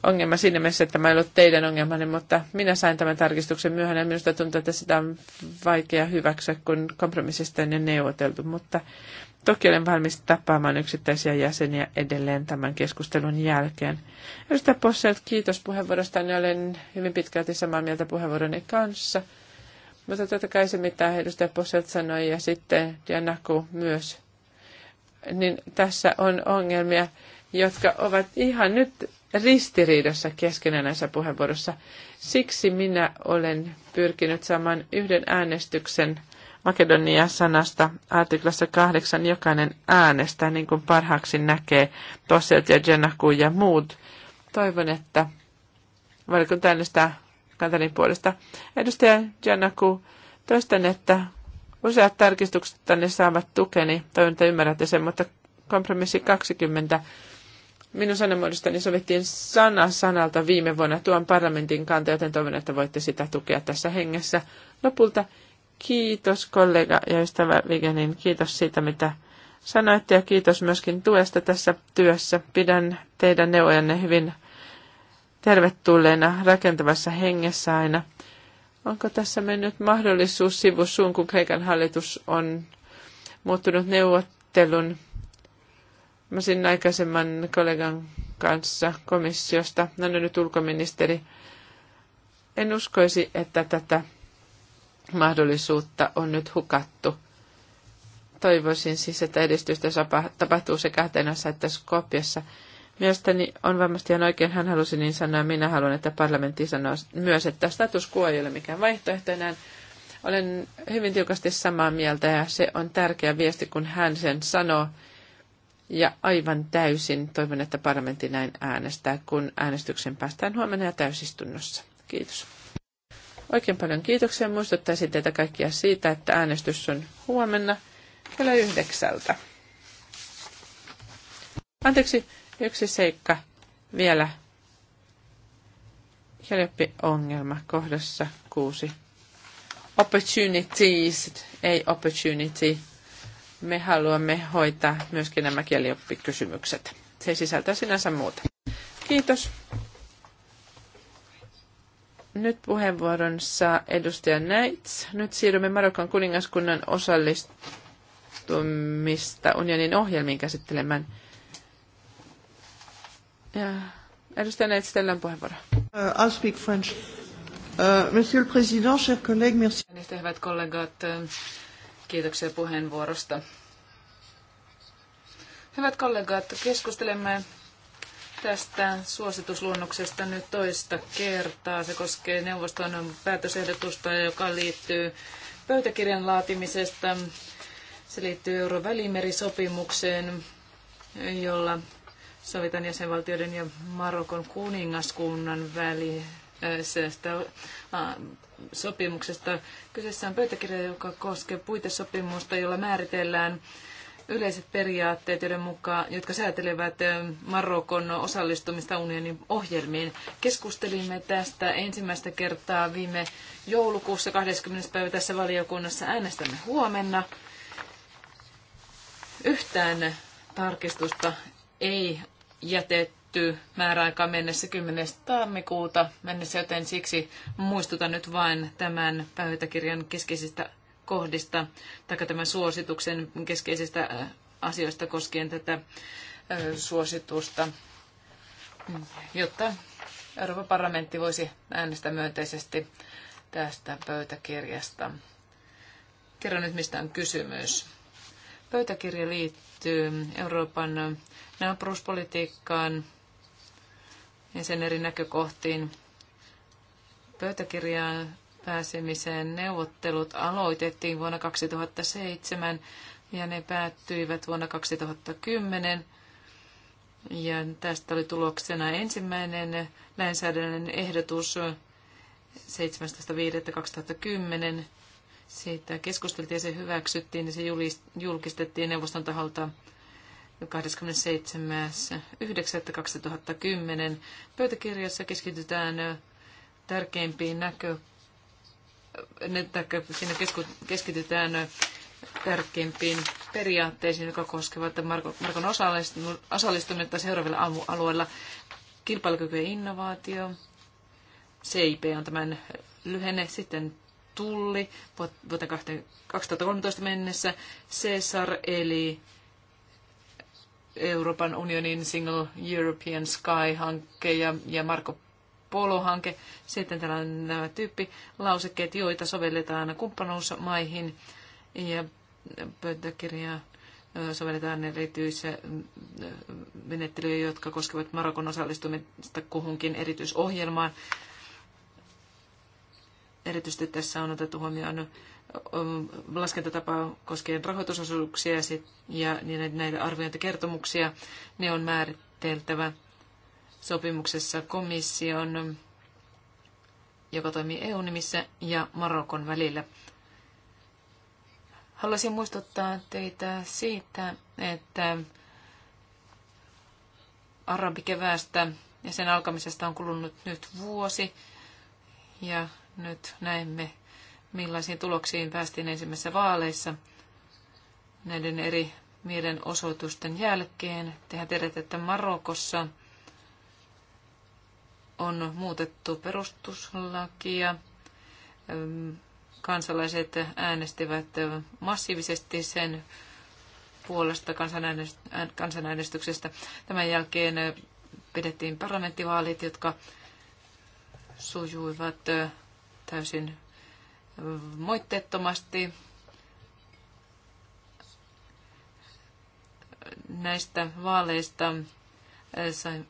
ongelma siinä mielessä, että tämä ei ollut teidän ongelmanne, mutta minä sain tämän tarkistuksen myöhään ja minusta tuntuu, että sitä on vaikea hyväksyä, kun kompromissista on jo neuvoteltu, mutta toki olen valmis tapaamaan yksittäisiä jäseniä edelleen tämän keskustelun jälkeen. Edustaja Posselt, kiitos puheenvuorostani, olen hyvin pitkälti samaa mieltä puheenvuoroni kanssa. Mutta totta kai se, mitä edustaja Posselt sanoi ja sitten Dianaku myös, niin tässä on ongelmia, jotka ovat ihan nyt ristiriidassa keskenään näissä puheenvuorossa. Siksi minä olen pyrkinyt saamaan yhden äänestyksen Makedonia-sanasta artiklassa kahdeksan jokainen äänestää, niin kuin parhaaksi näkee Posselt ja Jenaku ja muut. Toivon, että valiokunta äänestää Kantanin puolesta. Edustaja jennaku toistan, että useat tarkistukset tänne saavat tukeni. Toivon, että ymmärrätte sen, mutta kompromissi 20 minun sanamuodostani sovittiin sana sanalta viime vuonna tuon parlamentin kanta, joten toivon, että voitte sitä tukea tässä hengessä. Lopulta kiitos kollega ja ystävä Vigenin, kiitos siitä, mitä sanoitte ja kiitos myöskin tuesta tässä työssä. Pidän teidän neuvojanne hyvin tervetulleena rakentavassa hengessä aina. Onko tässä mennyt mahdollisuus sivusuun, kun Kreikan hallitus on muuttunut neuvottelun Mä sinne aikaisemman kollegan kanssa komissiosta, no nyt ulkoministeri, en uskoisi, että tätä mahdollisuutta on nyt hukattu. Toivoisin siis, että edistystä tapahtuu sekä Atenassa että Skopjassa. Mielestäni on varmasti ihan oikein, hän halusi niin sanoa, ja minä haluan, että parlamentti sanoo myös, että status quo ei ole mikään vaihtoehto enää. Olen hyvin tiukasti samaa mieltä ja se on tärkeä viesti, kun hän sen sanoo. Ja aivan täysin toivon, että parlamentti näin äänestää, kun äänestyksen päästään huomenna ja täysistunnossa. Kiitos. Oikein paljon kiitoksia. Muistuttaisin teitä kaikkia siitä, että äänestys on huomenna kello yhdeksältä. Anteeksi, yksi seikka vielä. Helppi ongelma kohdassa kuusi. Opportunities, ei opportunity me haluamme hoitaa myöskin nämä kielioppikysymykset. Se sisältää sinänsä muuta. Kiitos. Nyt puheenvuoron saa edustaja Neitz. Nyt siirrymme Marokon kuningaskunnan osallistumista unionin ohjelmiin käsittelemään. Ja edustaja Neitz, teillä on puheenvuoro. Uh, I'll speak French. Uh, monsieur le Président, chers collègues, merci. Hyvät kollegat, Kiitoksia puheenvuorosta. Hyvät kollegat, keskustelemme tästä suositusluonnoksesta nyt toista kertaa. Se koskee neuvoston päätösehdotusta, joka liittyy pöytäkirjan laatimisesta. Se liittyy Eurovälimerisopimukseen, jolla sovitaan jäsenvaltioiden ja Marokon kuningaskunnan väli, sopimuksesta. Kyseessä on pöytäkirja, joka koskee puitesopimusta, jolla määritellään yleiset periaatteet, joiden mukaan, jotka säätelevät Marokon osallistumista unionin ohjelmiin. Keskustelimme tästä ensimmäistä kertaa viime joulukuussa 20. päivä tässä valiokunnassa. Äänestämme huomenna. Yhtään tarkistusta ei jätetty päättyy määräaikaan mennessä 10. tammikuuta mennessä, joten siksi muistutan nyt vain tämän pöytäkirjan keskeisistä kohdista, tai tämän suosituksen keskeisistä asioista koskien tätä suositusta, jotta Euroopan parlamentti voisi äänestää myönteisesti tästä pöytäkirjasta. Kerron nyt, mistä on kysymys. Pöytäkirja liittyy Euroopan naapuruspolitiikkaan ja sen eri näkökohtiin. Pöytäkirjaan pääsemiseen neuvottelut aloitettiin vuonna 2007 ja ne päättyivät vuonna 2010. Ja tästä oli tuloksena ensimmäinen lainsäädännön ehdotus 17.5.2010. Siitä keskusteltiin ja se hyväksyttiin ja se julkistettiin neuvoston taholta 27.9.2010. Pöytäkirjassa keskitytään tärkeimpiin näkö... Siinä keskitytään tärkeimpiin periaatteisiin, jotka koskevat Markon osallistumista seuraavilla alueilla. Kilpailukyky ja innovaatio, CIP on tämän lyhenne, sitten tulli vuoteen 2013 mennessä, CESAR eli Euroopan unionin Single European Sky-hanke ja, ja Marko Polo-hanke. Sitten täällä on nämä tyyppilausekkeet, joita sovelletaan kumppanuusmaihin ja pöytäkirjaa sovelletaan erityisiä menettelyjä, jotka koskevat Marokon osallistumista kuhunkin erityisohjelmaan. Erityisesti tässä on otettu huomioon um, laskentatapa koskien rahoitusosuuksia ja niin näitä arviointikertomuksia. Ne on määriteltävä sopimuksessa komission, joka toimii EU-nimissä, ja Marokon välillä. Haluaisin muistuttaa teitä siitä, että arabikeväästä ja sen alkamisesta on kulunut nyt vuosi, ja nyt näemme, millaisiin tuloksiin päästiin ensimmäisissä vaaleissa näiden eri mielenosoitusten jälkeen. Tehän tiedät, että Marokossa on muutettu perustuslakia. Kansalaiset äänestivät massiivisesti sen puolesta kansanäänestyksestä. Tämän jälkeen pidettiin parlamenttivaalit, jotka sujuivat täysin moitteettomasti. Näistä vaaleista sai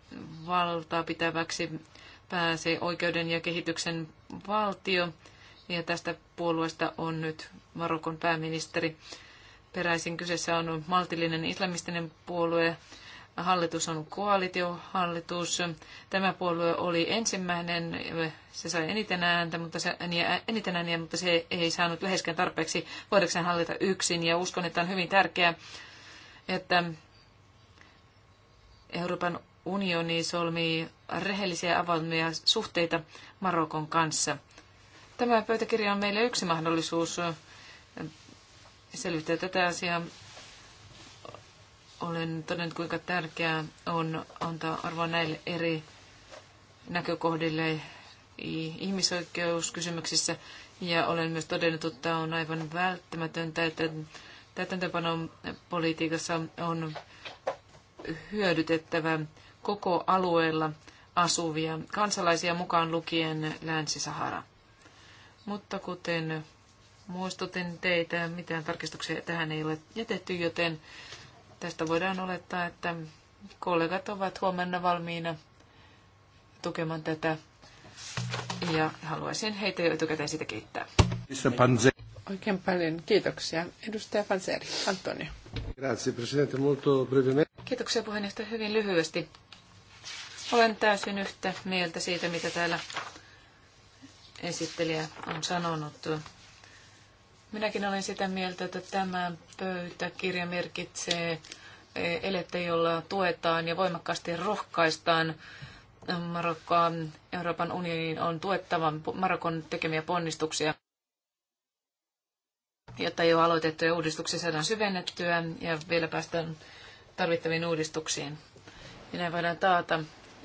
valtaa pitäväksi pääsi oikeuden ja kehityksen valtio. Ja tästä puolueesta on nyt Marokon pääministeri. Peräisin kyseessä on maltillinen islamistinen puolue, Hallitus on koalitiohallitus. Tämä puolue oli ensimmäinen, se sai eniten ääntä, mutta se, eniten ääniä, mutta se ei saanut läheskään tarpeeksi voidakseen hallita yksin. Ja uskon, että on hyvin tärkeää, että Euroopan unioni solmii rehellisiä avoimia suhteita Marokon kanssa. Tämä pöytäkirja on meille yksi mahdollisuus äh, selvittää tätä asiaa olen todennut, kuinka tärkeää on antaa arvoa näille eri näkökohdille ihmisoikeuskysymyksissä. Ja olen myös todennut, että on aivan välttämätöntä, että täytäntöpanon politiikassa on hyödytettävä koko alueella asuvia kansalaisia mukaan lukien Länsi-Sahara. Mutta kuten muistutin teitä, mitään tarkistuksia tähän ei ole jätetty, joten Tästä voidaan olettaa, että kollegat ovat huomenna valmiina tukemaan tätä. Ja haluaisin heitä jo etukäteen siitä kiittää. Oikein paljon kiitoksia. Edustaja Panseri, Antonio. Grazie, presidente, molto brevemente. Kiitoksia puheenjohtaja hyvin lyhyesti. Olen täysin yhtä mieltä siitä, mitä täällä esittelijä on sanonut. Minäkin olen sitä mieltä, että tämä pöytäkirja merkitsee elettä, jolla tuetaan ja voimakkaasti rohkaistaan Marokkoa. Euroopan unionin on tuettava Marokon tekemiä ponnistuksia, jotta jo aloitettuja uudistuksia saadaan syvennettyä ja vielä päästään tarvittaviin uudistuksiin. Minä voidaan taata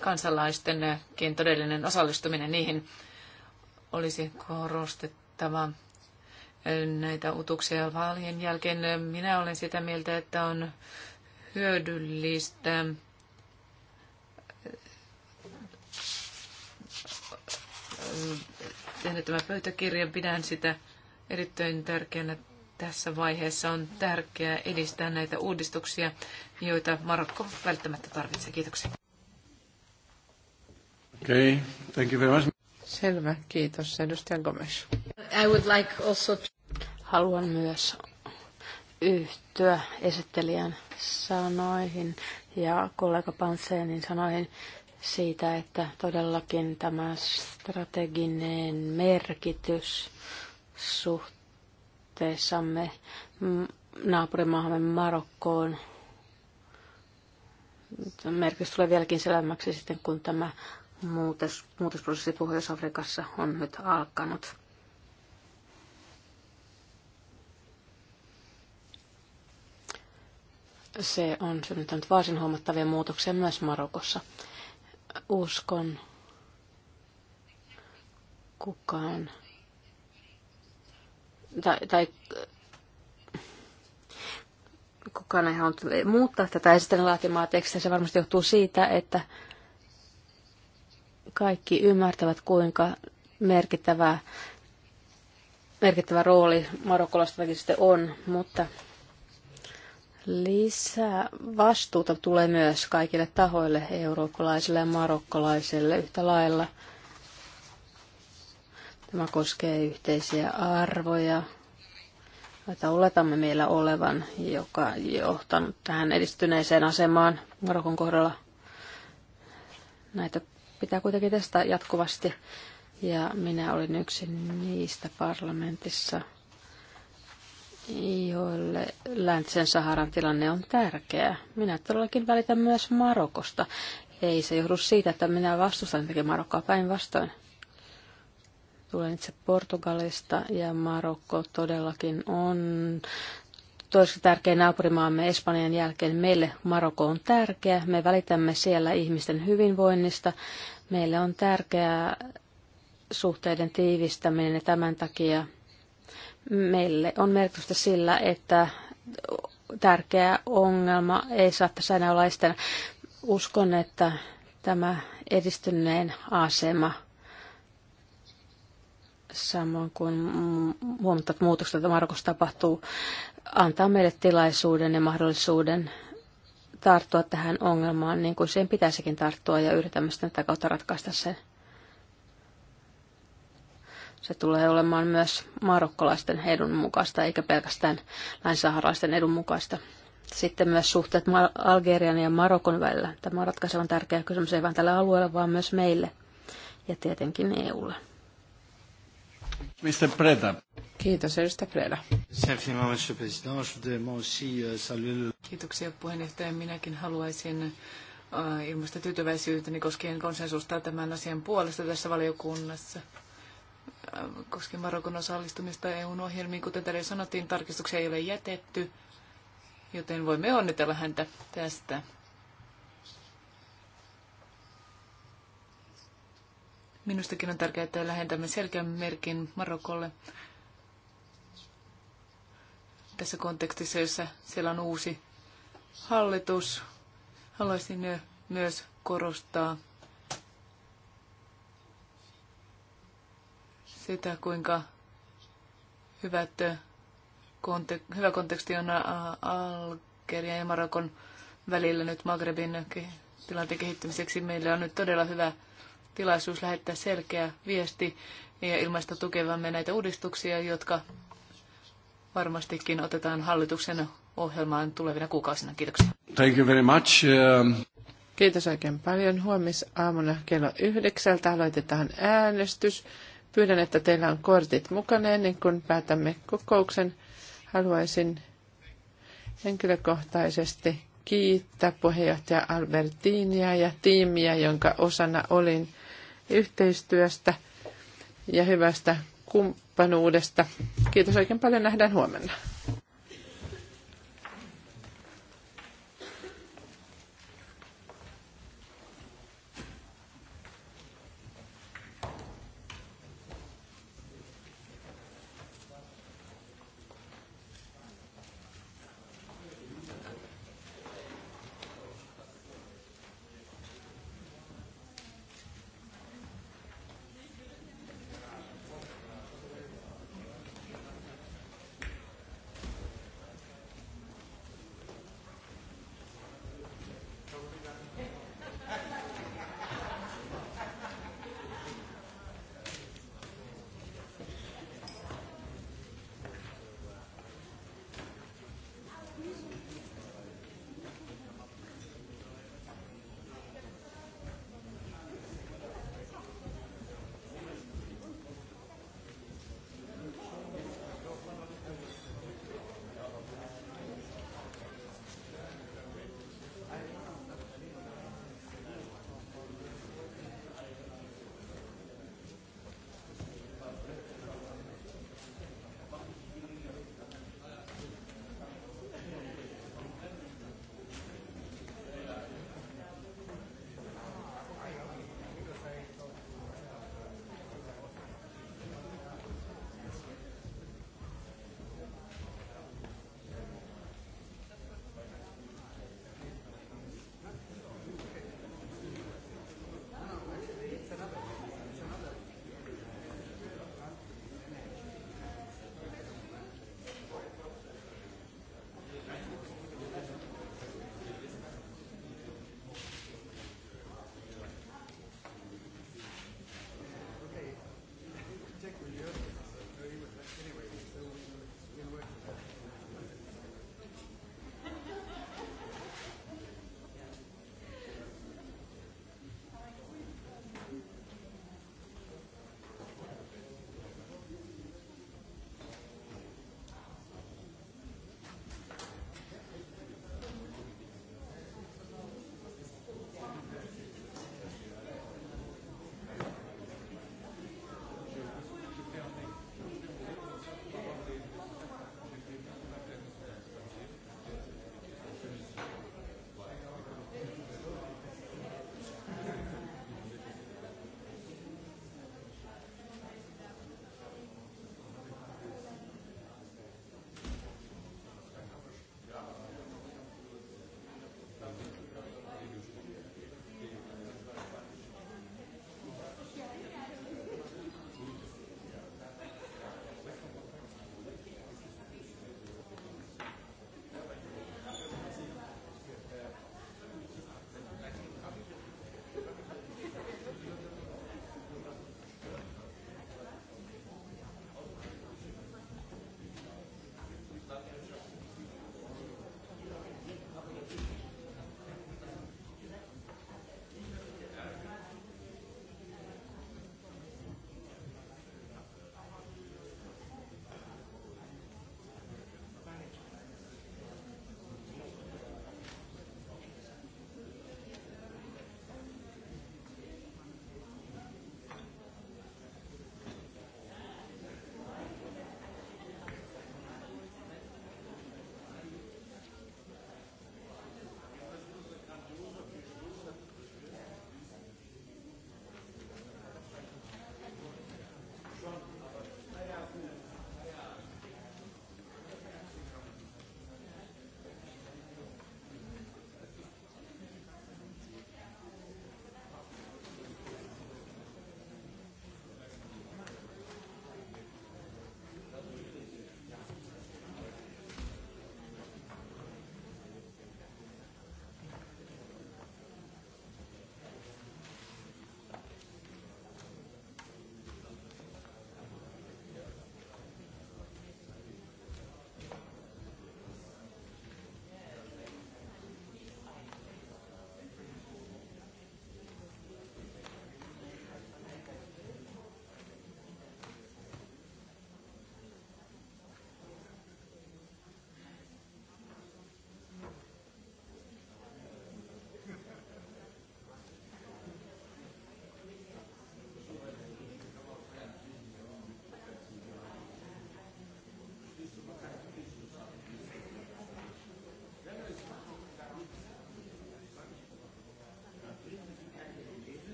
kansalaistenkin todellinen osallistuminen niihin olisi korostettava näitä utuksia vaalien jälkeen. Minä olen sitä mieltä, että on hyödyllistä äh, tehdä tämä pöytäkirja. Pidän sitä erittäin tärkeänä tässä vaiheessa. On tärkeää edistää näitä uudistuksia, joita Marokko välttämättä tarvitsee. Kiitoksia. Okay, thank you very much. Selvä, kiitos. Edustaja Gomes. I would like also to... Haluan myös yhtyä esittelijän sanoihin ja kollega Panseenin sanoihin siitä, että todellakin tämä strateginen merkitys suhteessamme naapurimaahamme Marokkoon merkitys tulee vieläkin selvemmäksi sitten, kun tämä muutos, muutosprosessi Pohjois-Afrikassa on nyt alkanut. Se on synnyttänyt varsin huomattavia muutoksia myös Marokossa. Uskon kukaan tai, tai kukaan ei halunnut muuttaa tätä esitellä laatimaa tekstiä. Se varmasti johtuu siitä, että kaikki ymmärtävät, kuinka merkittävä, merkittävä rooli marokkolaisväkistöstä on, mutta lisää vastuuta tulee myös kaikille tahoille, eurooppalaisille ja marokkolaisille yhtä lailla. Tämä koskee yhteisiä arvoja, joita oletamme meillä olevan, joka johtanut tähän edistyneeseen asemaan Marokon kohdalla. Näitä pitää kuitenkin testata jatkuvasti. Ja minä olin yksi niistä parlamentissa, joille läntisen Saharan tilanne on tärkeä. Minä todellakin välitän myös Marokosta. Ei se johdu siitä, että minä vastustan jotenkin Marokkoa päinvastoin. Tulen itse Portugalista ja Marokko todellakin on toiseksi tärkein naapurimaamme Espanjan jälkeen. Meille Maroko on tärkeä. Me välitämme siellä ihmisten hyvinvoinnista. Meille on tärkeää suhteiden tiivistäminen ja tämän takia meille on merkitystä sillä, että tärkeä ongelma ei saa tässä enää olla estänä. Uskon, että tämä edistyneen asema samoin kuin huomattavat muutokset, että Marokossa tapahtuu, antaa meille tilaisuuden ja mahdollisuuden tarttua tähän ongelmaan niin kuin sen pitäisikin tarttua ja yritämme sitten tätä kautta ratkaista sen. Se tulee olemaan myös marokkolaisten edun mukaista eikä pelkästään länsaharalaisten edun mukaista. Sitten myös suhteet Algerian ja Marokon välillä. Tämä on ratkaisevan tärkeä kysymys ei vain tällä alueella, vaan myös meille ja tietenkin EUlle. Mr. Preda. Kiitos, edustaja Preda. Euh, Kiitoksia puheenjohtaja. Minäkin haluaisin äh, ilmaista tyytyväisyyteni koskien konsensusta tämän asian puolesta tässä valiokunnassa äh, koskien Marokon osallistumista eu ohjelmiin. Kuten täällä sanottiin, tarkistuksia ei ole jätetty, joten voimme onnitella häntä tästä Minustakin on tärkeää, että lähentämme selkeän merkin Marokolle tässä kontekstissa, jossa siellä on uusi hallitus. Haluaisin myös korostaa sitä, kuinka hyvät, kontek- hyvä konteksti on Algerian ja Marokon välillä nyt Magrebin tilanteen kehittymiseksi. Meillä on nyt todella hyvä tilaisuus lähettää selkeä viesti ja ilmaista tukevamme näitä uudistuksia, jotka varmastikin otetaan hallituksen ohjelmaan tulevina kuukausina. Kiitoksia. Thank you very much. Um, Kiitos oikein paljon. Huomisaamuna kello yhdeksältä aloitetaan äänestys. Pyydän, että teillä on kortit mukana ennen kuin päätämme kokouksen. Haluaisin henkilökohtaisesti kiittää puheenjohtaja Albertinia ja tiimiä, jonka osana olin – yhteistyöstä ja hyvästä kumppanuudesta. Kiitos oikein paljon. Nähdään huomenna.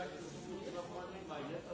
Thank you.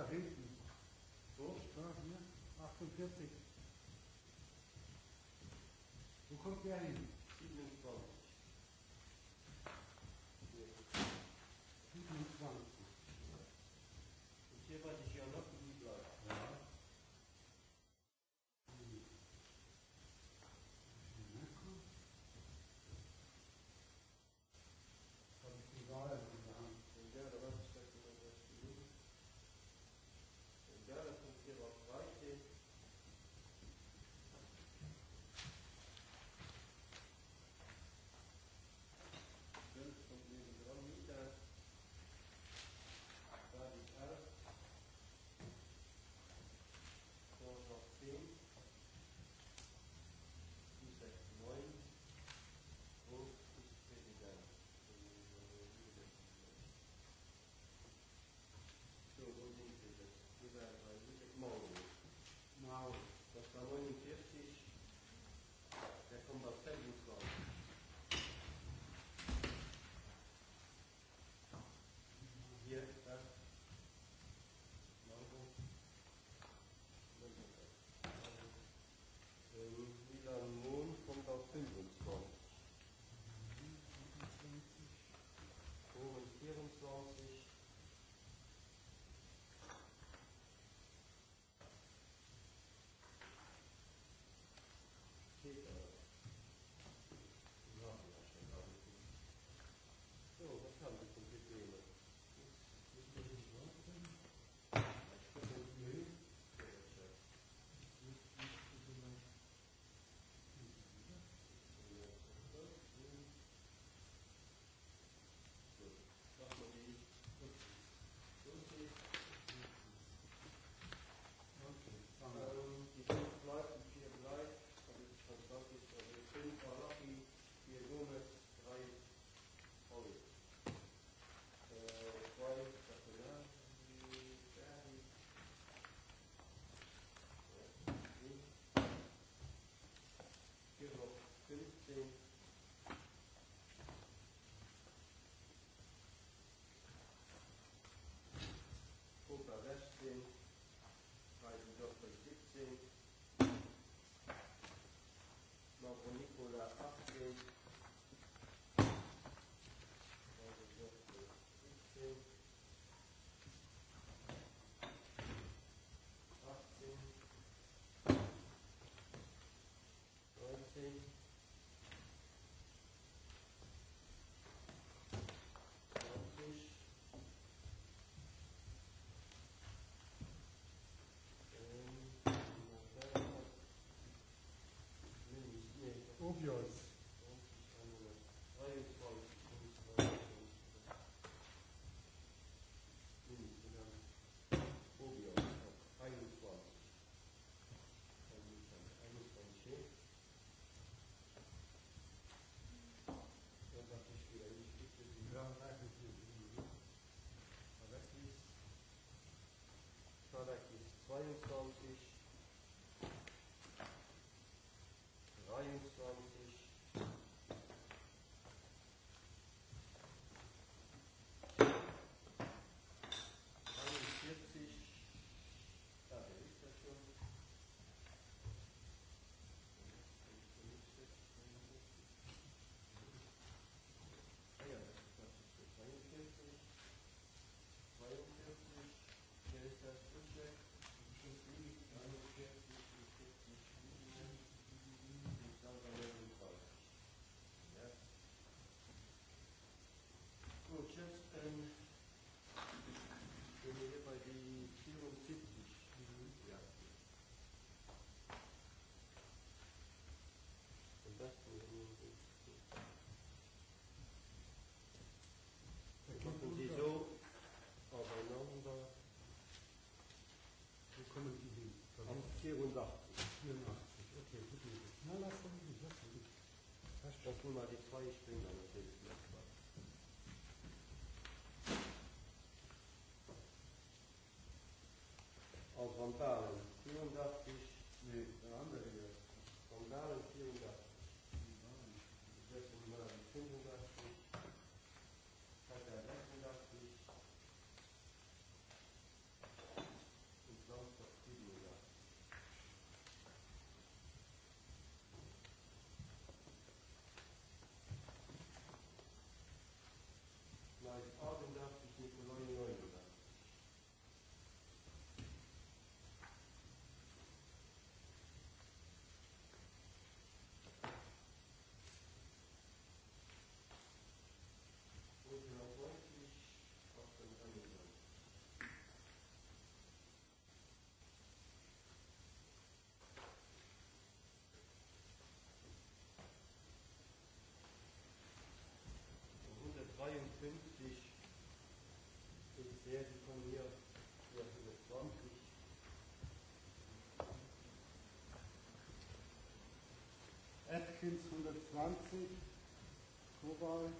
da hinten. So, na, hier, 48. Wo kommt der hin? confrontare 50 ist sehr deponiert, ja, 20. Atkins 120, Kobalt.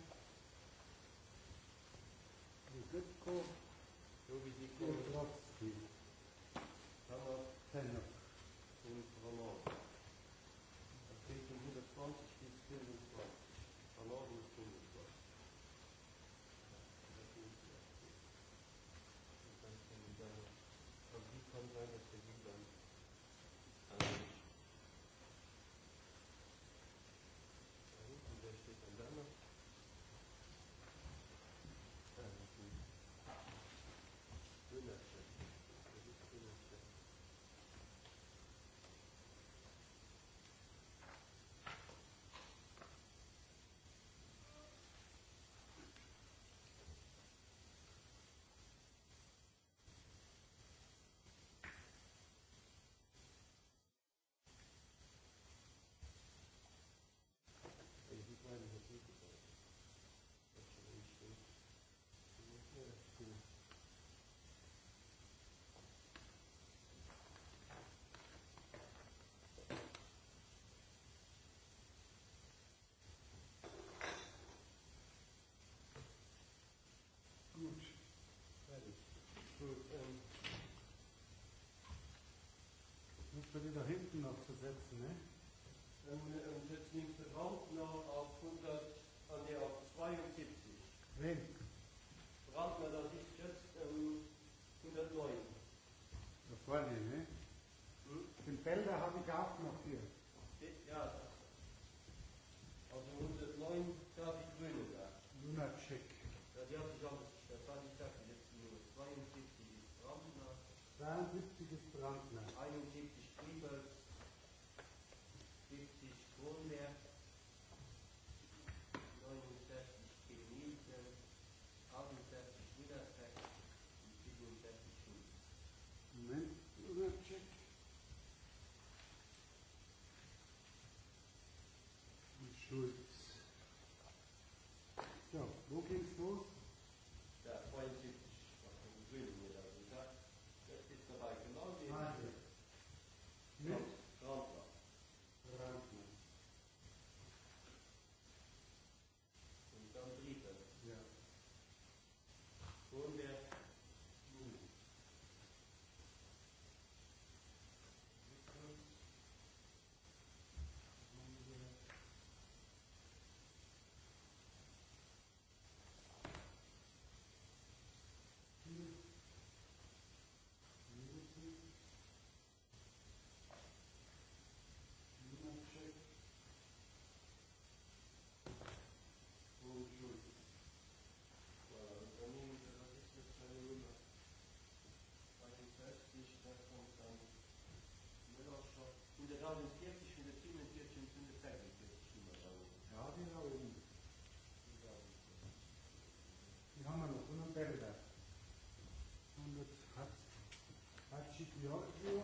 Schlitten noch zu setzen. Ne? Und, und jetzt nimmst du noch auf 100, an der auf 72. Wen? Brandner, das ist jetzt ähm, 109. Da vorne, ne? Hm? Den Felder habe ich auch noch hier. Ja, also 109 darf ich Grüne da. Lunacek. Ja, die hat sich auch, das war nicht gesagt, letzten nur 72 ist Brandner. 72 ist Brandner. 71 Schuld Ja,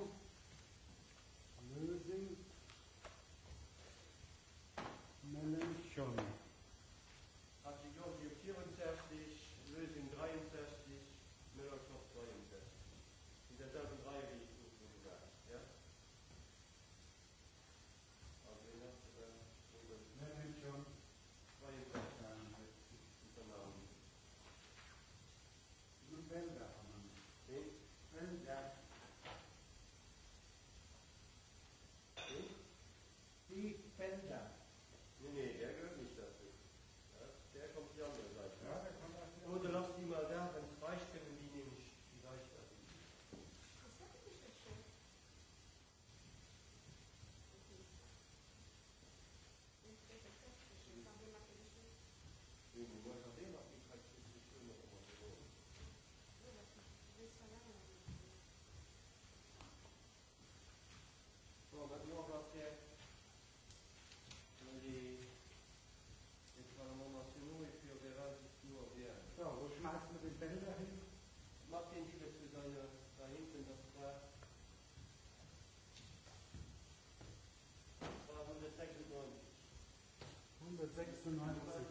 96.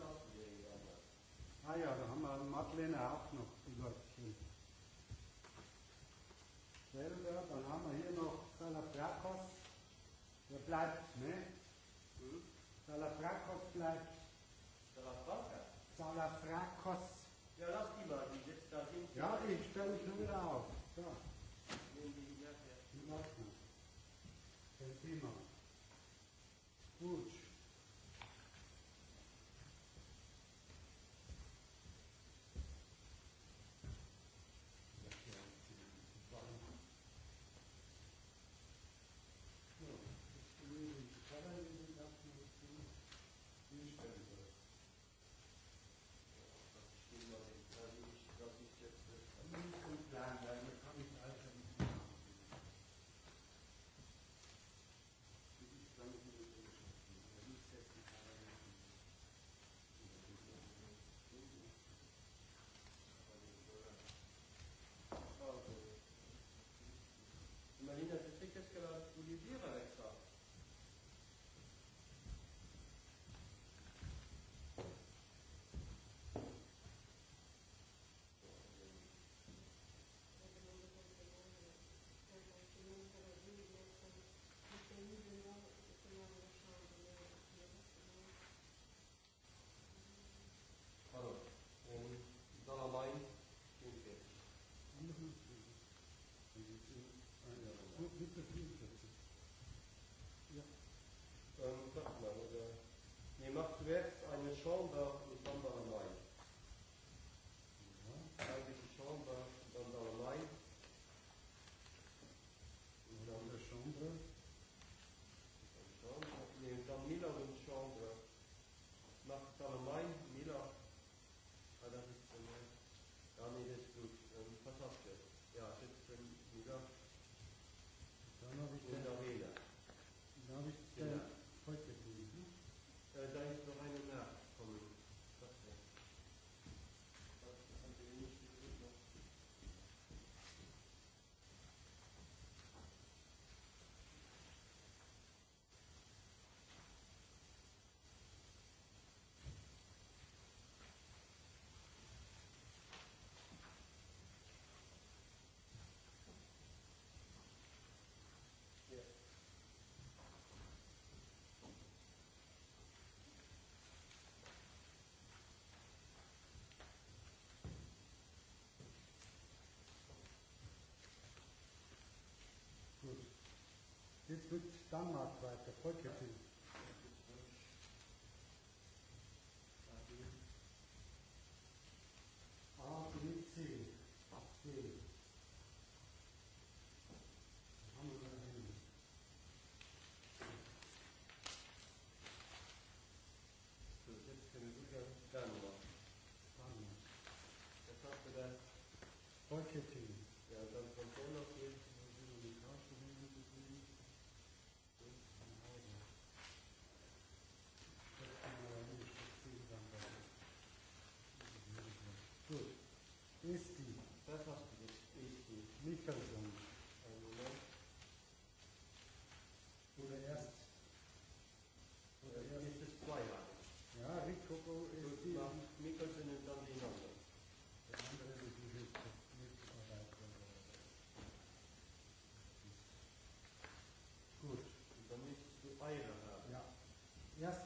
Ah ja, da haben wir Madeleine auch noch, die Leute kennen. dann haben wir hier noch Salafrakos. Der bleibt, ne? Salafrakos bleibt. Salafrakos? Salafrakos. Ja, lass die mal, die sitzt da hinten. Ja, ich stelle mich nur wieder auf. So. Die macht man. Den Simon. dit doet Danmark, waar ik het ook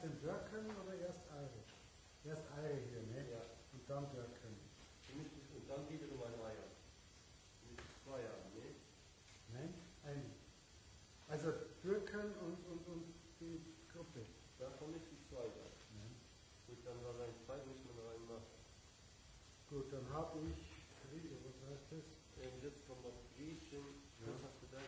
erst den Dörken oder erst Eire? Erst Eire hier, ne? Ja. Und dann Dörken. Und dann wiederum ein Eier. Mit zwei Eiern, ne? Nein, ein. Also Dürken und, und, und die Gruppe. Davon ist die zweite. da. Nein. Gut, dann war rein zwei, muss man reinmachen. Gut, dann habe ich, was heißt das? Und ähm, jetzt kommt das Griechen.